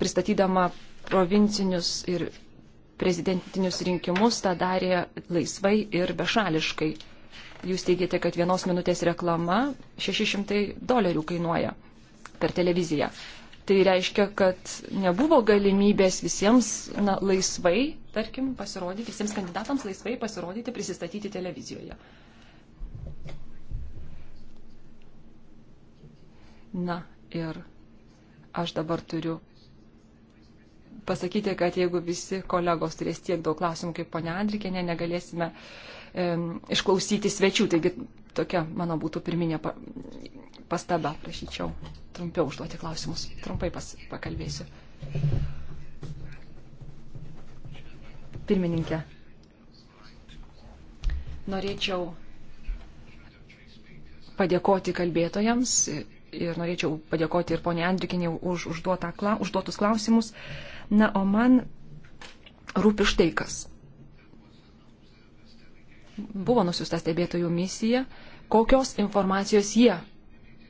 pristatydama provincinius ir prezidentinius rinkimus tą darė laisvai ir bešališkai? Jūs teigiate, kad vienos minutės reklama 600 dolerių kainuoja per televiziją. Tai reiškia, kad nebuvo galimybės visiems na, laisvai, tarkim, pasirodyti, visiems kandidatams laisvai pasirodyti, prisistatyti televizijoje. Na ir aš dabar turiu pasakyti, kad jeigu visi kolegos turės tiek daug klausimų kaip ponia Andrikėnė, negalėsime e, išklausyti svečių. Taigi tokia mano būtų pirminė pa, pastaba. Prašyčiau trumpiau užduoti klausimus. Trumpai pas, pakalbėsiu. Pirmininkė. Norėčiau padėkoti kalbėtojams ir norėčiau padėkoti ir poniai Andrikinė už užduotą, užduotus klausimus. Na, o man rūpi štai kas. Buvo nusiusta stebėtojų misija, kokios informacijos jie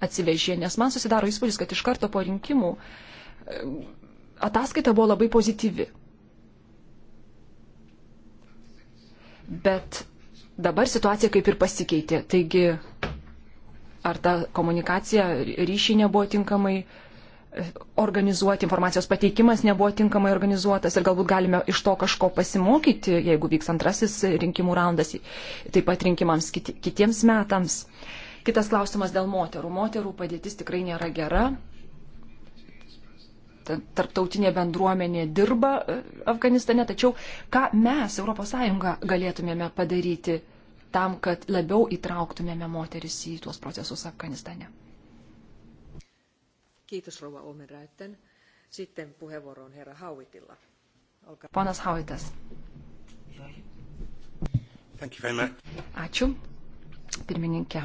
atsivežė, nes man susidaro įspūdis, kad iš karto po rinkimų e, ataskaita buvo labai pozityvi. Bet dabar situacija kaip ir pasikeitė. Taigi ar ta komunikacija, ryšiai nebuvo tinkamai e, organizuoti, informacijos pateikimas nebuvo tinkamai organizuotas ir galbūt galime iš to kažko pasimokyti, jeigu vyks antrasis rinkimų raundas, taip pat rinkimams kiti, kitiems metams. Kitas klausimas dėl moterų. Moterų padėtis tikrai nėra gera. Tarptautinė bendruomenė dirba e, Afganistane, tačiau ką mes, ES, galėtumėme padaryti tam, kad labiau įtrauktumėme moteris į tuos procesus Afganistane. Kiitos, Rova Omenraitten. Sitten puheenvuoro on herra Hauitilla. Olkaa... Ponas Hauitas. Ačiū. Pirmininkė.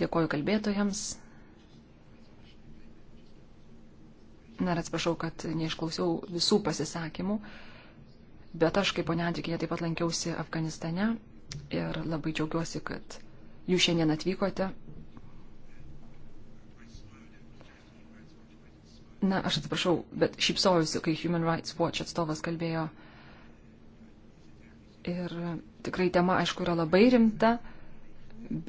Dėkoju kalbėtojams. Na ir atsiprašau, kad neišklausiau visų pasisakymų. Uh, Bet aš, kaip ponia Andrikinė, taip pat lankiausi Afganistane ir labai džiaugiuosi, kad jūs šiandien atvykote. Na, aš atsiprašau, bet šypsojusiu, kai Human Rights Watch atstovas kalbėjo. Ir tikrai tema, aišku, yra labai rimta,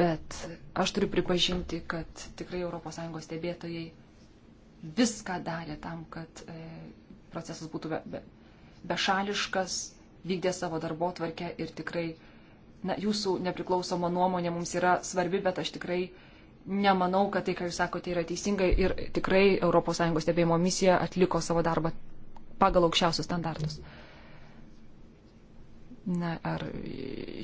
bet aš turiu pripažinti, kad tikrai ES stebėtojai viską darė tam, kad e, procesas būtų be, be, bešališkas, vykdė savo darbo tvarkę ir tikrai na, jūsų nepriklausoma nuomonė mums yra svarbi, bet aš tikrai nemanau, kad tai, ką jūs sakote, yra teisinga ir tikrai ES stebėjimo misija atliko savo darbą pagal aukščiausius standartus. Na, ar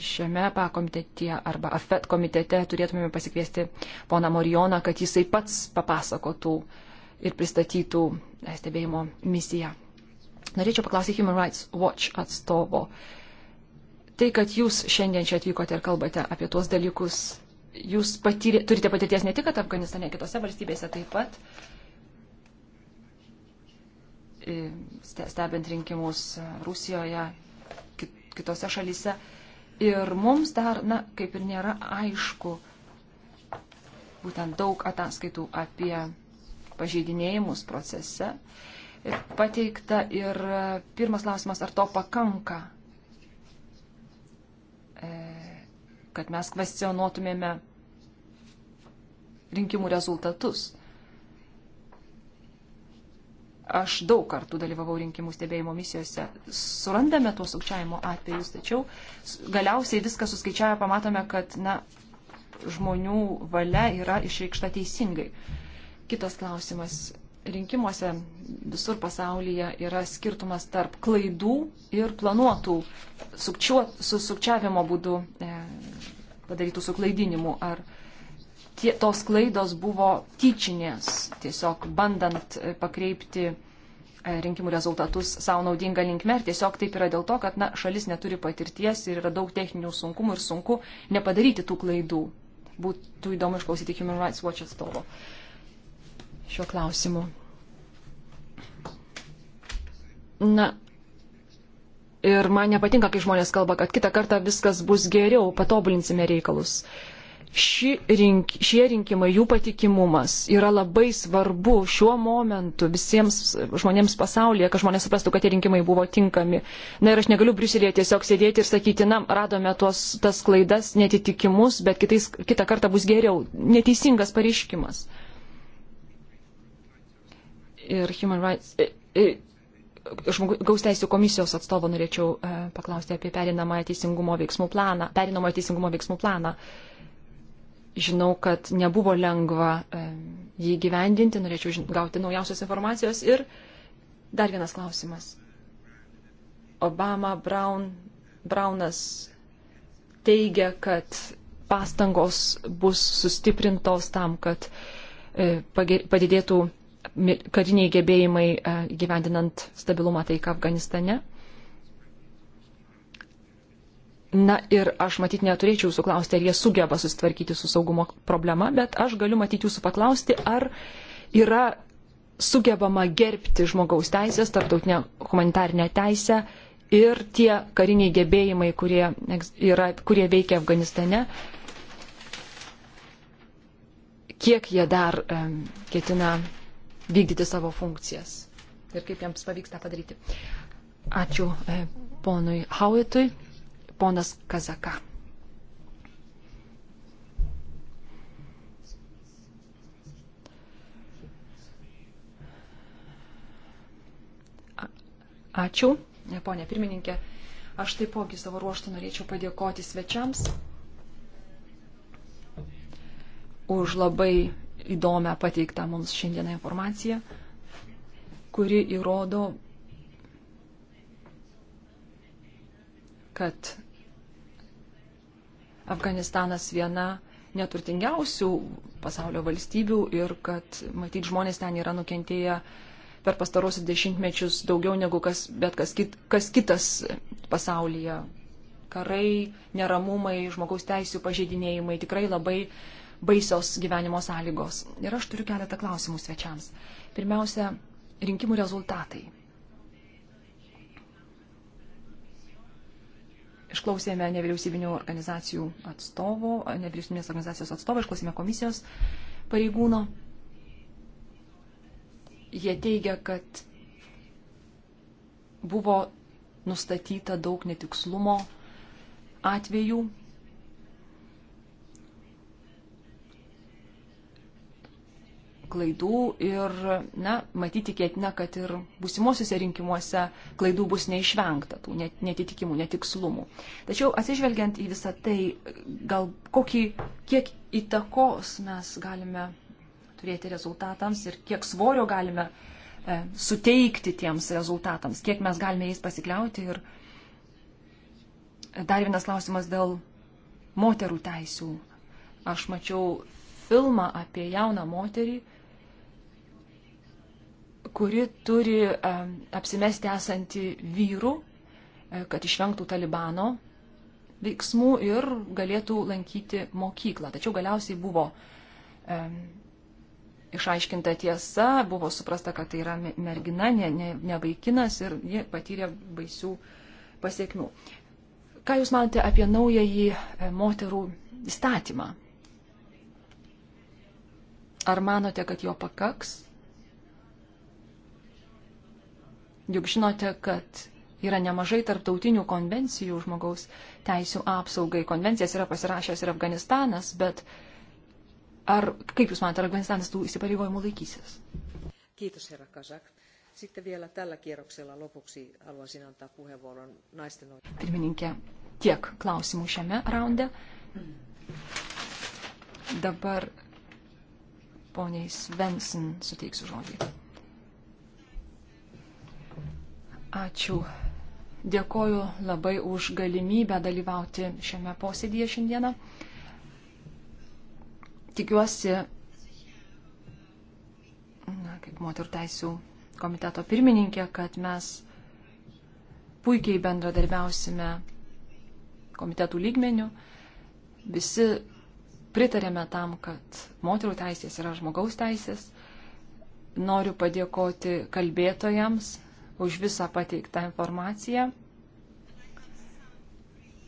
šiame pakomitetie arba AFET komitete turėtumėme pasikviesti poną Morioną, kad jisai pats papasakotų ir pristatytų stebėjimo misiją. Norėčiau paklausyti Human Rights Watch atstovo. Tai, kad jūs šiandien čia atvykote ir kalbate apie tuos dalykus, jūs patyrė, turite patirties ne tik Afganistane, kitose valstybėse taip pat, stebint rinkimus Rusijoje, kitose šalyse. Ir mums dar, na, kaip ir nėra aišku, būtent daug ataskaitų apie pažeidinėjimus procese. Uh, pateikta ir pirmas klausimas, ar to pakanka, e, kad mes kvestionuotumėme rinkimų rezultatus. Aš daug kartų dalyvavau rinkimų stebėjimo misijose. Surandame tuos sukčiavimo atvejus, tačiau galiausiai viską suskaičiavę pamatome, kad na, žmonių valia yra išreikšta teisingai. Kitas klausimas rinkimuose visur pasaulyje yra skirtumas tarp klaidų ir planuotų sukčiu, su sukčiavimo būdu e, padarytų suklaidinimų. Ar tie, tos klaidos buvo tyčinės, tiesiog bandant e, pakreipti e, rinkimų rezultatus savo naudingą linkmę ir tiesiog taip yra dėl to, kad na, šalis neturi patirties ir yra daug techninių sunkumų ir sunku nepadaryti tų klaidų. Būtų įdomu išklausyti Human Rights Watch atstovo. Uh, šiuo klausimu. Na, ir man nepatinka, kai žmonės kalba, kad kitą kartą viskas bus geriau, patobulinsime reikalus. Ši rink, šie rinkimai, jų patikimumas yra labai svarbu šiuo momentu visiems žmonėms pasaulyje, kad žmonės suprastų, kad tie rinkimai buvo tinkami. Na ir aš negaliu Briuselėje tiesiog sėdėti ir sakyti, na, radome tuos, tas klaidas, netitikimus, bet kitais, kitą kartą bus geriau. Neteisingas pareiškimas ir Human Rights. Ir, e, e, Žmogaus teisų komisijos atstovo norėčiau e, paklausti apie perinamąją teisingumo veiksmų planą. Perinamojo teisingumo veiksmų planą. Žinau, kad nebuvo lengva e, jį gyvendinti, norėčiau žin, gauti naujausios informacijos. Ir dar vienas klausimas. Obama Brown, Braunas teigia, kad pastangos bus sustiprintos tam, kad e, padidėtų kariniai gebėjimai e, gyvendinant stabilumą taiką Afganistane. Na ir aš matyt neturėčiau jūsų klausti, ar jie sugeba susitvarkyti su saugumo problema, bet aš galiu matyti jūsų paklausti, ar yra sugebama gerbti žmogaus teisės, tarptautinę humanitarinę teisę ir tie kariniai gebėjimai, kurie, yra, kurie veikia Afganistane, kiek jie dar um, ketina vykdyti savo funkcijas ir kaip jiems pavyksta padaryti. Ačiū e, ponui Hauitui, ponas Kazaka. Ačiū, ponė pirmininkė. Aš taipogi savo ruoštų norėčiau padėkoti svečiams už labai įdomią pateiktą mums šiandieną informaciją, kuri įrodo, kad Afganistanas viena neturtingiausių pasaulio valstybių ir kad matyt žmonės ten yra nukentėję per pastarosius dešimtmečius daugiau negu kas, bet kas, kit, kas kitas pasaulyje. Karai, neramumai, žmogaus teisų pažeidinėjimai tikrai labai baisios gyvenimo sąlygos. Ir aš turiu keletą klausimų svečiams. Pirmiausia, rinkimų rezultatai. Išklausėme nevyriausybinių organizacijų atstovų, nevyriausybinės organizacijos atstovų, išklausėme komisijos pareigūno. Jie teigia, kad buvo nustatyta daug netikslumo atvejų klaidų ir, na, matyti kėtina, kad ir busimuosiuose rinkimuose klaidų bus neišvengta, tų netitikimų, netikslumų. Tačiau atsižvelgiant į visą tai, gal kokį, kiek įtakos mes galime turėti rezultatams ir kiek svorio galime e, suteikti tiems rezultatams, kiek mes galime jais pasikliauti. Ir dar vienas klausimas dėl moterų teisių. Aš mačiau filmą apie jauną moterį, kuri turi e, apsimesti esanti vyrų, e, kad išvengtų talibano veiksmų ir galėtų lankyti mokyklą. Tačiau galiausiai buvo e, išaiškinta tiesa, buvo suprasta, kad tai yra mergina, ne, ne, ne vaikinas ir ji patyrė baisių pasiekmių. Ką Jūs manote apie naująjį moterų įstatymą? Ar manote, kad jo pakaks? Juk žinote, kad yra nemažai tarptautinių konvencijų žmogaus teisų apsaugai. Konvencijas yra pasirašęs ir Afganistanas, bet ar, kaip Jūs manote, ar Afganistanas tų įsipareigojimų laikysis? Kiitos, herra Kazak. Sitten vielä tällä kierroksella lopuksi haluaisin antaa puheenvuoron naisten oikeuksien. Pirmininkė, tiek klausimų šiame raunde. Dabar poniai Svensson suteiksiu žodį. Ačiū. Dėkoju labai už galimybę dalyvauti šiame posėdėje šiandieną. Tikiuosi, na, kaip moterų teisų komiteto pirmininkė, kad mes puikiai bendradarbiausime komitetų lygmenių. Visi pritarėme tam, kad moterų teisės yra žmogaus teisės. Noriu padėkoti kalbėtojams už visą pateiktą informaciją.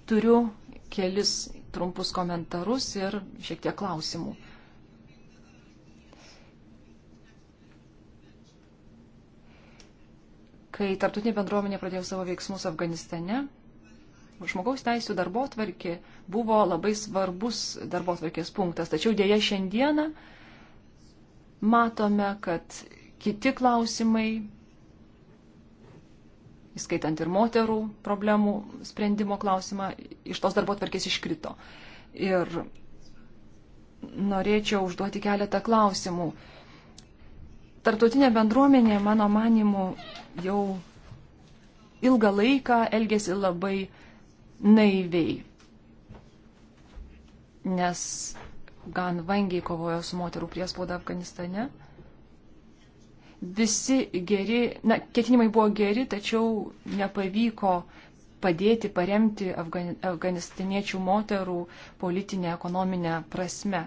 Turiu kelis trumpus komentarus ir šiek tiek klausimų. Kai tarptautinė bendruomenė pradėjo savo veiksmus Afganistane, žmogaus teisų darbo tvarkė buvo labai svarbus darbo tvarkės punktas. Tačiau dėja šiandieną matome, kad kiti klausimai įskaitant ir moterų problemų sprendimo klausimą, iš tos darbo tvarkės iškrito. Ir norėčiau užduoti keletą klausimų. Tartutinė bendruomenė, mano manimu, jau ilgą laiką elgėsi labai naiviai, nes gan vangiai kovojo su moterų priespauda Afganistane visi geri, na, ketinimai buvo geri, tačiau nepavyko padėti, paremti afganistaniečių moterų politinę, ekonominę prasme.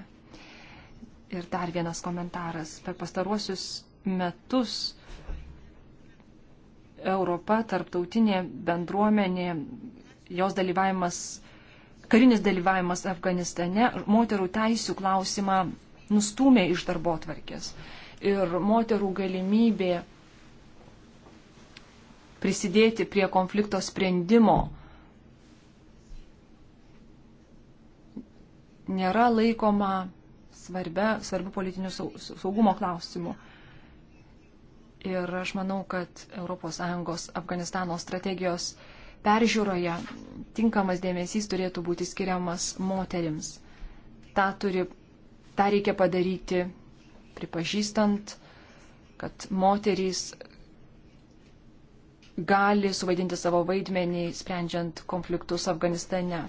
Ir dar vienas komentaras. Per pastaruosius metus Europa, tarptautinė bendruomenė, jos dalyvavimas, karinis dalyvavimas Afganistane moterų teisų klausimą nustūmė iš darbo tvarkės. Uh, ir moterų galimybė prisidėti prie konflikto sprendimo nėra laikoma svarbia, svarbiu politiniu saugumo klausimu. Ir aš manau, kad ES Afganistano strategijos peržiūroje tinkamas dėmesys turėtų būti skiriamas moterims. Ta, turi, ta reikia padaryti pripažįstant, kad moterys gali suvaidinti savo vaidmenį, sprendžiant konfliktus Afganistane.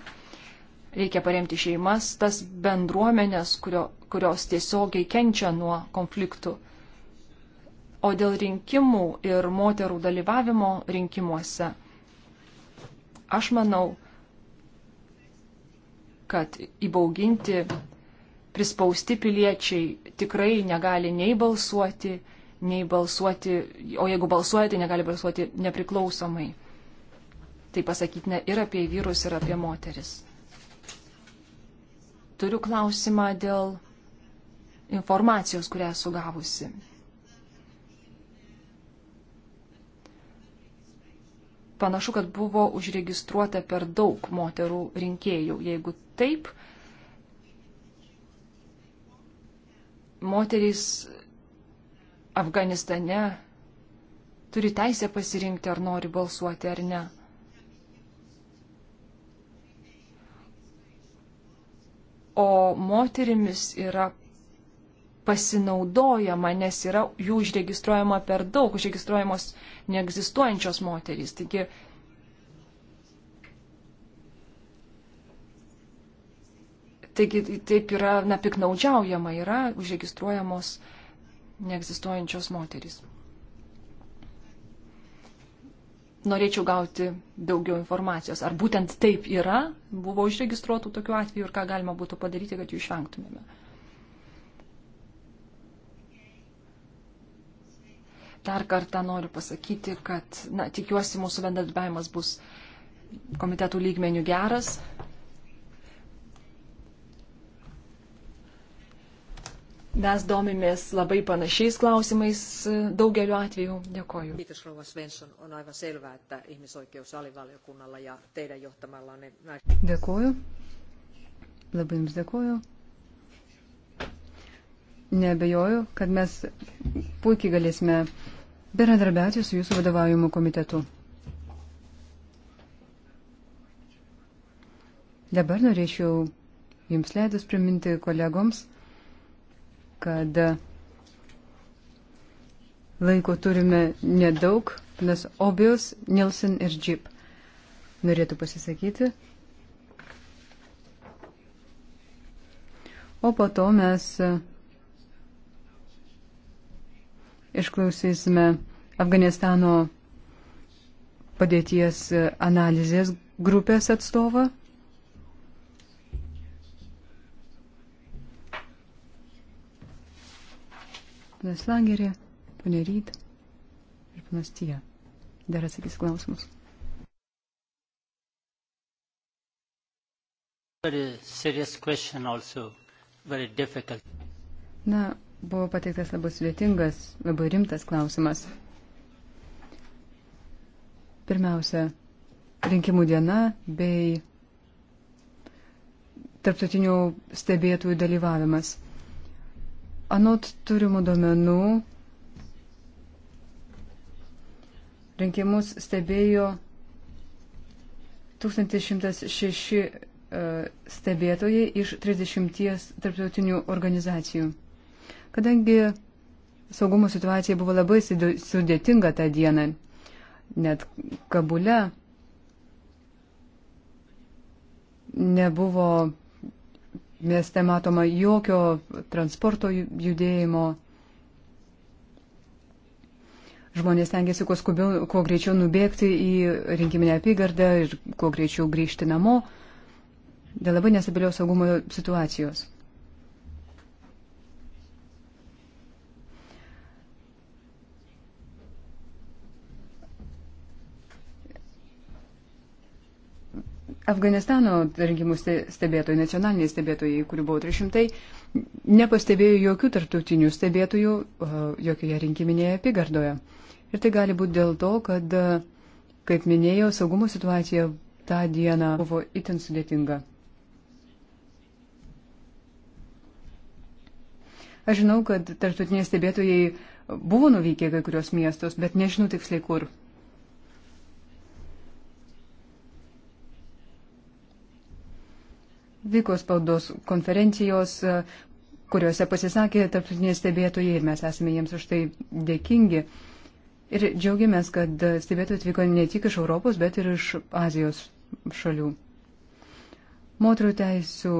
Reikia paremti šeimas, tas bendruomenės, kurio, kurios tiesiogiai kenčia nuo konfliktų. O dėl rinkimų ir moterų dalyvavimo rinkimuose, aš manau, kad įbauginti prispausti piliečiai tikrai negali nei balsuoti, nei balsuoti, o jeigu balsuoja, tai negali balsuoti nepriklausomai. Tai pasakytina ir apie vyrus, ir apie moteris. Turiu klausimą dėl informacijos, kurią sugavusi. Panašu, kad buvo užregistruota per daug moterų rinkėjų. Jeigu taip, moterys Afganistane turi teisę pasirinkti, ar nori balsuoti ar ne. O moterimis yra pasinaudojama, nes yra jų užregistruojama per daug, užregistruojamos neegzistuojančios moterys. Taigi Taigi taip yra, na, piknaudžiaujama yra užregistruojamos neegzistuojančios moterys. Norėčiau gauti daugiau informacijos. Ar būtent taip yra, buvo užregistruotų tokių atvejų ir ką galima būtų padaryti, kad jų išvengtumėme. Dar kartą noriu pasakyti, kad, na, tikiuosi, mūsų bendradarbiavimas bus komitetų lygmenių geras. Mes domimės labai panašiais klausimais e, daugeliu atveju. Dėkoju. Kiitos rouva Svensson. On aivan selvää, että ihmisoikeusalivaliokunnalla ja teidän johtamallanne... Dėkoju. Labai jums dėkoju. Nebejoju, kad mes puikiai galėsime bendradarbiauti su jūsų vadovaujimu komitetu. Dabar norėčiau jums leidus priminti kolegoms, kad laiko turime nedaug, nes Obius, Nilsen ir Džip norėtų pasisakyti. O po to mes išklausysime Afganistano padėties analizės grupės atstovą. panas Lagerė, ponė Ryd ir panas Tija. Dar atsakys klausimus. Na, buvo pateiktas labai sudėtingas, labai rimtas klausimas. Pirmiausia, rinkimų diena bei tarptautinių stebėtųjų dalyvavimas. Anot turimų duomenų, rinkimus stebėjo 1106 e, stebėtojai iš 30 tarptautinių organizacijų. Kadangi saugumo situacija buvo labai sudėtinga tą dieną, net Kabule nebuvo mieste matoma jokio transporto judėjimo. Žmonės tengiasi kuo, skubiau, kuo greičiau nubėgti į rinkiminę apygardą ir kuo greičiau grįžti namo dėl labai nestabilios saugumo situacijos. Afganistano rinkimų stebėtojai, nacionaliniai stebėtojai, kurių buvo 300, nepastebėjo jokių tarptautinių stebėtojų jokioje rinkiminėje apygardoje. Ir tai gali būti dėl to, kad, kaip minėjau, saugumo situacija tą dieną buvo itin sudėtinga. Aš žinau, kad tarptautiniai stebėtojai buvo nuvykę kai kurios miestus, bet nežinau tiksliai kur. vyko spaudos konferencijos, e, kuriuose pasisakė tarptautiniai stebėtojai ir mes esame jiems už tai dėkingi. Ir džiaugiamės, kad stebėtojai atvyko ne tik iš Europos, bet ir iš Azijos šalių. Moterų teisų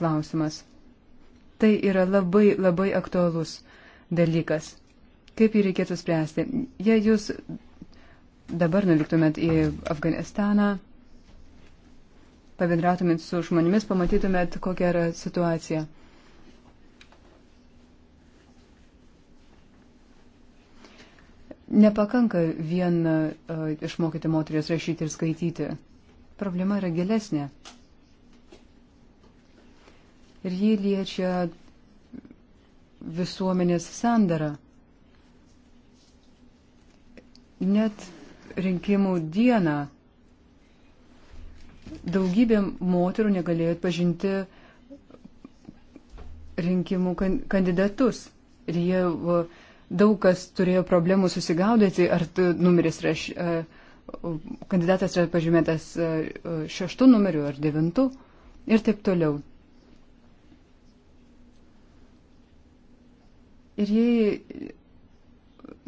klausimas. Tai yra labai, labai aktualus dalykas. Kaip jį reikėtų spręsti? Jei jūs dabar nuvyktumėt į Afganistaną, pabendrautumėt su žmonėmis, pamatytumėt, kokia yra situacija. Nepakanka vien uh, išmokyti moteris rašyti ir skaityti. Problema yra gilesnė. Ir jį liečia visuomenės sandarą. Net rinkimų dieną daugybė moterų negalėjo atpažinti rinkimų kandidatus. Ir jie daug kas turėjo problemų susigaudyti, ar numeris yra, e, kandidatas yra pažymėtas e, e, šeštų numeriu ar devintų ir taip toliau. Ir jei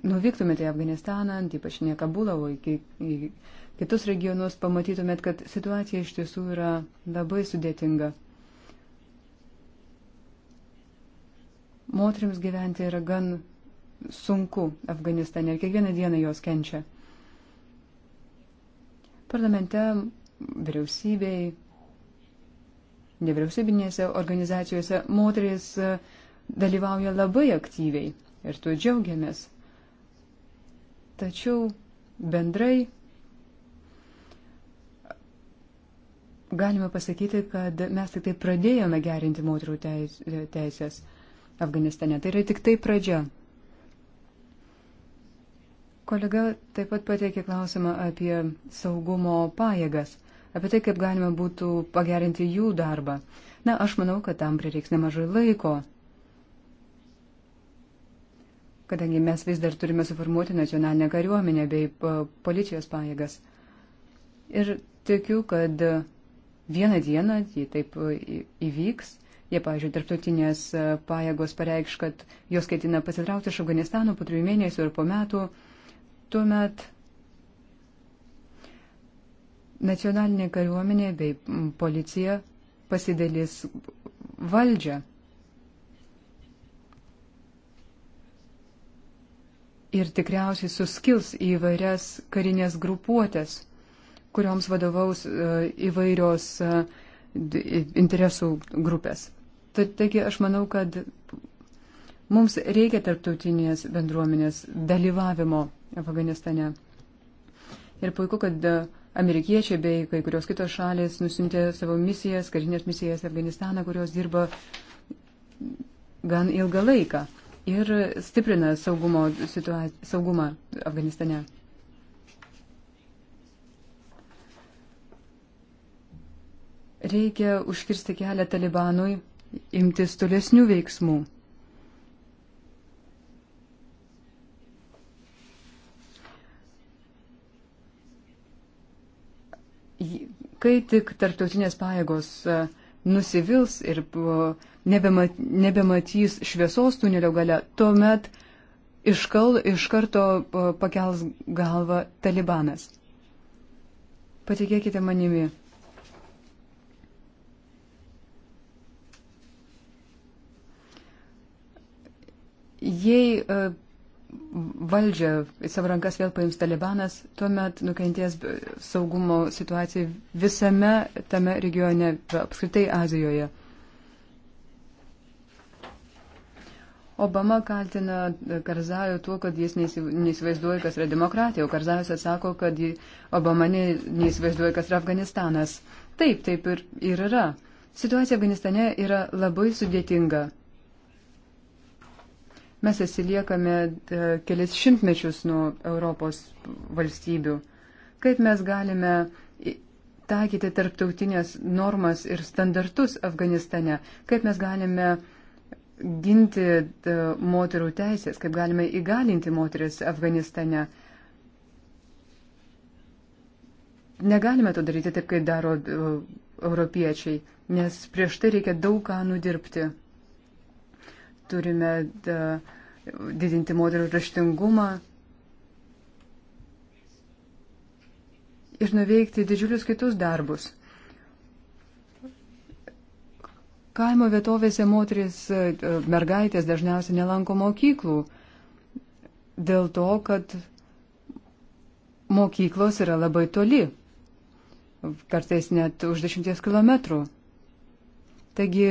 nuvyktumėte į Afganistaną, ypač ne Kabulą, o iki, iki kitus regionus, pamatytumėt, kad situacija iš tiesų yra labai sudėtinga. Moterims gyventi yra gan sunku Afganistane ir kiekvieną dieną jos kenčia. Parlamente, vyriausybei, nevyriausybinėse organizacijose moteris e, dalyvauja labai aktyviai ir tuo džiaugiamės. Tačiau bendrai galime pasakyti, kad mes tik tai pradėjome gerinti moterų teisės Afganistane. Tai yra tik tai pradžia. Kolega taip pat pateikė klausimą apie saugumo pajėgas, apie tai, kaip galima būtų pagerinti jų darbą. Na, aš manau, kad tam prireiks nemažai laiko, kadangi mes vis dar turime suformuoti nacionalinę kariuomenę bei policijos pajėgas. Ir tikiu, kad Vieną dieną, jei taip e, įvyks, jie, pavyzdžiui, tarptautinės e, pajėgos pareikš, kad jos ketina pasitraukti iš Afganistano po trijų mėnesių ir po metų, tuomet nacionalinė kariuomenė bei policija pasidalys valdžią. Ir tikriausiai suskils į vairias karinės grupuotės kurioms vadovaus e, įvairios e, interesų grupės. Taigi aš manau, kad mums reikia tarptautinės bendruomenės dalyvavimo Afganistane. Ir puiku, kad e, amerikiečiai bei kai kurios kitos šalės nusintė savo misijas, karinės misijas Afganistaną, kurios dirba gan ilgą laiką ir stiprina saugumo situaciją, saugumą Afganistane. Reikia užkirsti kelią talibanui imtis tolesnių veiksmų. Kai tik tarptautinės pajėgos e, nusivils ir e, nebematys šviesos tunelio gale, tuomet iškal, iš karto e, pakels galvą talibanas. Patikėkite manimi, Jei e, valdžią į savo rankas vėl paims Talibanas, tuomet nukentės saugumo situacija visame tame regione, apskritai Azijoje. Obama kaltina Karzajų tuo, kad jis neįsivaizduoja, kas yra demokratija, o Karzajus atsako, kad Obama neįsivaizduoja, kas yra Afganistanas. Taip, taip ir, ir yra. Situacija Afganistane yra labai sudėtinga. Mes atsiliekame e, kelis šimtmečius nuo Europos valstybių. Kaip mes galime taikyti tarptautinės normas ir standartus Afganistane? Kaip mes galime ginti e, moterų teisės? Kaip galime įgalinti moteris Afganistane? Negalime to daryti taip, kaip daro e, europiečiai, nes prieš tai reikia daug ką nudirbti turime didinti moterų raštingumą ir nuveikti didžiulius kitus darbus. Kaimo vietovėse moteris, e, e, mergaitės dažniausiai nelanko mokyklų dėl to, kad mokyklos yra labai toli, kartais net už dešimties kilometrų. Taigi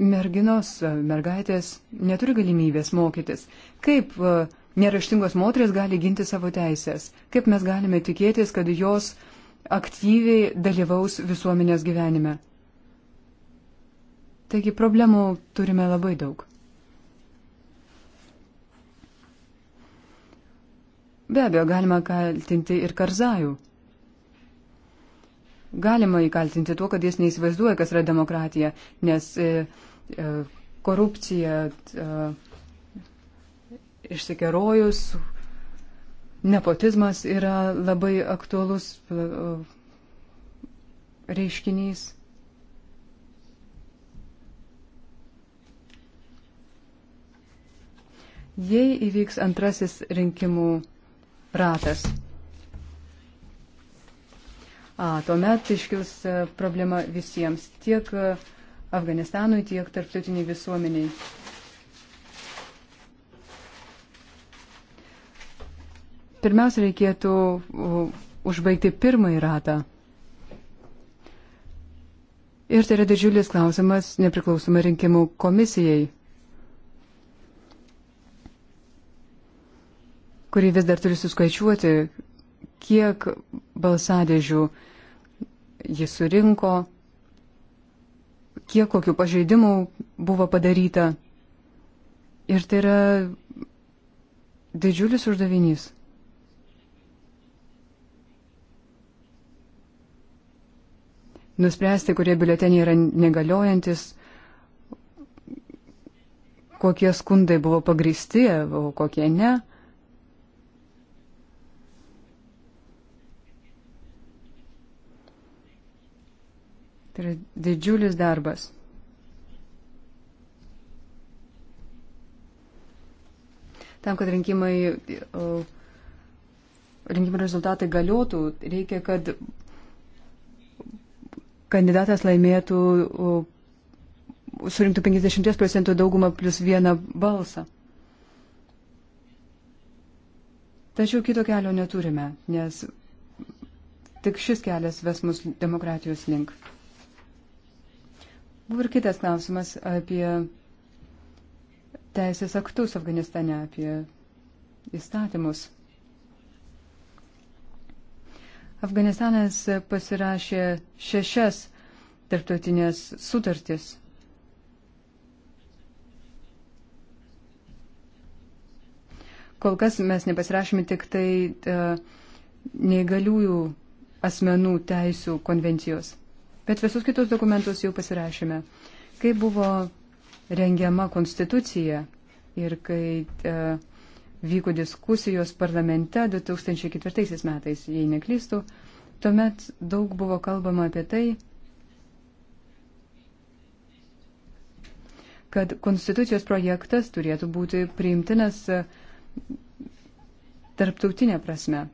merginos, mergaitės neturi galimybės mokytis. Kaip e, neraštingos moteris gali ginti savo teisės? Kaip mes galime tikėtis, kad jos aktyviai dalyvaus visuomenės gyvenime? Taigi problemų turime labai daug. Be abejo, galima kaltinti ir Karzajų galima įkaltinti tuo, kad jis neįsivaizduoja, kas yra demokratija, nes e, e, korupcija, e, išsikerojus, nepotizmas yra labai aktuolus reiškinys. Jei įvyks antrasis rinkimų ratas, Tuomet iškils e, problema visiems, tiek e, Afganistanui, tiek tarptautiniai visuomeniai. Pirmiausia, reikėtų užbaigti pirmąjį ratą. Ir tai yra didžiulis klausimas nepriklausoma rinkimų komisijai, kuri vis dar turi suskaičiuoti, kiek balsadėžių uh, jis surinko, kiek kokių pažeidimų buvo padaryta. Ir tai yra didžiulis uždavinys. Nuspręsti, kurie biuleteniai yra negaliojantis, kokie skundai buvo pagristi, o kokie ne. Tai yra didžiulis darbas. Tam, kad rinkimai, rinkimų rezultatai galiotų, reikia, kad kandidatas laimėtų, surinktų 50 procentų daugumą plus vieną balsą. Tačiau kito kelio neturime, nes tik šis kelias ves mus demokratijos link. Buvo ir kitas klausimas apie teisės aktus Afganistane, apie įstatymus. Afganistanas pasirašė šešias tarptautinės sutartis. Kol kas mes nepasirašėme tik tai uh, neįgaliųjų asmenų teisų konvencijos. Bet visus kitus dokumentus jau pasirašėme. Kai buvo rengiama konstitucija ir kai e, vyko diskusijos parlamente 2004 metais, jei neklystu, tuomet daug buvo kalbama apie tai, kad konstitucijos projektas turėtų būti priimtinas e, tarptautinė prasme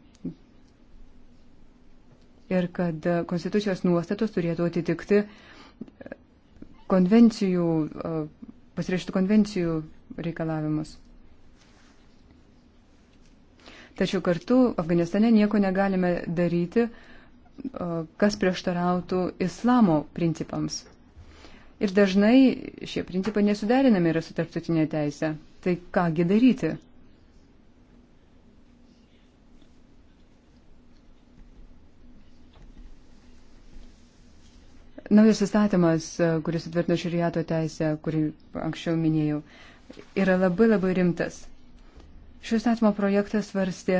ir kad konstitucijos nuostatos turėtų atitikti konvencijų, e, pasirašytų konvencijų reikalavimus. Tačiau kartu Afganistane nieko negalime daryti, e, kas prieštarautų islamo principams. Ir dažnai šie principai nesuderinami yra su tarptautinė teisė. Tai kągi daryti? Naujas įstatymas, e, kuris atvirtino širiato teisę, kurį anksčiau minėjau, yra labai labai rimtas. Šio įstatymo projektą svarstė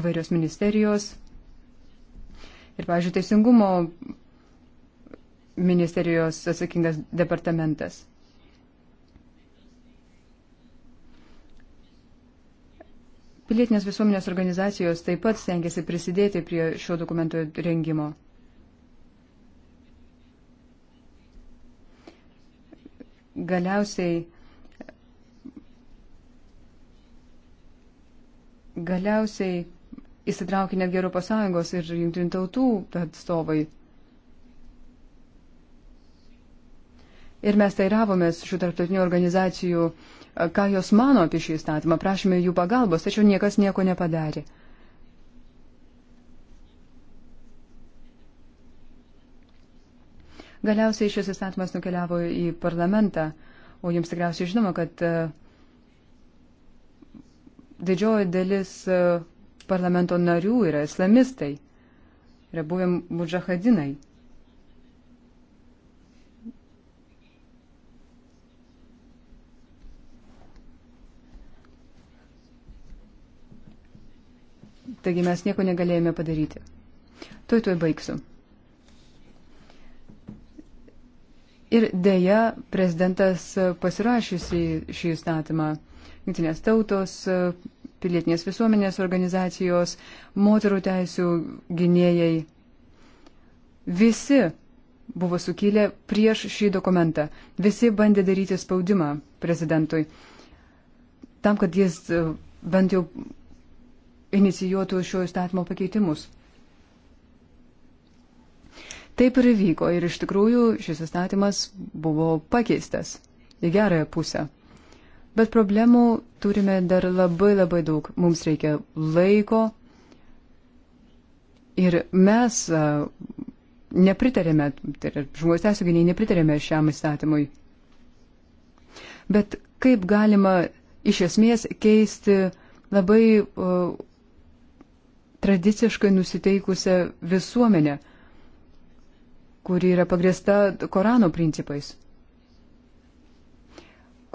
įvairios ministerijos ir, pavyzdžiui, teisingumo ministerijos atsakingas departamentas. Pilietinės visuomenės organizacijos taip pat stengiasi prisidėti prie šio dokumento rengimo. galiausiai, galiausiai įsitraukė netgi Europos Sąjungos ir jungtinių tautų atstovai. Ir mes tairavomės šių tarptautinių organizacijų, ką jos mano apie šį įstatymą, prašėme jų pagalbos, tačiau niekas nieko nepadarė. Galiausiai šis įstatymas nukeliavo į parlamentą, o jums tikriausiai žinoma, kad e, didžioji dalis e, parlamento narių yra islamistai, yra buvę mudžahadinai. Taigi mes nieko negalėjome padaryti. Tuoj tuoj baigsiu. Ir dėja, prezidentas pasirašysi šį įstatymą. Jungtinės tautos, pilietinės visuomenės organizacijos, moterų teisų gynėjai. Visi buvo sukilę prieš šį dokumentą. Visi bandė daryti spaudimą prezidentui. Tam, kad jis e, bent jau inicijuotų šio įstatymo pakeitimus. Taip ir įvyko ir iš tikrųjų šis įstatymas buvo pakeistas į gerąją pusę. Bet problemų turime dar labai labai daug. Mums reikia laiko ir mes nepritarėme, tai yra žmogaus teisų gyniai nepritarėme šiam įstatymui. Bet kaip galima iš esmės keisti labai o, tradiciškai nusiteikusią visuomenę? kuri yra pagrėsta Korano principais,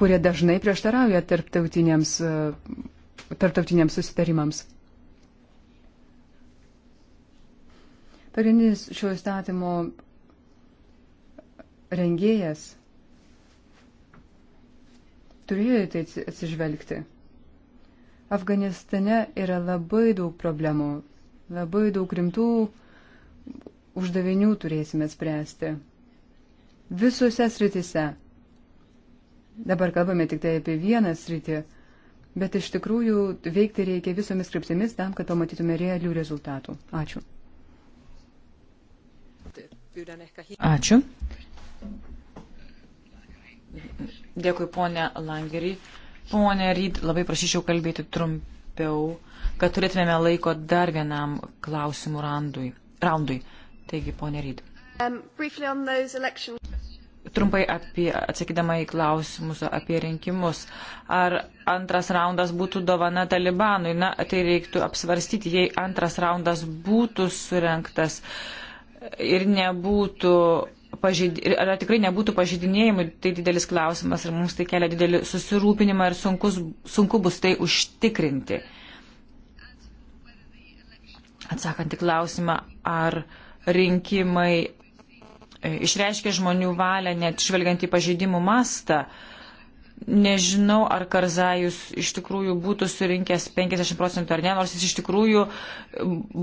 kurie dažnai prieštarauja tarptautiniams, e, tarptautiniams susitarimams. Pagrindinis šio įstatymo rengėjas turėjo į tai atsižvelgti. Afganistane yra labai daug problemų, labai daug rimtų uždavinių turėsime spręsti. Visose sritise. Dabar kalbame tik tai apie vieną sritį, bet iš tikrųjų veikti reikia visomis kryptimis tam, kad pamatytume realių rezultatų. Ačiū. Ačiū. Dėkui, ponė Langerį. Pone Ryd, labai prašyčiau kalbėti trumpiau, kad turėtumėme laiko dar vienam klausimų randui, raundui. Taigi, ponė Ryd. Um, election... Trumpai apie, atsakydama į klausimus apie rinkimus. Ar antras raundas būtų dovana Talibanui? Na, tai reiktų apsvarstyti, jei antras raundas būtų surinktas ir nebūtų pažeid, ar tikrai nebūtų pažydinėjimų, tai didelis klausimas ir mums tai kelia didelį susirūpinimą ir sunkus, sunku bus tai užtikrinti. Atsakant į klausimą, ar rinkimai e, išreiškia žmonių valią, net žvelgiant į pažeidimų mastą. Nežinau, ar Karzajus iš tikrųjų būtų surinkęs 50 procentų ar ne, nors jis iš tikrųjų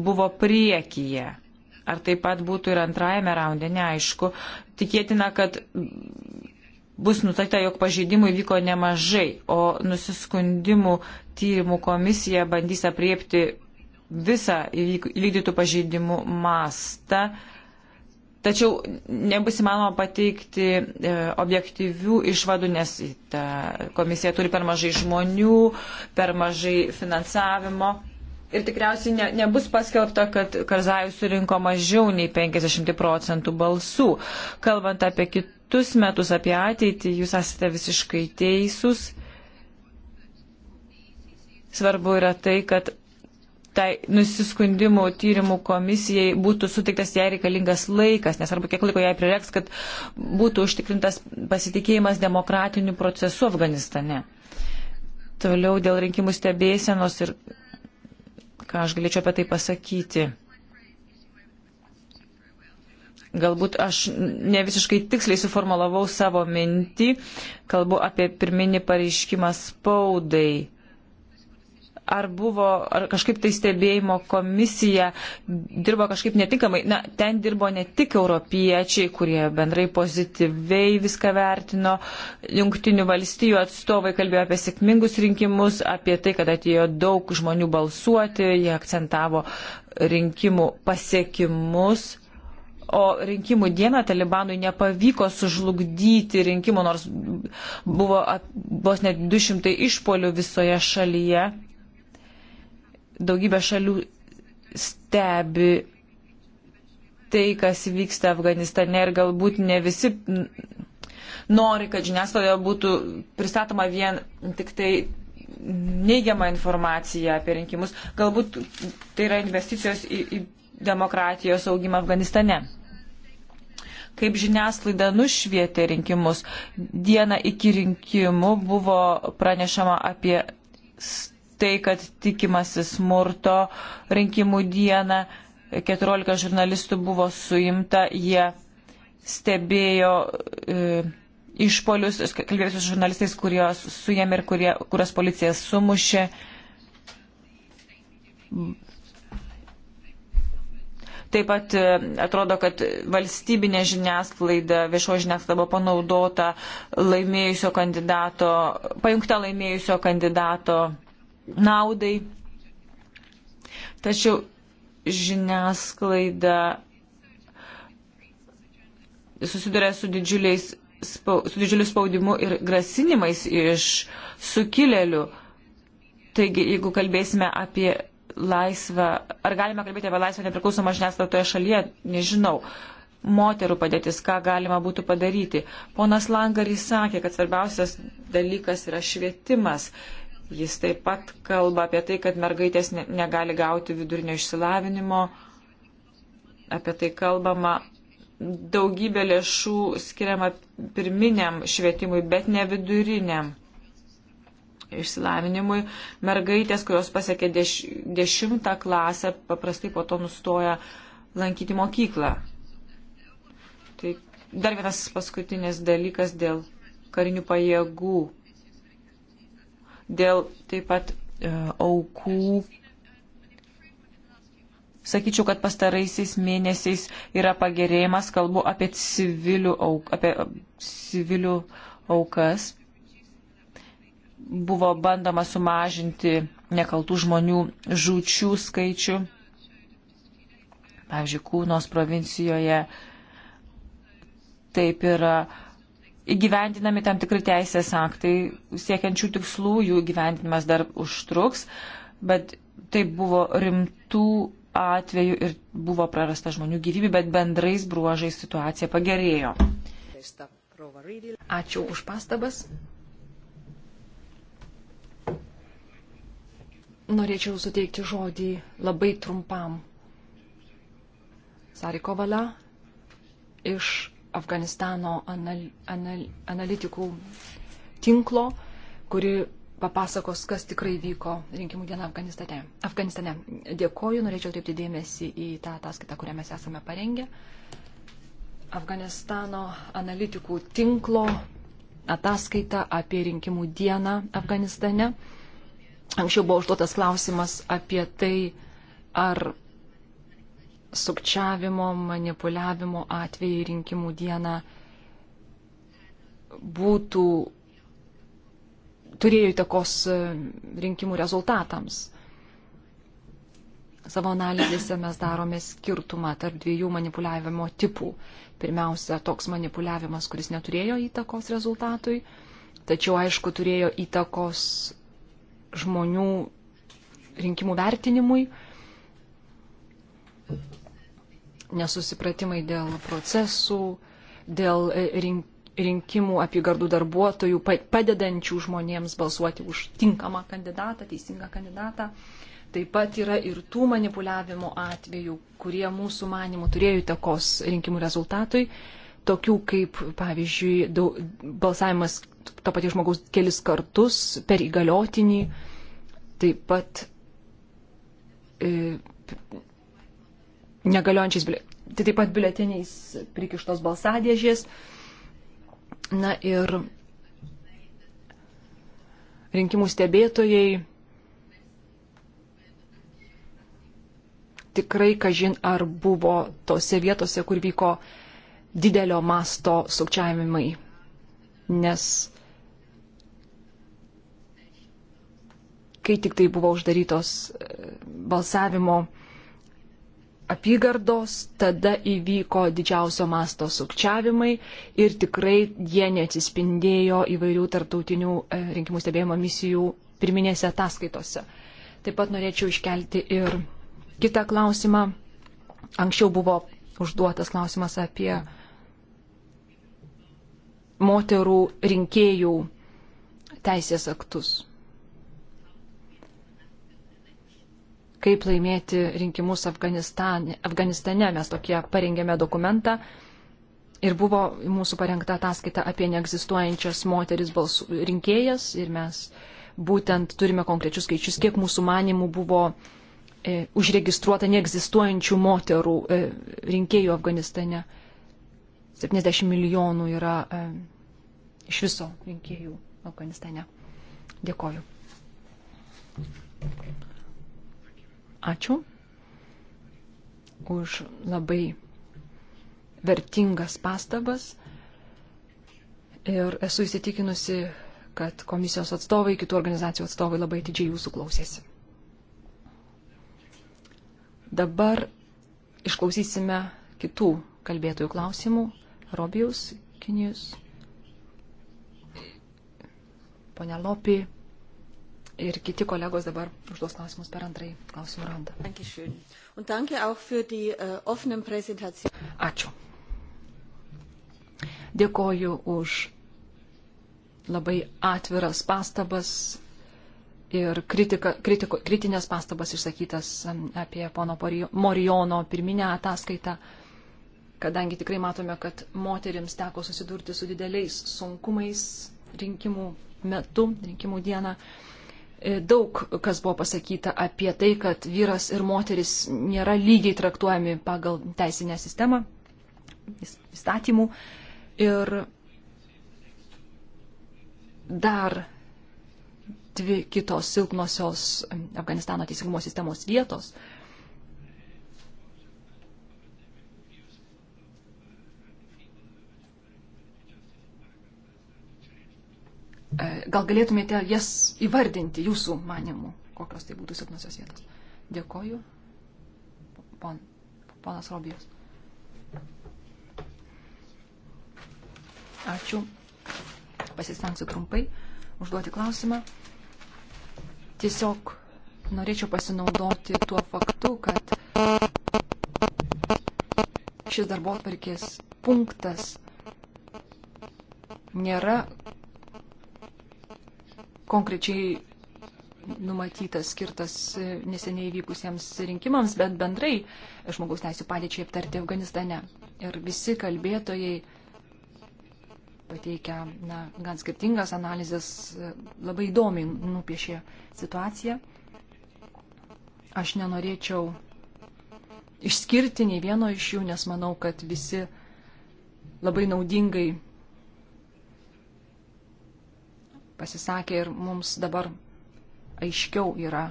buvo priekyje. Ar taip pat būtų ir antrajame raunde, neaišku. Tikėtina, kad bus nutarta, jog pažeidimų įvyko nemažai, o nusiskundimų tyrimų komisija bandys apriepti visą įvykdytų pažeidimų mastą, tačiau nebus įmanoma pateikti e, objektyvių išvadų, nes ta komisija turi per mažai žmonių, per mažai finansavimo. Ir tikriausiai ne, nebus paskelbta, kad Karzajus surinko mažiau nei 50 procentų balsų. Kalbant apie kitus metus, apie ateitį, jūs esate visiškai teisūs. Svarbu yra tai, kad tai nusiskundimų tyrimų komisijai būtų suteiktas jai reikalingas laikas, nes arba kiek laiko jai prireiks, kad būtų užtikrintas pasitikėjimas demokratiniu procesu Afganistane. Toliau dėl rinkimų stebėsenos ir ką aš galėčiau apie tai pasakyti. Galbūt aš ne visiškai tiksliai suformulavau savo mintį, kalbu apie pirminį pareiškimą spaudai ar buvo ar kažkaip tai stebėjimo komisija dirbo kažkaip netinkamai. Na, ten dirbo ne tik europiečiai, kurie bendrai pozityviai viską vertino, jungtinių valstijų atstovai kalbėjo apie sėkmingus rinkimus, apie tai, kad atėjo daug žmonių balsuoti, jie akcentavo rinkimų pasiekimus. O rinkimų dieną talibanui nepavyko sužlugdyti rinkimų, nors buvo vos net 200 išpolių visoje šalyje daugybė šalių stebi tai, kas vyksta Afganistane ir galbūt ne visi nori, kad žiniasklaidoje būtų pristatoma vien tik tai neigiama informacija apie rinkimus. Galbūt tai yra investicijos į, į demokratijos augimą Afganistane. Kaip žiniasklaida nušvietė rinkimus, dieną iki rinkimų buvo pranešama apie tai, kad tikimasi smurto rinkimų dieną. 14 žurnalistų buvo suimta, jie stebėjo e, išpolius, kalbėjusius žurnalistais, kuriuos suėmė ir kurie, kurias policija sumušė. Taip pat e, atrodo, kad valstybinė žiniasklaida, viešo žiniasklaida buvo panaudota laimėjusio kandidato, pajungta laimėjusio kandidato naudai. Tačiau žiniasklaida susiduria su, spau, su didžiuliu spaudimu ir grasinimais iš sukilėlių. Taigi, jeigu kalbėsime apie laisvą, ar galime kalbėti apie laisvą nepriklausomą žiniasklaidą toje šalyje, nežinau. Moterų padėtis, ką galima būtų padaryti. Ponas Langarys sakė, kad svarbiausias dalykas yra švietimas. Uh, Jis taip pat kalba apie tai, kad mergaitės negali gauti vidurinio išsilavinimo. Apie tai kalbama daugybė lėšų skiriama pirminiam švietimui, bet ne viduriniam išsilavinimui. Mergaitės, kurios pasiekė deš, dešimtą klasę, paprastai po to nustoja lankyti mokyklą. Tai dar vienas paskutinis dalykas dėl karinių pajėgų dėl taip pat e, aukų. Sakyčiau, kad pastaraisiais mėnesiais yra pagerėjimas, kalbu apie civilių, auk, apie e, civilių aukas. Buvo bandoma sumažinti nekaltų žmonių žūčių skaičių. Pavyzdžiui, Kūnos provincijoje taip yra įgyvendinami tam tikri teisės aktai, siekiančių tikslų, jų gyvendinimas dar užtruks, bet tai buvo rimtų atvejų ir buvo prarasta žmonių gyvybė, bet bendrais bruožais situacija pagerėjo. Ačiū už pastabas. Norėčiau suteikti žodį labai trumpam. Sarikovala iš Afganistano anal, anal, analitikų tinklo, kuri papasakos, kas tikrai vyko rinkimų dieną Afganistane. Afganistane. Dėkoju, norėčiau atkreipti dėmesį į tą ataskaitą, kurią mes esame parengę. Afganistano analitikų tinklo ataskaita apie rinkimų dieną Afganistane. Anksčiau buvo užduotas klausimas apie tai, ar sukčiavimo, manipuliavimo atvejai rinkimų dieną būtų turėjo įtakos e, rinkimų rezultatams. Savo analizėse mes darome skirtumą tarp dviejų manipuliavimo tipų. Pirmiausia, toks manipuliavimas, kuris neturėjo įtakos rezultatui, tačiau aišku turėjo įtakos žmonių rinkimų vertinimui nesusipratimai dėl procesų, dėl e, rinkimų apygardų darbuotojų, padedančių žmonėms balsuoti už tinkamą kandidatą, teisingą kandidatą. Taip pat yra ir tų manipuliavimo atvejų, kurie mūsų manimų turėjo įtakos rinkimų rezultatui, tokių kaip, pavyzdžiui, daug, balsavimas to paties žmogaus kelis kartus per įgaliotinį, taip pat e, negaliojančiais, tai taip pat biuletiniais prikištos balsadėžės. Na ir rinkimų stebėtojai tikrai, kažin, ar buvo tose vietose, kur vyko didelio masto sukčiavimai. Nes kai tik tai buvo uždarytos e, balsavimo apygardos, tada įvyko didžiausio masto sukčiavimai ir tikrai jie neatsispindėjo įvairių tarptautinių e, rinkimų stebėjimo misijų pirminėse ataskaitose. Taip pat norėčiau iškelti ir kitą klausimą. Anksčiau buvo užduotas klausimas apie moterų rinkėjų teisės aktus. kaip laimėti rinkimus Afganistane. Afganistane. Mes tokie parengėme dokumentą ir buvo mūsų parengta ataskaita apie neegzistuojančias moteris balsų rinkėjas ir mes būtent turime konkrečius skaičius, kiek mūsų manimų buvo e, užregistruota neegzistuojančių moterų e, rinkėjų Afganistane. 70 milijonų yra e, iš viso rinkėjų Afganistane. Dėkoju. Thank you. Ačiū už labai vertingas pastabas ir esu įsitikinusi, kad komisijos atstovai, kitų organizacijų atstovai labai atidžiai jūsų klausėsi. Dabar išklausysime kitų kalbėtojų klausimų. Robijus, Kinijus, ponia Lopi ir kiti kolegos dabar užduos klausimus per antrąjį klausimų randą. Äh, Ačiū. Dėkoju už labai atviras pastabas ir kritika, kritiko, kritinės pastabas išsakytas um, apie pono Morijono pirminę ataskaitą, kadangi tikrai matome, kad moterims teko susidurti su dideliais sunkumais rinkimų metu, rinkimų dieną. E, daug kas buvo pasakyta apie tai, kad vyras ir moteris nėra lygiai traktuojami pagal teisinę sistemą, įstatymų. Ir dar dvi kitos silpnosios Afganistano teisingumo sistemos vietos E, gal galėtumėte jas įvardinti jūsų manimų, kokios tai būtų silpnosios vietos. Dėkoju. Pon, ponas Robijos. Ačiū. Pasistengsiu trumpai užduoti klausimą. Tiesiog norėčiau pasinaudoti tuo faktu, kad šis darbo atvarkės punktas nėra konkrečiai numatytas, skirtas neseniai vykusiems rinkimams, bet bendrai žmogaus teisų padėčiai aptarti Afganistane. Ir visi kalbėtojai pateikia na, gan skirtingas analizės, labai įdomiai nupiešė situaciją. Aš nenorėčiau išskirti nei vieno iš jų, nes manau, kad visi labai naudingai pasisakė ir mums dabar aiškiau yra,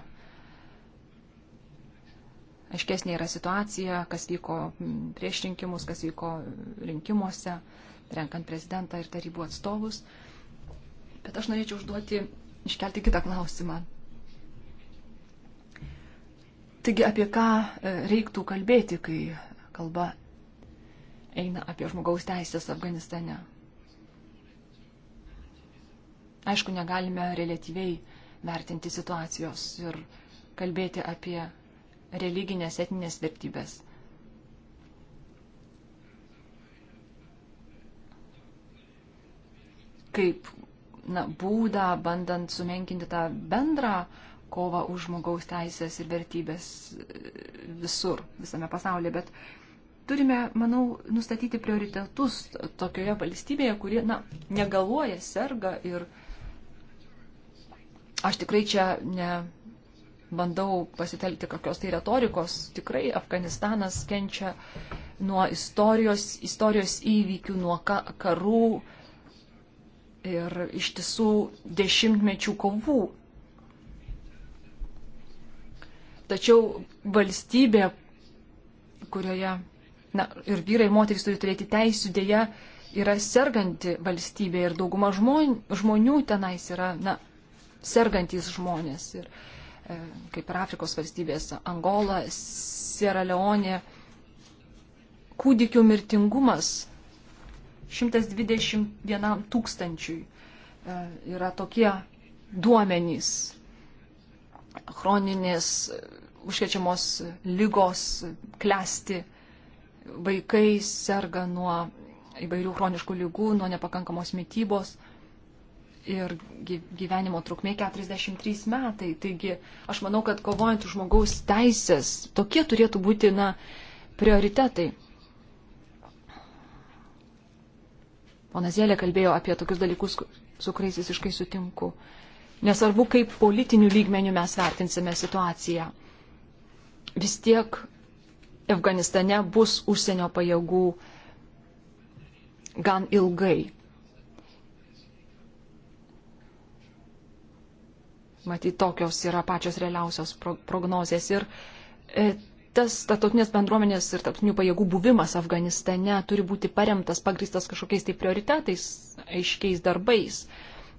aiškesnė yra situacija, kas vyko prieš rinkimus, kas vyko rinkimuose, renkant prezidentą ir tarybų atstovus. Bet aš norėčiau užduoti, iškelti kitą klausimą. Taigi apie ką e, reiktų kalbėti, kai kalba eina apie žmogaus teisės Afganistane? Aišku, negalime relatyviai vertinti situacijos ir kalbėti apie religinės etinės vertybės. Kaip na, būdą, bandant sumenkinti tą bendrą kovą už žmogaus teisės ir vertybės e, visur, visame pasaulyje, bet turime, manau, nustatyti prioritetus tokioje valstybėje, kuri, na, negaluoja, serga ir uh, Aš tikrai čia ne bandau pasitelkti kokios tai retorikos. Tikrai Afganistanas kenčia nuo istorijos, istorijos įvykių, nuo ka karų ir iš tiesų dešimtmečių kovų. Tačiau valstybė, kurioje na, ir vyrai, moteris turi turėti teisų dėja, yra serganti valstybė ir dauguma žmonių tenais yra na, sergantys žmonės. Ir e, kaip ir Afrikos valstybės Angola, Sierra Leone, kūdikių mirtingumas 121 tūkstančiui e, yra tokie duomenys chroninės e, užkečiamos lygos klesti, vaikai serga nuo įvairių chroniškų lygų, nuo nepakankamos mytybos ir gyvenimo trukmė 43 metai. Taigi aš manau, kad kovojant už žmogaus teisės, tokie turėtų būti, na, prioritetai. Pana Zėlė kalbėjo apie tokius dalykus, su kuriais visiškai sutinku. Nesvarbu, kaip politinių lygmenių mes vertinsime situaciją. Vis tiek Afganistane bus užsienio pajėgų gan ilgai. Matyt, tokios yra pačios realiausios prognozės. Ir e, tas tarptautinės bendruomenės ir tarptautinių pajėgų buvimas Afganistane turi būti paremtas, pagristas kažkokiais tai prioritetais, aiškiais darbais.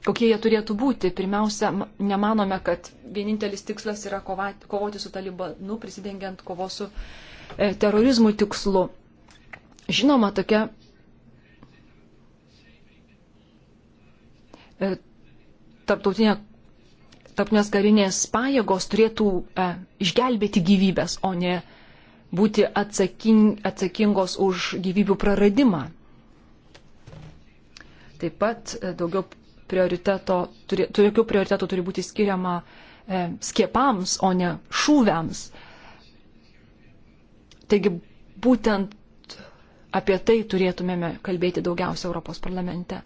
Kokie jie turėtų būti? Pirmiausia, nemanome, kad vienintelis tikslas yra kovati, kovoti su talibanu, prisidengiant kovos su e, terorizmu tikslu. Žinoma, tokia e, tarptautinė tarpinės karinės pajėgos turėtų e, išgelbėti gyvybės, o ne būti atsaking, atsakingos už gyvybių praradimą. Taip pat e, daugiau prioriteto, turi, tokių prioritetų turi būti skiriama e, skiepams, o ne šūviams. Taigi būtent apie tai turėtumėme kalbėti daugiausia Europos parlamente.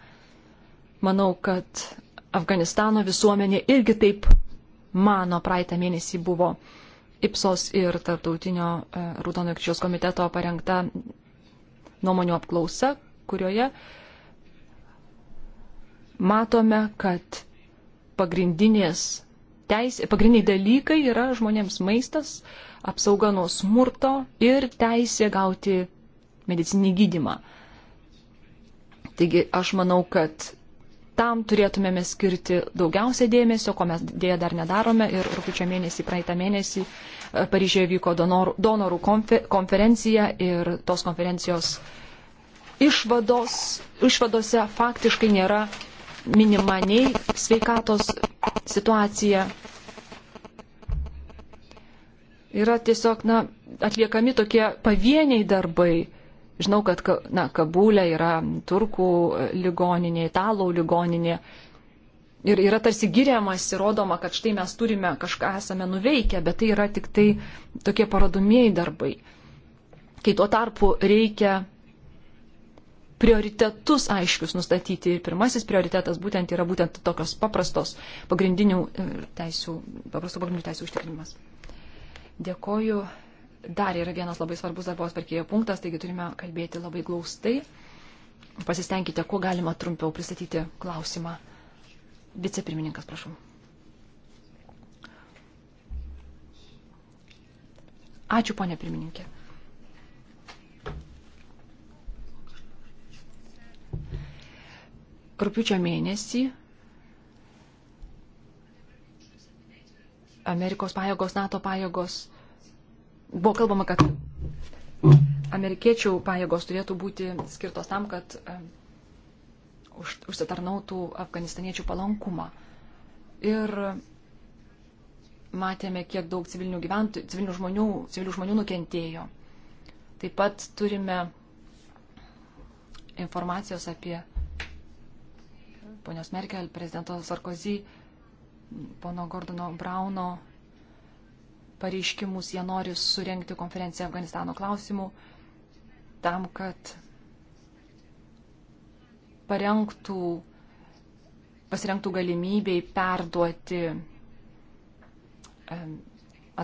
Manau, kad Afganistano visuomenė irgi taip mano. Praeitą mėnesį buvo IPSOS ir Tartautinio e, Rūdono Kryžiaus komiteto parengta nuomonių apklausa, kurioje matome, kad pagrindinės teisė, pagrindiniai dalykai yra žmonėms maistas, apsauga nuo smurto ir teisė gauti medicinį gydimą. Taigi aš manau, kad tam turėtumėme skirti daugiausia dėmesio, ko mes dėja dar nedarome. Ir rūpiučio mėnesį, praeitą mėnesį e, Paryžėje vyko donorų, donorų konferencija ir tos konferencijos išvados, išvadose faktiškai nėra minima nei sveikatos situacija. Yra tiesiog na, atliekami tokie pavieniai darbai Žinau, kad na, Kabulė yra turkų ligoninė, italų ligoninė. Ir yra tarsi giriamas įrodoma, kad štai mes turime kažką esame nuveikę, bet tai yra tik tai tokie parodomieji darbai. Kai tuo tarpu reikia prioritetus aiškius nustatyti. Ir pirmasis prioritetas būtent yra būtent tokios paprastos pagrindinių e, teisų, paprastų pagrindinių teisų užtikrinimas. Dėkoju dar yra vienas labai svarbus darbos perkėjo punktas, taigi turime kalbėti labai glaustai. Pasistengkite, kuo galima trumpiau pristatyti klausimą. Vicepirmininkas, prašom. Ačiū, ponė pirmininkė. Rūpiučio mėnesį Amerikos pajėgos, NATO pajėgos Buvo kalbama, kad amerikiečių pajėgos turėtų būti skirtos tam, kad e, už, užsitarnautų afganistaniečių palankumą. Ir matėme, kiek daug civilinių, gyventų, civilinių, žmonių, civilinių žmonių nukentėjo. Taip pat turime informacijos apie ponios Merkel, prezidento Sarkozy, pono Gordono Brauno pareiškimus, jie nori surenkti konferenciją Afganistano klausimų tam, kad parengtų, pasirengtų galimybėj perduoti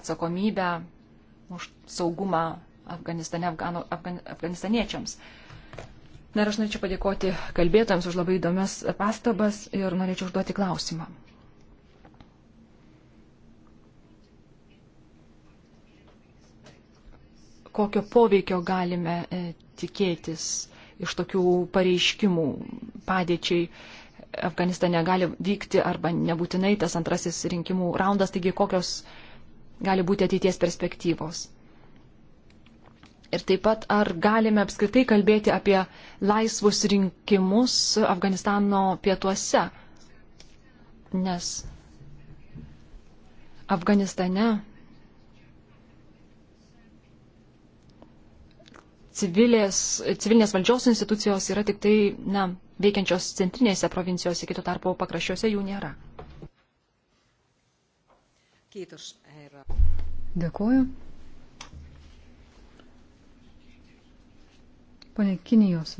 atsakomybę už saugumą Afganistane, Afgano, Afgan, afganistaniečiams. Na ir aš norėčiau padėkoti kalbėtojams už labai įdomias pastabas ir norėčiau užduoti klausimą. kokio poveikio galime e, tikėtis iš tokių pareiškimų padėčiai. Afganistane gali vykti arba nebūtinai tas antrasis rinkimų raundas, taigi kokios gali būti ateities perspektyvos. Ir taip pat, ar galime apskritai kalbėti apie laisvus rinkimus Afganistano pietuose? Nes Afganistane civilės, civilinės valdžios institucijos yra tik tai, na, veikiančios centrinėse provincijose, kitų tarpo pakraščiuose jų nėra. Kiitos, herra. Dėkuoju. Pane Kinijos,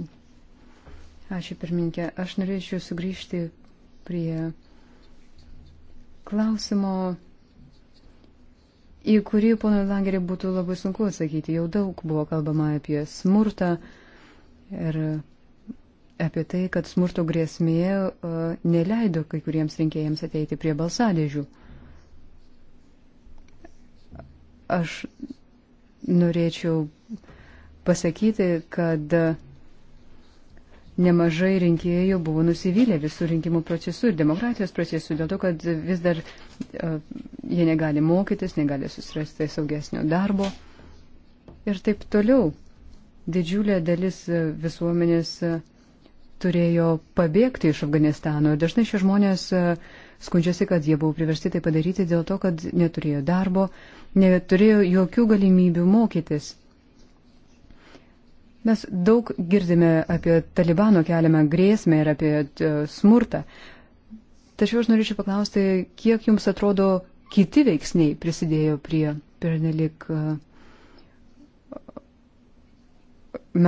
ačiū pirminkė, aš norėčiau sugrįžti prie klausimo į kurį ponui Langerį būtų labai sunku atsakyti. Jau daug buvo kalbama apie smurtą ir apie tai, kad smurto grėsmė uh, neleido kai kuriems rinkėjams ateiti prie balsadėžių. Aš norėčiau pasakyti, kad uh, nemažai rinkėjų buvo nusivylę visų rinkimų procesų ir demokratijos procesų dėl to, kad vis dar uh, jie negali mokytis, negali susirasti saugesnio darbo ir taip toliau. Didžiulė dalis e, visuomenės e, turėjo pabėgti iš Afganistano ir dažnai šie žmonės skundžiasi, kad jie buvo priversti tai padaryti dėl to, kad neturėjo darbo, neturėjo jokių galimybių mokytis. Mes daug girdime apie talibano keliamą grėsmę ir apie e, smurtą. Tačiau aš norėčiau paklausti, kiek jums atrodo kiti veiksniai prisidėjo prie pernelik e,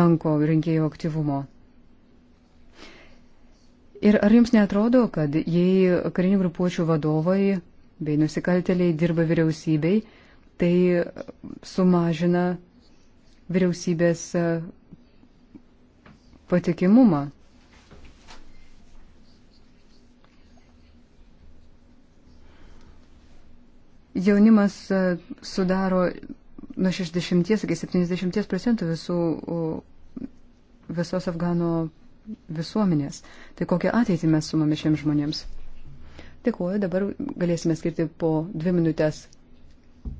menko rinkėjo aktyvumo. Ir ar jums netrodo, kad jei karinių grupuočių vadovai bei nusikalteliai dirba vyriausybei, tai sumažina vyriausybės e, patikimumą. Jaunimas e, sudaro nuo 60 iki 70 procentų visų, visos Afgano visuomenės. Tai kokią ateitį mes sumame šiems žmonėms? Dėkuoju, dabar galėsime skirti po dvi minutės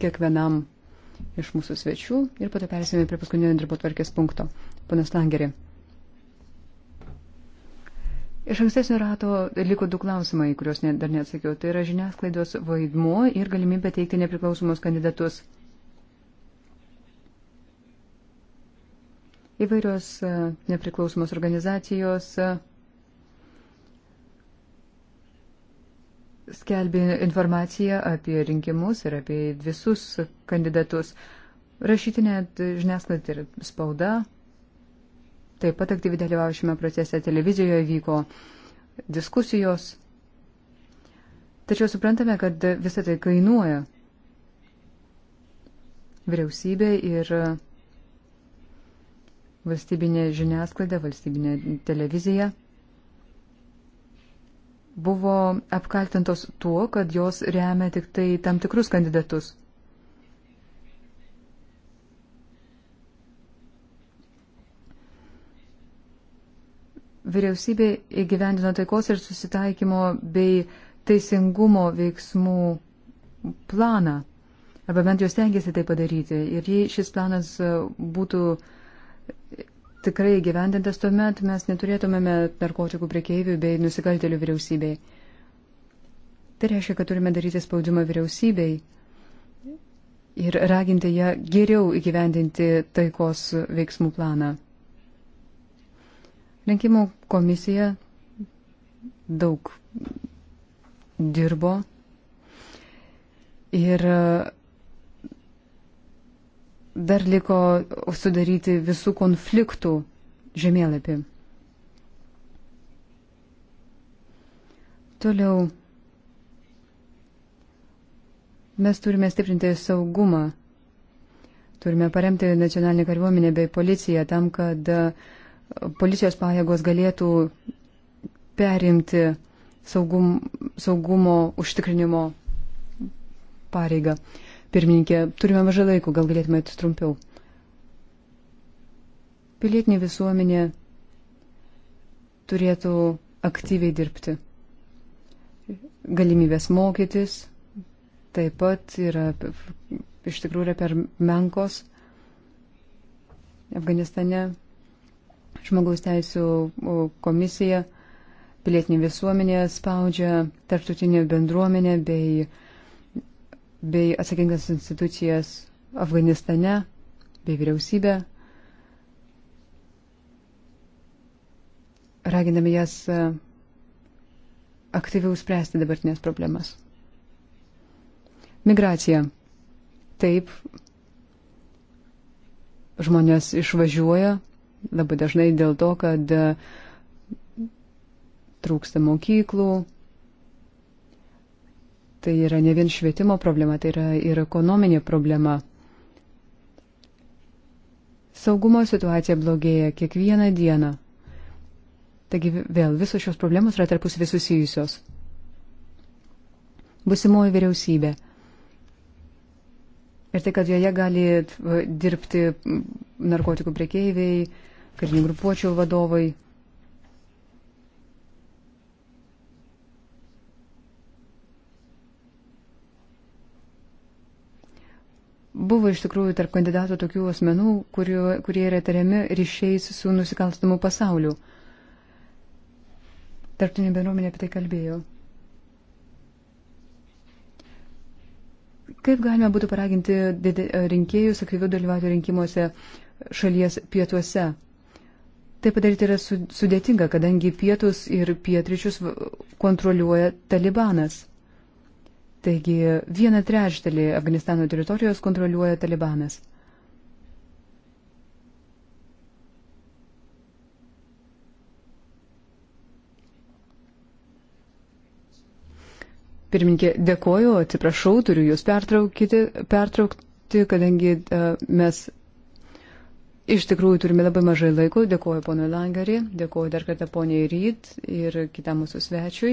kiekvienam iš mūsų svečių ir pato persime prie paskutinio darbo tvarkės punkto. Panas Langeri. Iš ankstesnio rato liko du klausimai, kuriuos net, dar neatsakiau. Tai yra žiniasklaidos vaidmuo ir galimybė teikti nepriklausomus kandidatus. Įvairios e, nepriklausomos organizacijos e, skelbė informaciją apie rinkimus ir apie visus kandidatus. Rašytinė žiniasklaida ir spauda taip pat aktyviai dalyvavo šiame procese, televizijoje vyko diskusijos. Tačiau suprantame, kad visą tai kainuoja. Vyriausybė ir valstybinė žiniasklaida, valstybinė televizija buvo apkaltintos tuo, kad jos remia tik tai tam tikrus kandidatus. vyriausybė įgyvendino taikos ir susitaikymo bei teisingumo veiksmų planą, arba bent jau stengiasi tai padaryti. Ir jei šis planas e, būtų tikrai gyvendintas, tuomet mes neturėtumėme narkotikų priekeivių bei nusikaltelių vyriausybei. Tai reiškia, kad turime daryti spaudimą vyriausybei ir raginti ją geriau įgyvendinti taikos veiksmų planą. Rinkimų komisija daug dirbo ir e, dar liko sudaryti visų konfliktų žemėlapį. Toliau mes turime stiprinti saugumą, turime paremti nacionalinį kariuomenę bei policiją tam, kad uh, policijos pajėgos galėtų perimti saugum, saugumo užtikrinimo pareigą. Pirmininkė, turime mažai laiko, gal galėtumėt trumpiau. Pilietinė visuomenė turėtų aktyviai dirbti. Galimybės mokytis taip pat yra, iš tikrųjų yra per menkos Afganistane Žmogaus teisų komisija, pilietinė visuomenė spaudžia tarptautinė bendruomenė bei, bei atsakingas institucijas Afganistane bei vyriausybę, raginami jas e, aktyviau spręsti dabartinės problemas. Migracija. Taip, žmonės išvažiuoja Labai dažnai dėl to, kad e, trūksta mokyklų. Tai yra ne vien švietimo problema, tai yra ir ekonominė problema. Saugumo situacija blogėja kiekvieną dieną. Taigi vėl visos šios problemos yra tarpusavį susijusios. Busimoji vyriausybė Ir tai, kad joje gali dirbti narkotikų priekeiviai, karinių grupuočių vadovai. Buvo iš tikrųjų tarp kandidatų tokių asmenų, kurio, kurie yra tariami ryšiais su nusikalstamu pasauliu. Tarptinė bendruomenė apie tai kalbėjo. Kaip galima būtų paraginti e, rinkėjus aktyviau dalyvauti rinkimuose šalies pietuose? Tai padaryti yra sudėtinga, kadangi pietus ir pietričius kontroliuoja talibanas. Taigi vieną trečdalį Afganistano teritorijos kontroliuoja talibanas. Pirminkė, dėkoju, atsiprašau, turiu jūs pertraukti, kadangi uh, mes iš tikrųjų turime labai mažai laiko. Dėkoju ponui Langarį, dėkoju dar kartą poniai Ryd ir kitam mūsų svečiui.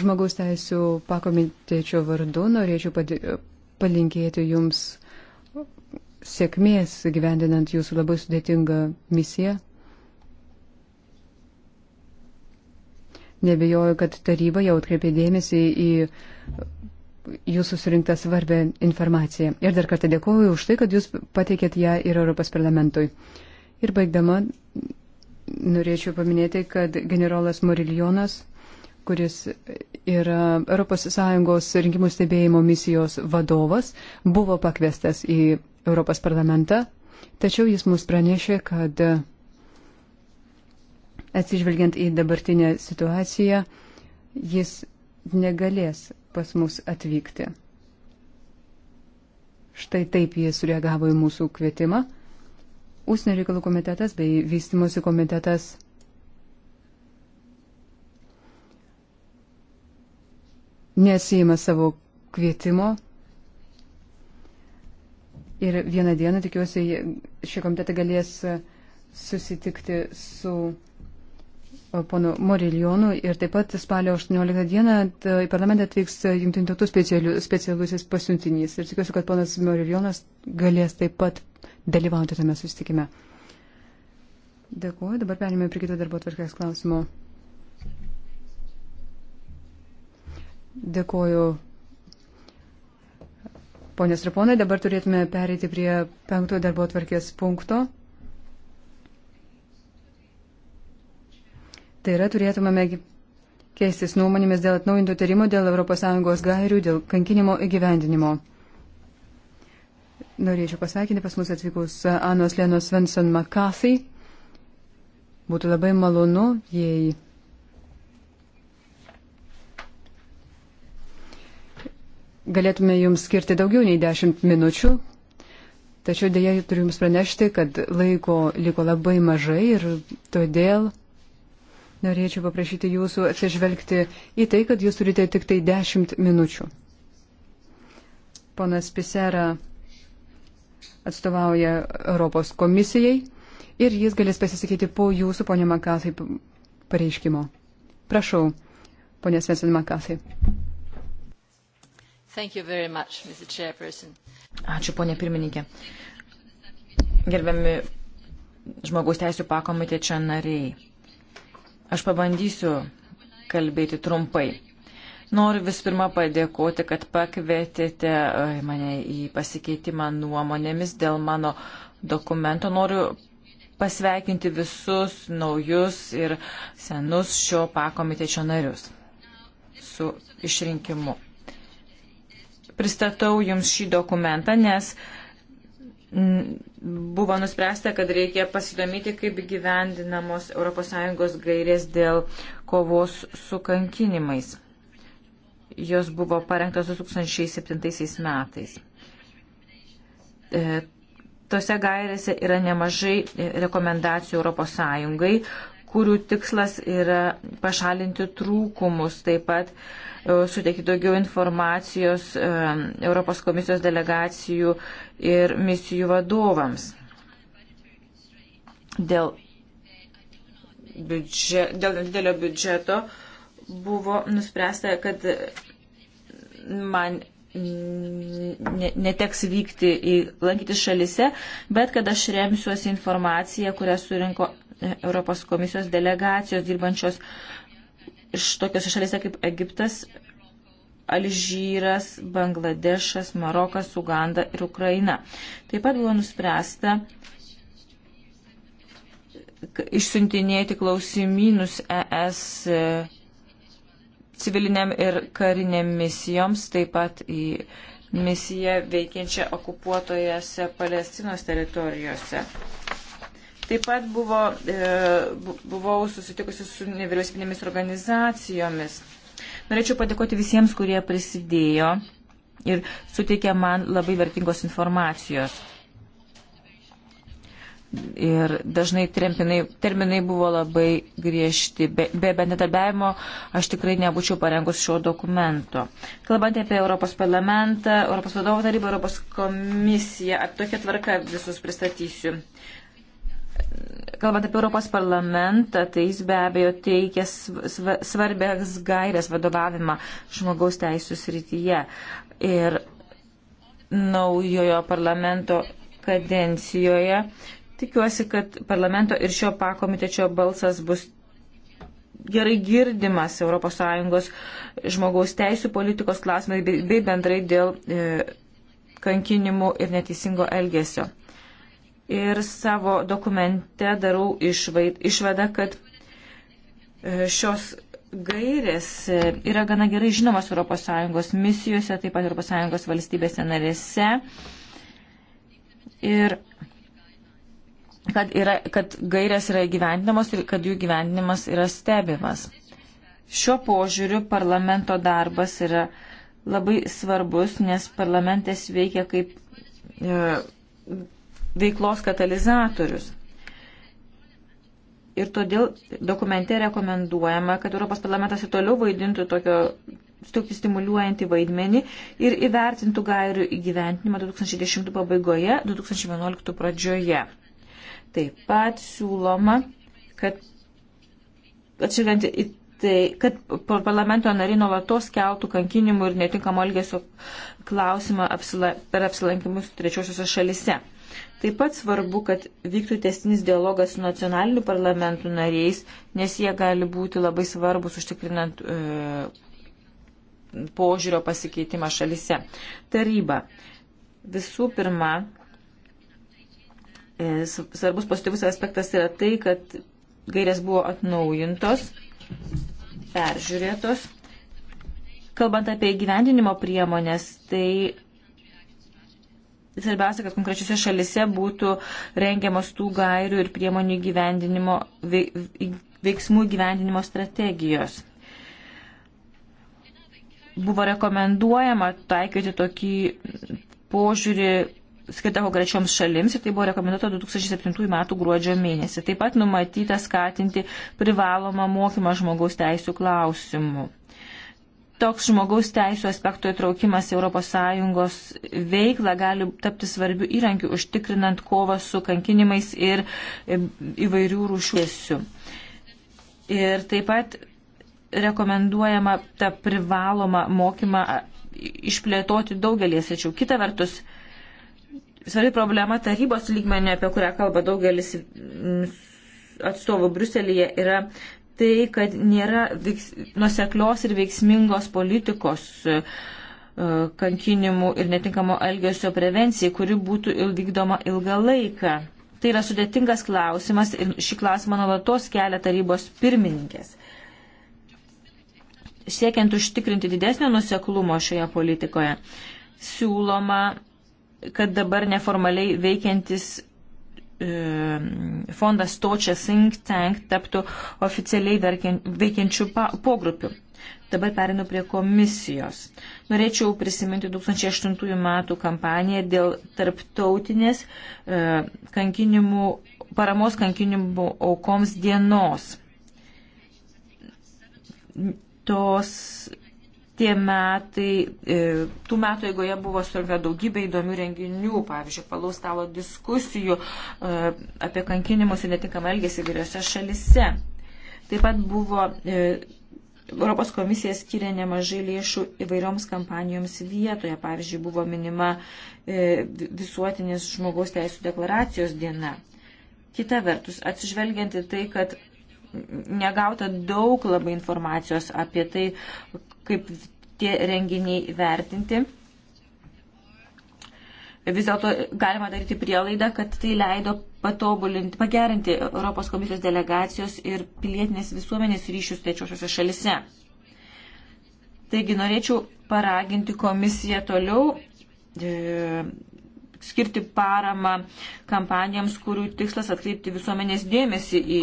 Žmogaus teisų pakomitečio vardu norėčiau palinkėti jums sėkmės gyvendinant jūsų labai sudėtingą misiją. Nebejoju, kad taryba jau atkreipė dėmesį į jūsų surinktą svarbę informaciją. Ir dar kartą dėkoju už tai, kad jūs pateikėt ją ir Europos parlamentui. Ir baigdama, norėčiau paminėti, kad generolas Moriljonas, kuris yra ES rinkimų stebėjimo misijos vadovas, buvo pakviestas į Europos parlamentą, tačiau jis mus pranešė, kad atsižvelgiant į dabartinę situaciją, jis negalės pas mus atvykti. Štai taip jis sureagavo į mūsų kvietimą. Užsienio reikalų komitetas bei vystimosi komitetas nesijima savo kvietimo. Ir vieną dieną, tikiuosi, šį komitetą galės susitikti su pono Morilionu ir taip pat spalio 18 dieną į parlamentą atvyks jungtinių tautų specialusis pasiuntinys. Ir tikiuosi, kad ponas Morilionas galės taip pat dalyvauti tame susitikime. Dėkuoju, dabar perėmėme prie kito darbo tvarkės klausimo. Dėkuoju. Ponės ir ponai, dabar turėtume pereiti prie penktojo darbo tvarkės punkto. Tai yra, turėtumėme keistis nuomonėmis dėl atnaujintų tyrimų, dėl ES gairių, dėl kankinimo įgyvendinimo. Norėčiau pasveikinti pas mus atvykus Anos Lenos Svensson McCarthy. Būtų labai malonu, jei. Galėtume jums skirti daugiau nei 10 minučių, tačiau dėja turiu jums pranešti, kad laiko liko labai mažai ir todėl Norėčiau paprašyti jūsų atsižvelgti į tai, kad jūs turite tik tai 10 minučių. Ponas Pisera atstovauja Europos komisijai ir jis galės pasisakyti po jūsų, ponė Makasai, pareiškimo. Prašau, ponė Svensen Makasai. Ačiū, ponė pirmininkė. Gerbiami žmogaus teisų pakomitė čia nariai. Aš pabandysiu kalbėti trumpai. Noriu vis pirma padėkoti, kad pakvietėte eh, mane į pasikeitimą nuomonėmis dėl mano dokumento. Noriu pasveikinti visus naujus ir senus šio pakomitečio narius su išrinkimu. Pristatau Jums šį dokumentą, nes uh, buvo nuspręsta, kad reikia pasidomyti, kaip gyvendinamos ES gairės dėl kovos su kankinimais. Jos buvo parengtos 2007 metais. E, tose gairėse yra nemažai e, rekomendacijų ES, kurių tikslas yra pašalinti trūkumus, taip pat e, suteikti daugiau informacijos e, Europos komisijos delegacijų ir misijų vadovams. Dėl, biudžet, dėl didelio biudžeto buvo nuspręsta, kad man neteks vykti į lankyti šalise, bet kad aš remsiuosi informaciją, kurią surinko E, Europos komisijos delegacijos dirbančios iš tokios šalyse kaip Egiptas, Alžyras, Bangladešas, Marokas, Uganda ir Ukraina. Taip pat buvo nuspręsta išsiuntinėti klausimynus ES e, civiliniam ir kariniam misijoms, taip pat į misiją veikiančią okupuotojose Palestinos teritorijose. Taip pat buvo, e, buvau susitikusi su nevyriausybinėmis organizacijomis. Norėčiau padėkoti visiems, kurie prisidėjo ir suteikė man labai vertingos informacijos. Ir dažnai terminai, terminai buvo labai griežti. Be, be bendradarbiavimo aš tikrai nebūčiau parengus šio dokumento. Kalbant apie Europos parlamentą, Europos vadovų tarybą, Europos komisiją, tokia tvarka visus pristatysiu. Uh, Kalbant apie Europos parlamentą, tai jis be abejo teikia svarbės gairės vadovavimą žmogaus teisų srityje. Ir naujojo parlamento kadencijoje tikiuosi, kad parlamento ir šio pakomitečio balsas bus gerai girdimas ES žmogaus teisų politikos klausimai bei bendrai dėl e, kankinimų ir neteisingo elgesio ir savo dokumente darau išvadą, kad e, šios gairės e, yra gana gerai žinomas ES misijose, taip pat ES valstybėse narėse. Ir kad, yra, kad gairės yra gyvendinamos ir kad jų gyvendinimas yra stebimas. Šiuo požiūriu parlamento darbas yra labai svarbus, nes parlamentas veikia kaip e, veiklos katalizatorius. Ir todėl dokumente rekomenduojama, kad Europos parlamentas ir toliau vaidintų tokio tokį stimuliuojantį vaidmenį ir įvertintų gairių įgyventinimą 2010 pabaigoje, 2011 pradžioje. Taip pat siūloma, kad atšiliant į tai, kad parlamento nariai nuolatos keltų kankinimų ir netinkamo elgesio klausimą apsila, per apsilankimus trečiosiuose šalise. Taip pat svarbu, kad vyktų testinis dialogas su nacionaliniu parlamentu nariais, nes jie gali būti labai svarbus užtikrinant e, požiūrio pasikeitimą šalise. Taryba. Visų pirma, e, svarbus pozityvus aspektas yra tai, kad gairės buvo atnaujintos, peržiūrėtos. Kalbant apie gyvendinimo priemonės, tai Svarbiausia, kad konkrečiose šalise būtų rengiamas tų gairių ir priemonių gyvendinimo, veiksmų gyvendinimo strategijos. Buvo rekomenduojama taikyti tokį požiūrį skirta konkrečioms šalims ir tai buvo rekomenduota 2007 m. gruodžio mėnesį. Taip pat numatyta skatinti privalomą mokymą žmogaus teisų klausimų toks žmogaus teisų aspekto įtraukimas ES veiklą gali tapti svarbių įrankių, užtikrinant kovą su kankinimais ir e, įvairių rūšių. Ir taip pat rekomenduojama tą privalomą mokymą išplėtoti daugelį sečių. Kita vertus, svarbi problema tarybos lygmenė, apie kurią kalba daugelis atstovų Bruselėje, yra tai, kad nėra veiks, nuseklios ir veiksmingos politikos e, e, kankinimų ir netinkamo elgesio prevencijai, kuri būtų vykdoma ilgą laiką. Tai yra sudėtingas klausimas ir šį klausimą nuolatos kelia tarybos pirmininkės. Siekiant užtikrinti didesnio nuseklumo šioje politikoje, siūloma, kad dabar neformaliai veikiantis E, fondas Točia Think Tank taptų oficialiai veikiančių pogrupių. Dabar perinu prie komisijos. Norėčiau prisiminti 2008 metų kampaniją dėl tarptautinės e, kankinimų, paramos kankinimų aukoms dienos. Tos tie metai, e, tų metų eigoje buvo survė daugybė įdomių renginių, pavyzdžiui, palaustalo diskusijų e, apie kankinimus ir netinkamą elgesį įvairiose šalise. Taip pat buvo, e, Europos komisija skiria nemažai lėšų įvairioms kampanijoms vietoje, pavyzdžiui, buvo minima visuotinės žmogaus teisų deklaracijos diena. Kita vertus, atsižvelgiant į tai, kad negauta daug labai informacijos apie tai, kaip tie renginiai vertinti. Vis dėlto galima daryti prielaidą, kad tai leido patobulinti, pagerinti Europos komisijos delegacijos ir pilietinės visuomenės ryšius trečiosiuose šalise. Taigi norėčiau paraginti komisiją toliau e, skirti paramą kampanijams, kurių tikslas atkreipti visuomenės dėmesį į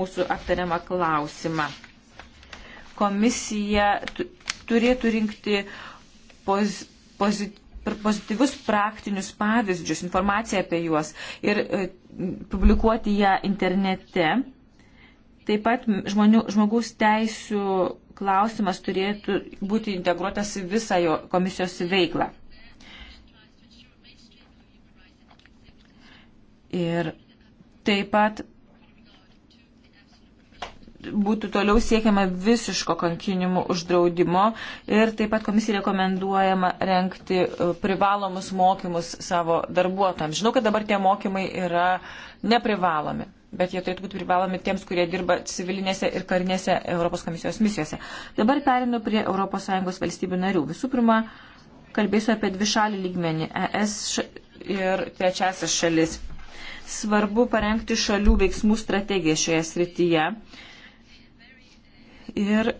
mūsų aptariamą klausimą. Komisija turėtų rinkti poz, pozit, pozityvius praktinius pavyzdžius, informaciją apie juos ir e, publikuoti ją internete. Taip pat žmonių, žmogaus teisų klausimas turėtų būti integruotas į visą jo komisijos veiklą. Ir taip pat būtų toliau siekiama visiško kankinimų uždraudimo ir taip pat komisija rekomenduojama renkti e, privalomus mokymus savo darbuotojams. Žinau, kad dabar tie mokymai yra neprivalomi, bet jie turėtų būti privalomi tiems, kurie dirba civilinėse ir karinėse Europos komisijos misijose. Dabar perinu prie ES valstybių narių. Visų pirma, kalbėsiu apie dvišalį lygmenį e - ES ir trečiasis šalis. Svarbu parengti šalių veiksmų strategiją šioje srityje. Ir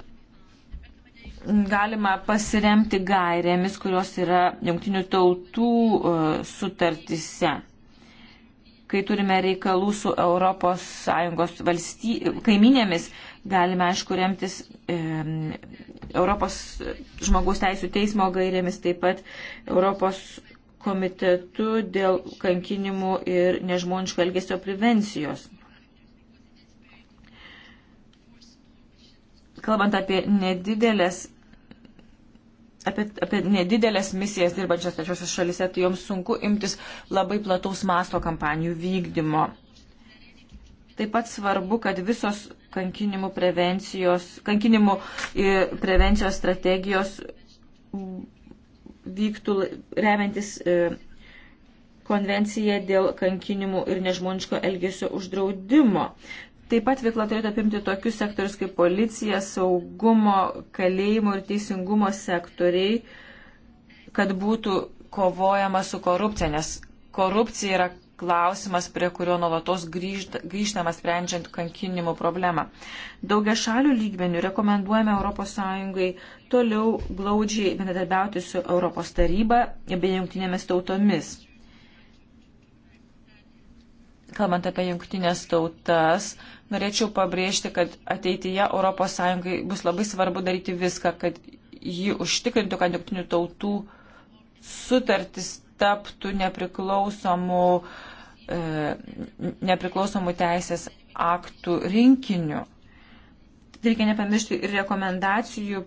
galima pasiremti gairėmis, kurios yra jungtinių tautų e, sutartise kai turime reikalų su ES valsty... kaiminėmis, galime, aišku, remtis e, Europos žmogaus teisų teismo gairėmis, taip pat Europos komitetu dėl kankinimų ir nežmoniško elgesio prevencijos. Kalbant apie nedidelės, apie, apie nedidelės misijas dirbančias trečiosios šalise, tai joms sunku imtis labai plataus masto kampanijų vykdymo. Taip pat svarbu, kad visos kankinimų prevencijos, kankinimų prevencijos strategijos vyktų remiantis e, konvencija dėl kankinimų ir nežmoniško elgesio uždraudimo. Taip pat veikla turėtų apimti tokius sektorius kaip policija, saugumo, kalėjimo ir teisingumo sektoriai, kad būtų kovojama su korupcija, nes korupcija yra klausimas, prie kurio nuolatos grįžtama sprendžiant kankinimų problemą. Daugia šalių lygmenių rekomenduojame ES toliau glaudžiai bendradarbiauti su Europos taryba bei jungtinėmis tautomis. Kalbant apie jungtinės tautas, norėčiau pabrėžti, kad ateityje ES bus labai svarbu daryti viską, kad ji užtikrintų, kad jungtinių tautų sutartis taptų nepriklausomų uh, E, nepriklausomų teisės aktų rinkiniu. Reikia nepamiršti ir rekomendacijų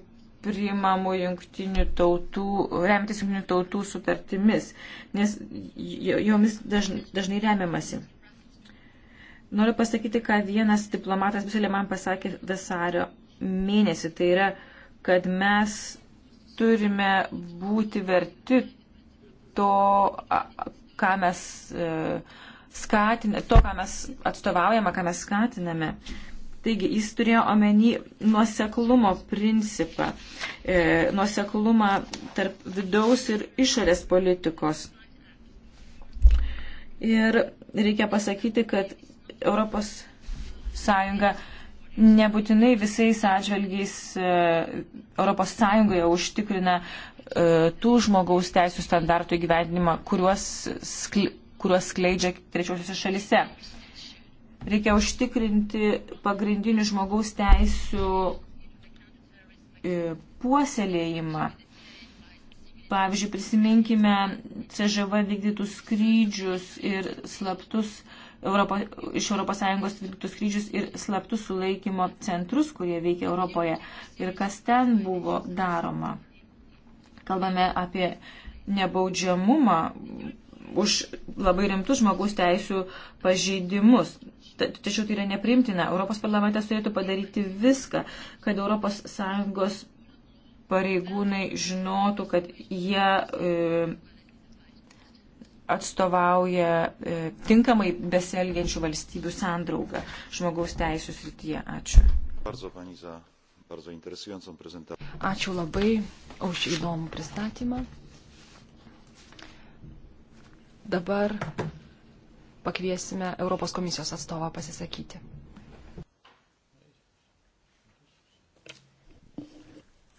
priimamų jungtinių tautų, remtis jungtinių tautų sutartimis, nes jomis dažnai, dažnai remiamasi. Noriu pasakyti, kad vienas diplomatas visai man pasakė vasario mėnesį, tai yra, kad mes turime būti verti to, ką mes uh, skatina, to, ką mes atstovaujame, ką mes skatiname. Taigi jis turėjo omeny nuoseklumo principą, e, nuoseklumą tarp vidaus ir išorės politikos. Ir reikia pasakyti, kad Europos Sąjunga nebūtinai visais atžvelgiais e, Europos Sąjungoje užtikrina e, tų žmogaus teisų standartų įgyvendinimą, kuriuos skli kuriuos skleidžia trečiosiuose šalise. Reikia užtikrinti pagrindinių žmogaus teisų e, puoselėjimą. Pavyzdžiui, prisiminkime CŽV vykdytus skrydžius ir slaptus Europo, iš ES vykdytus skrydžius ir slaptus sulaikymo centrus, kurie veikia Europoje ir kas ten buvo daroma. Kalbame apie nebaudžiamumą, už labai rimtus žmogaus teisų pažeidimus. Tačiau tai yra neprimtina. Europos parlamentas turėtų padaryti viską, kad ES pareigūnai žinotų, kad jie e, atstovauja e, tinkamai beselgiančių valstybių sandraugą žmogaus teisų srityje. Ačiū. Ačiū labai už įdomų pristatymą. Dabar pakviesime Europos komisijos atstovą pasisakyti.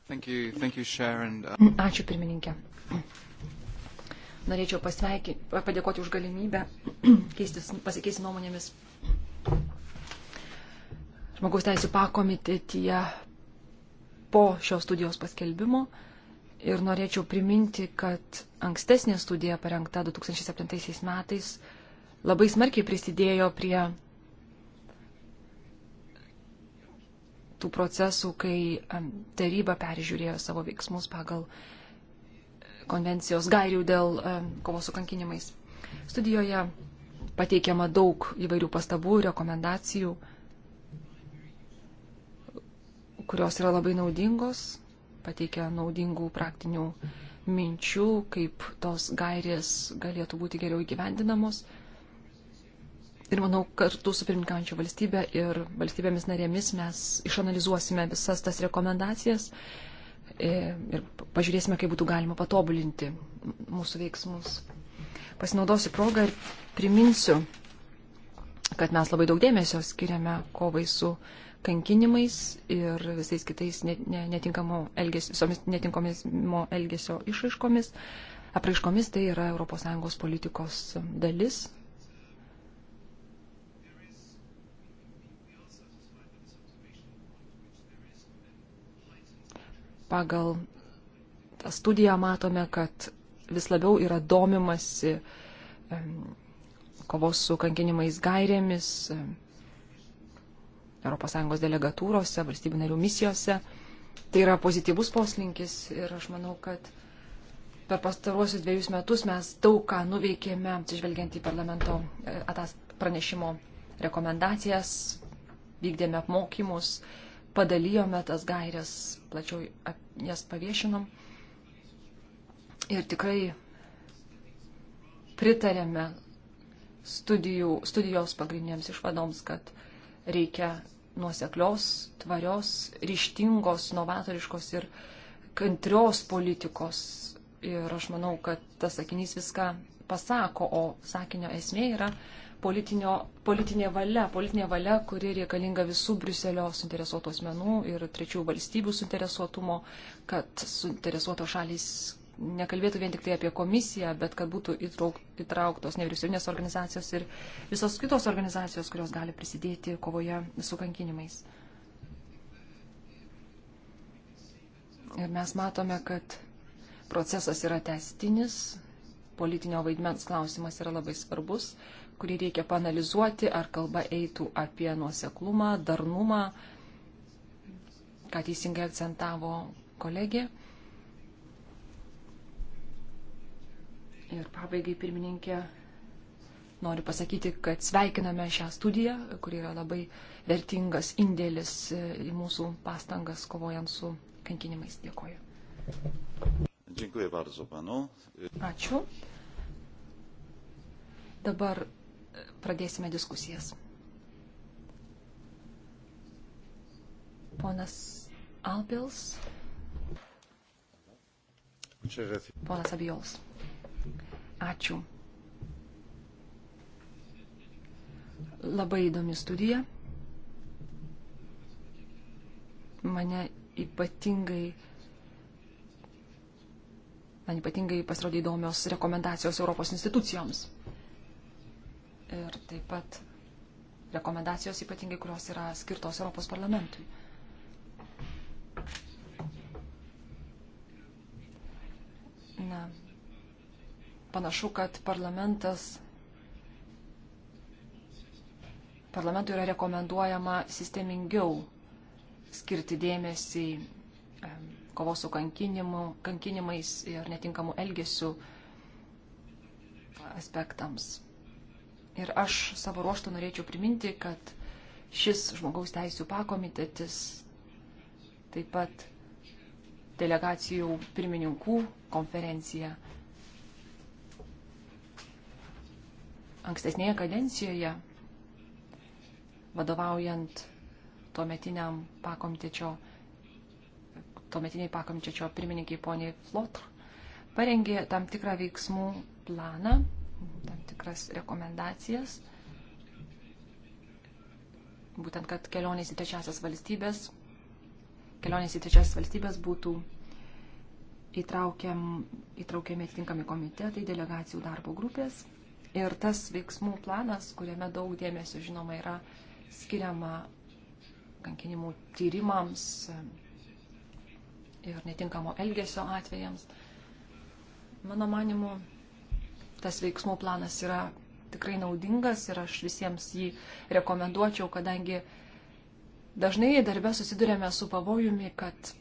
Thank you, thank you, Sharon. Uh, Ačiū pirmininkė. Norėčiau padėkoti už galimybę keistis, pasikeisti nuomonėmis žmogaus teisų pakomitetyje po šios studijos paskelbimo. Ir norėčiau priminti, kad ankstesnė studija parengta 2007 metais labai smarkiai prisidėjo prie tų procesų, kai taryba peržiūrėjo savo veiksmus pagal konvencijos gairių dėl kovos su kankinimais. Studijoje pateikiama daug įvairių pastabų, rekomendacijų, kurios yra labai naudingos pateikia naudingų praktinių minčių, kaip tos gairės galėtų būti geriau įgyvendinamos. Ir manau, kartu su pirmininkančia valstybė ir valstybėmis narėmis mes išanalizuosime visas tas rekomendacijas e, ir pažiūrėsime, kaip būtų galima patobulinti mūsų veiksmus. Pasinaudosiu progą ir priminsiu, kad mes labai daug dėmesio skiriame kovai su kankinimais ir visais kitais netinkamo elgesio, visomis netinkomis elgesio išraiškomis, apraiškomis, tai yra ES politikos dalis. Pagal tą studiją matome, kad vis labiau yra domimasi kovos su kankinimais gairėmis, ES delegatūrose, valstybių narių misijose. Tai yra pozityvus poslinkis ir aš manau, kad per pastaruosius dviejus metus mes daug ką nuveikėme, atsižvelgiant į parlamento e, atas pranešimo rekomendacijas, vykdėme apmokymus, padalyjome tas gairias, plačiau jas paviešinom. Ir tikrai pritarėme studijų, studijos pagrindiniams išvadoms, kad reikia nuoseklios, tvarios, ryštingos, novatoriškos ir kantrios politikos. Ir aš manau, kad tas sakinys viską pasako, o sakinio esmė yra politinė valia, politinė valia, kuri reikalinga visų Briuselio suinteresuotų asmenų ir trečių valstybių suinteresuotumo, kad suinteresuotos šalis nekalbėtų vien tik tai apie komisiją, bet kad būtų įtrauk, įtrauktos nevyriausybinės organizacijos ir visos kitos organizacijos, kurios gali prisidėti kovoje su kankinimais. Ir mes matome, kad procesas yra testinis, politinio vaidmens klausimas yra labai svarbus, kurį reikia panalizuoti, ar kalba eitų apie nuoseklumą, darnumą, ką teisingai akcentavo kolegė. Ir pabaigai, pirmininkė, noriu pasakyti, kad sveikiname šią studiją, kuri yra labai vertingas indėlis e, į mūsų pastangas kovojant su kankinimais. Dėkoju. Dziękuję bardzo panu. Ačiū. Dabar e, pradėsime diskusijas. Ponas Albils. Ponas Abijols. Ačiū. Labai įdomi studija. Mane ypatingai, man ypatingai pasirodė įdomios rekomendacijos Europos institucijoms. Ir taip pat rekomendacijos ypatingai, kurios yra skirtos Europos parlamentui. Na, panašu, kad parlamentas. Parlamentui yra rekomenduojama sistemingiau skirti dėmesį kovos su kankinimais ir netinkamu elgesiu aspektams. Ir aš savo ruoštų norėčiau priminti, kad šis žmogaus teisų pakomitetis taip pat delegacijų pirmininkų konferencija ankstesnėje kadencijoje, vadovaujant tuometiniam pakomitečio, tuometiniai pakomitečio pirmininkiai poniai Flotr, parengė tam tikrą veiksmų planą, tam tikras rekomendacijas, būtent, kad kelionės į trečiasias valstybės, kelionės į trečiasias valstybės būtų įtraukiam, įtraukiami atitinkami komitetai, delegacijų darbo grupės Ir tas veiksmų planas, kuriame daug dėmesio, žinoma, yra skiriama kankinimų tyrimams ir netinkamo elgesio atvejams. Mano manimu, tas veiksmų planas yra tikrai naudingas ir aš visiems jį rekomenduočiau, kadangi dažnai darbę susidurėme su pavojumi, kad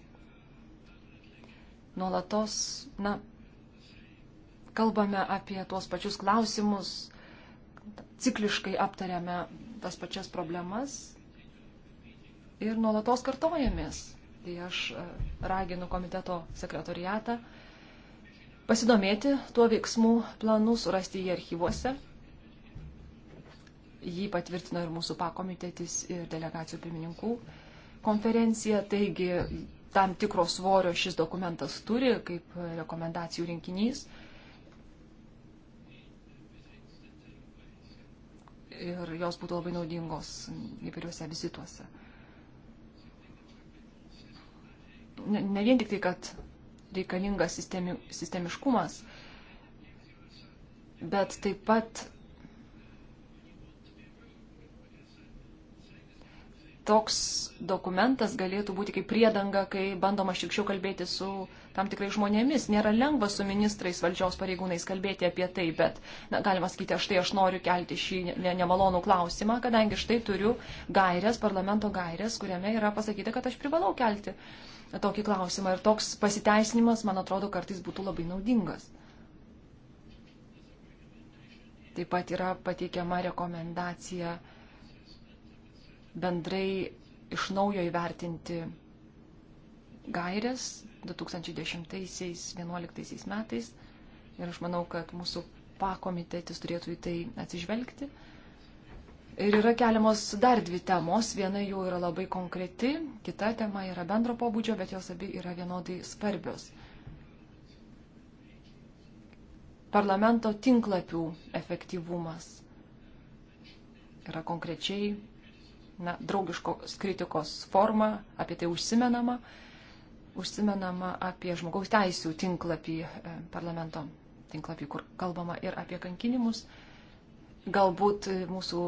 nuolatos, na, kalbame apie tuos pačius klausimus, cikliškai aptariame tas pačias problemas ir nuolatos kartojamės. Tai aš e, raginu komiteto sekretoriatą pasidomėti tuo veiksmų planu, surasti jį archyvuose. Jį patvirtino ir mūsų pakomitetis ir delegacijų pirmininkų konferencija, taigi tam tikro svorio šis dokumentas turi kaip rekomendacijų rinkinys. ir jos būtų labai naudingos įvairiuose vizituose. Ne, ne vien tik tai, kad reikalingas sistemi, sistemiškumas, bet taip pat toks dokumentas galėtų būti kaip priedanga, kai bandoma šikščiau kalbėti su uh, tam tikrai žmonėmis. Nėra lengva su ministrais valdžios pareigūnais kalbėti apie tai, bet na, galima sakyti, aš tai aš noriu kelti šį ne, nemalonų klausimą, kadangi štai turiu gairias, parlamento gairias, kuriame yra pasakyta, kad aš privalau kelti tokį klausimą. Ir toks pasiteisinimas, man atrodo, kartais būtų labai naudingas. Taip pat yra pateikiama rekomendacija bendrai iš naujo įvertinti gairės 2010-2011 metais ir aš manau, kad mūsų pakomitetis turėtų į tai atsižvelgti. Ir yra keliamos dar dvi temos, viena jų yra labai konkreti, kita tema yra bendro pobūdžio, bet jos abi yra vienodai svarbios. Parlamento tinklapių efektyvumas yra konkrečiai na, draugiškos kritikos forma, apie tai užsimenama užsimenama apie žmogaus teisų tinklapį e, parlamento tinklapį, kur kalbama ir apie kankinimus. Galbūt e, mūsų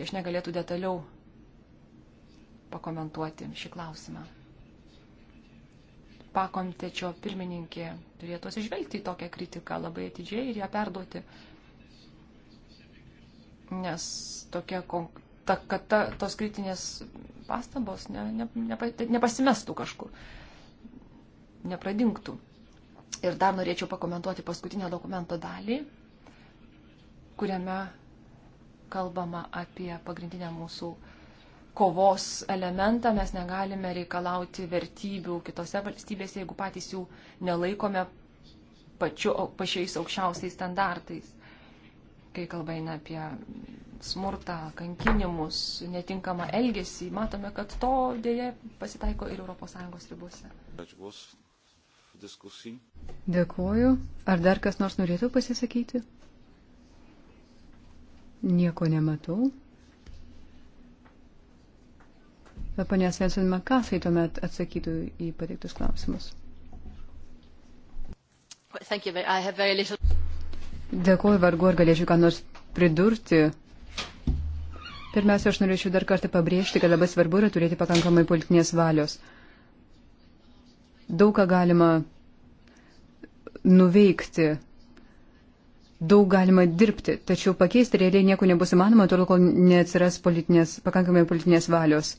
viešne galėtų detaliau pakomentuoti šį klausimą. Pakomtečio pirmininkė turėtų atsižvelgti į tokią kritiką labai atidžiai ir ją perduoti. Nes tokia, ta, kad ta, tos kritinės pastabos ne, ne, ne, nepasimestų kažkur. Uh, nepradingtų. Ir dar norėčiau pakomentuoti paskutinę dokumento dalį, kuriame kalbama apie pagrindinę mūsų kovos elementą. Mes negalime reikalauti vertybių kitose valstybėse, jeigu patys jų nelaikome pačiu, pačiais aukščiausiais standartais. Kai kalba eina apie smurtą, kankinimus, netinkamą elgesį, matome, kad to dėje pasitaiko ir ES ribose. Ačiū diskusijų. Dėkuoju. Ar dar kas nors norėtų pasisakyti? Nieko nematau. Pane Svensson Makasai tuomet atsakytų į pateiktus klausimus. Dėkuoju, vargu, ar galėčiau ką nors pridurti. Pirmiausia, aš norėčiau dar kartą pabrėžti, kad labai svarbu yra turėti pakankamai politinės valios. Uh, daug ką galima nuveikti, daug galima dirbti, tačiau pakeisti realiai nieko nebus įmanoma, tol kol neatsiras politinės, pakankamai politinės valios.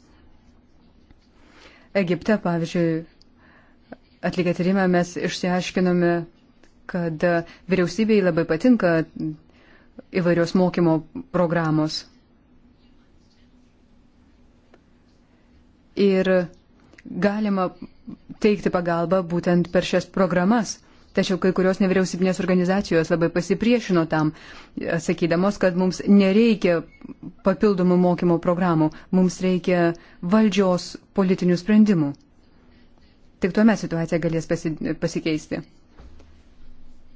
Egipte, pavyzdžiui, atlikę tyrimą mes išsiaiškinome, kad vyriausybei labai patinka įvairios mokymo programos. Ir galima teikti pagalbą būtent per šias programas. Tačiau kai kurios nevyriausybinės organizacijos labai pasipriešino tam, sakydamos, kad mums nereikia papildomų mokymo programų, mums reikia valdžios politinių sprendimų. Tik tuomet situacija galės pasi, pasikeisti.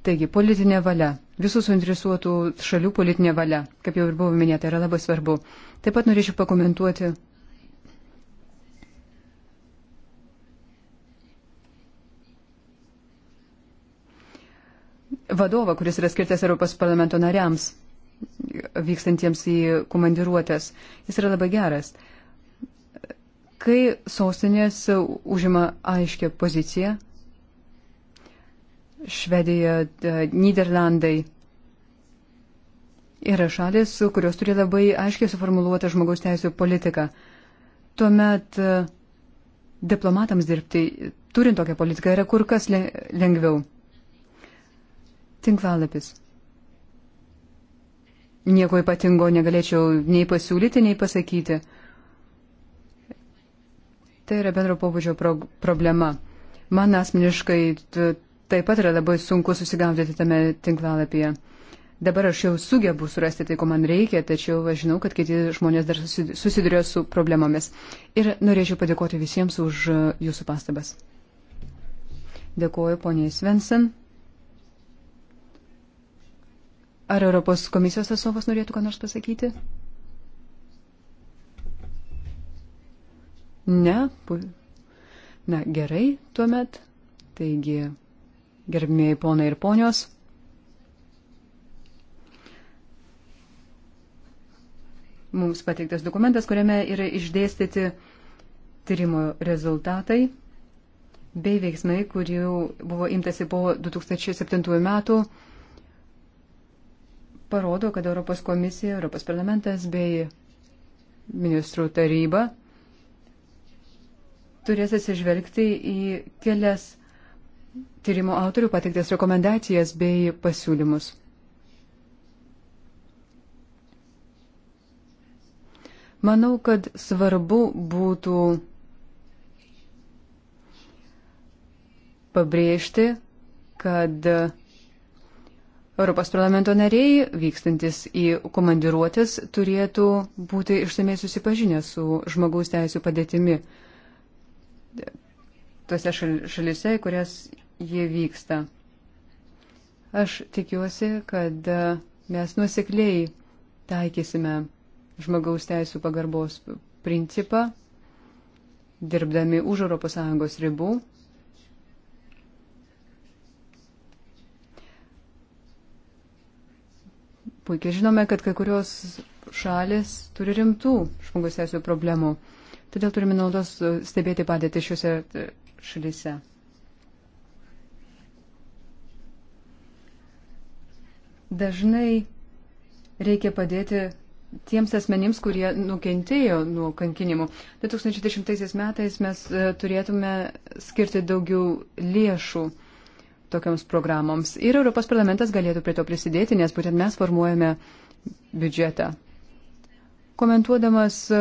Taigi, politinė valia, visų suinteresuotų šalių politinė valia, kaip jau ir buvo minėta, yra labai svarbu. Taip pat norėčiau pakomentuoti vadovą, kuris yra skirtas Europos parlamento nariams vykstantiems į komandiruotės. Jis yra labai geras. Kai sostinės užima aiškę poziciją, Švedija, Niderlandai yra šalis, kurios turi labai aiškiai suformuluotą žmogaus teisų politiką. Tuomet e, diplomatams dirbti, turint tokią politiką, yra kur kas lengviau tinklalapis. Nieko ypatingo negalėčiau nei pasiūlyti, nei pasakyti. Tai yra bendro pobūdžio pro problema. Man asmeniškai taip pat yra labai sunku susigaudyti tame tinklalapyje. Dabar aš jau sugebu surasti tai, ko man reikia, tačiau aš žinau, kad kiti žmonės dar susiduria su problemomis. Ir norėčiau padėkoti visiems už uh, jūsų pastabas. Dėkuoju poniai Svensen. Ar Europos komisijos atstovas norėtų ką nors pasakyti? Ne? Na gerai, tuomet. Taigi, gerbimieji ponai ir ponios. Mums pateiktas dokumentas, kuriame yra išdėstyti tyrimo rezultatai bei veiksmai, kurių buvo imtasi po 2007 metų parodo, kad Europos komisija, Europos parlamentas bei ministrų taryba turės atsižvelgti į kelias tyrimo autorių pateiktas rekomendacijas bei pasiūlymus. Manau, kad svarbu būtų pabrėžti, kad Europos parlamento nariai, vykstantis į komandiruotės, turėtų būti išsamei susipažinę su žmogaus teisų padėtimi tose šalise, į kurias jie vyksta. Aš tikiuosi, kad mes nusikliai taikysime žmogaus teisų pagarbos principą, dirbdami už ES ribų Puikiai žinome, kad kai kurios šalis turi rimtų žmogus teisų problemų. Todėl turime naudos stebėti padėtį šiuose e, šalyse. Dažnai reikia padėti tiems asmenims, kurie nukentėjo nuo kankinimų. 2010 metais mes e, turėtume skirti daugiau lėšų tokioms programoms. Ir Europos parlamentas galėtų prie to prisidėti, nes būtent mes formuojame biudžetą. Komentuodamas e,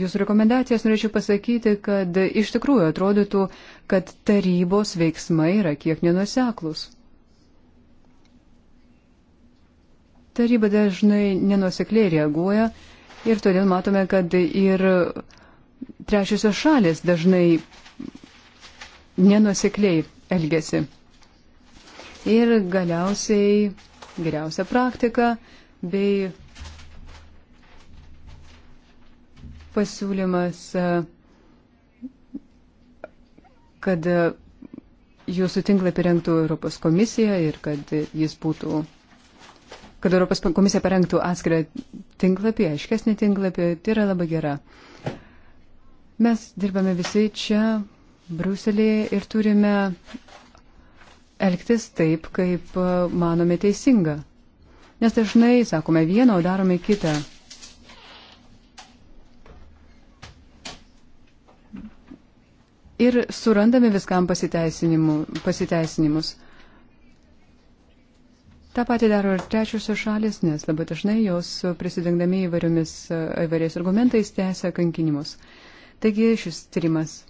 jūsų rekomendacijas, norėčiau pasakyti, kad iš tikrųjų atrodytų, kad tarybos veiksmai yra kiek nenuseklus. Taryba dažnai nenusekliai reaguoja ir todėl matome, kad ir trečiosios šalis dažnai nenusekliai elgesi ir galiausiai geriausią praktiką bei pasiūlymas, kad jūsų tinklapį rengtų Europos komisija ir kad jis būtų, kad Europos komisija parengtų atskirą tinklapį, aiškesnį tinklapį, tai yra labai gera. Mes dirbame visi čia, Bruselėje ir turime elgtis taip, kaip e, manome teisinga. Nes dažnai sakome vieną, o darome kitą. Ir surandame viskam pasiteisinimus. Ta pati daro ir trečiosios šalis, nes labai dažnai jos prisidengdami įvairiomis, e, įvairiais argumentais tęsia kankinimus. Taigi šis tyrimas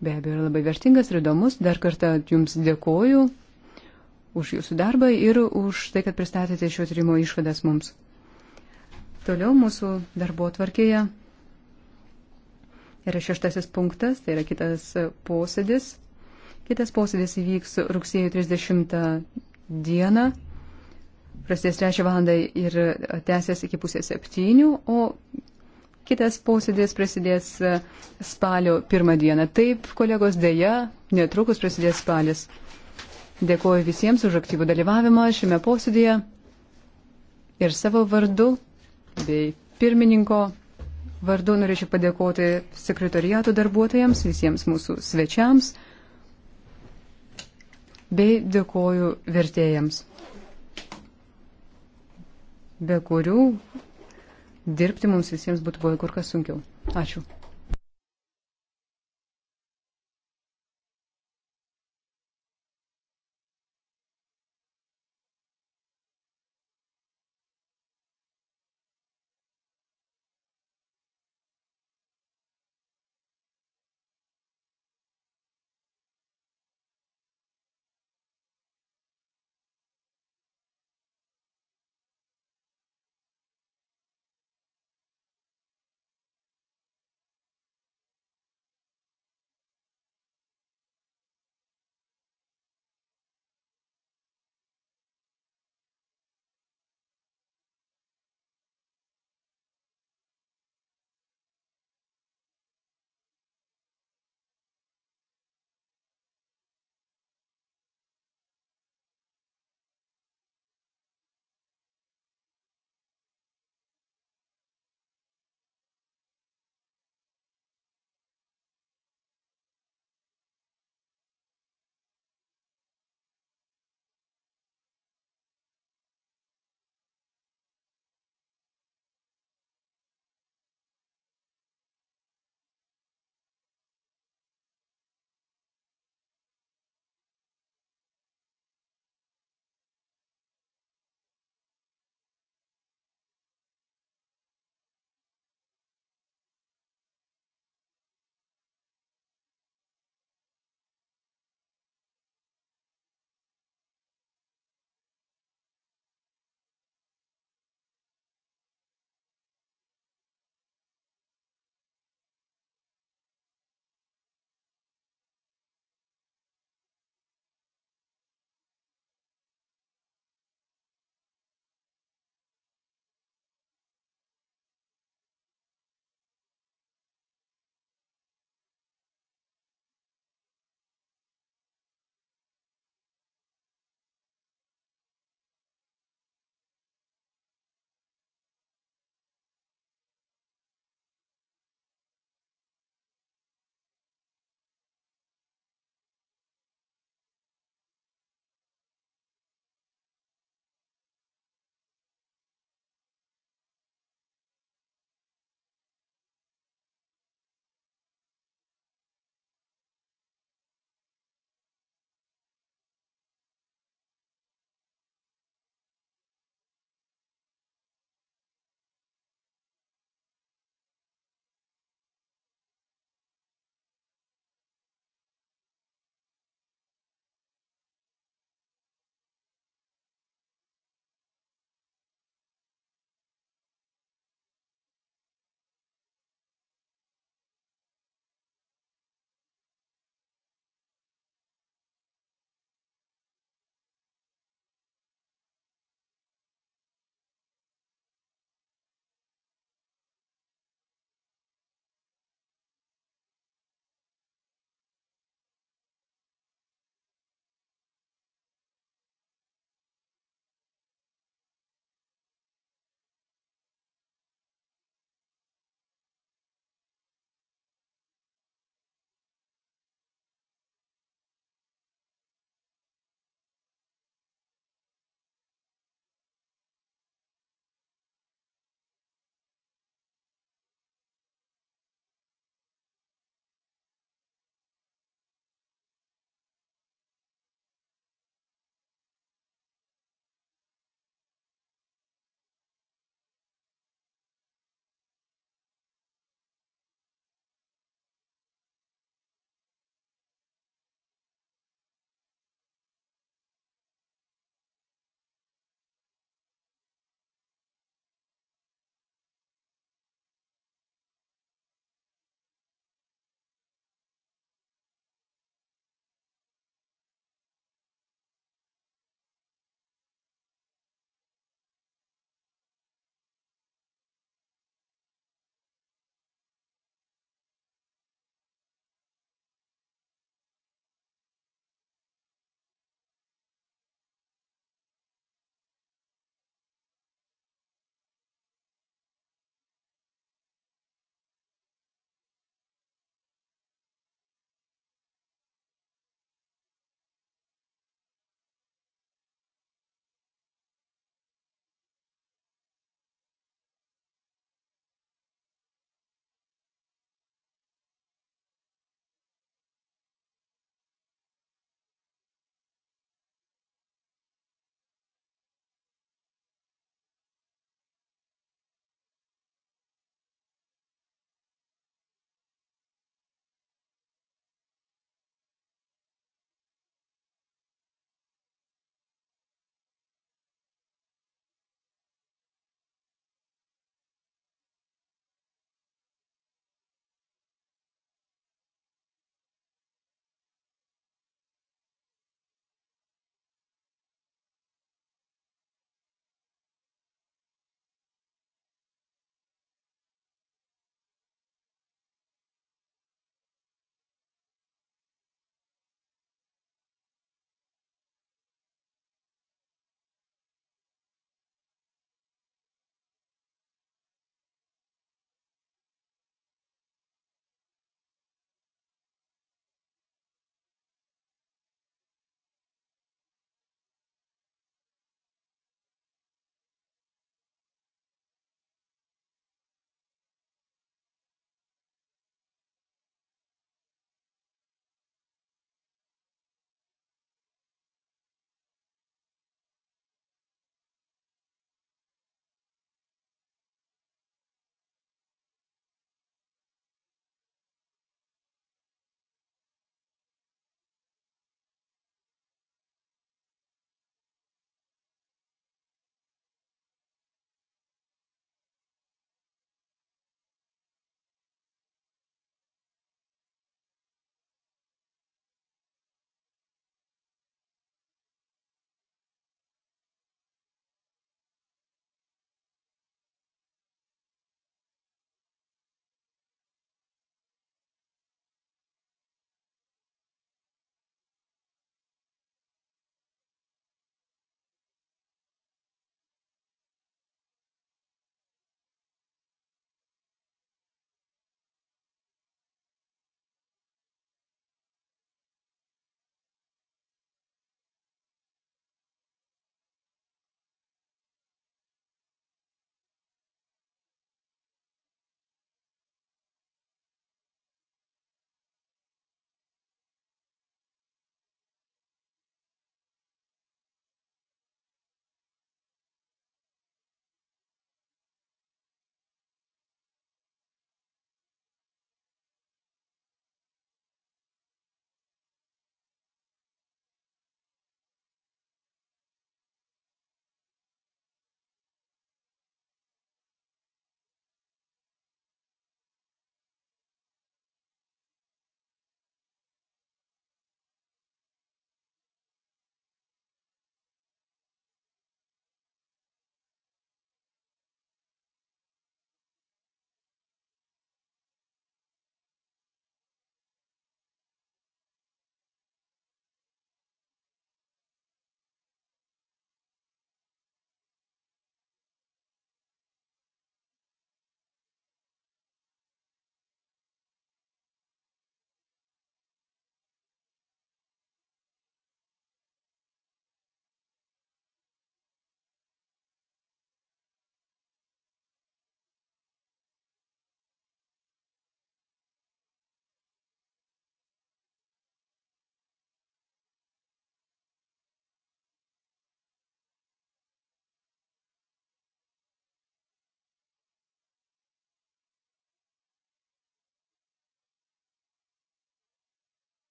Be abejo, yra labai vertingas ir įdomus. Dar kartą Jums dėkoju už Jūsų darbą ir už tai, kad pristatėte šio tyrimo išvadas mums. Toliau mūsų darbo tvarkėje yra šeštasis punktas, tai yra kitas posėdis. Kitas posėdis įvyks rugsėjo 30 dieną, prasidės 3 valandai ir tęsės iki pusės 7, o Kitas posėdis prasidės e, spalio pirmą dieną. Taip, kolegos, dėja, netrukus prasidės spalis. Dėkuoju visiems už aktyvų dalyvavimą šiame posėdėje ir savo vardu bei pirmininko vardu norėčiau padėkoti sekretoriato darbuotojams, visiems mūsų svečiams bei dėkoju vertėjams, be kurių dirbti mums visiems būtų buvę kur kas sunkiau. Ačiū.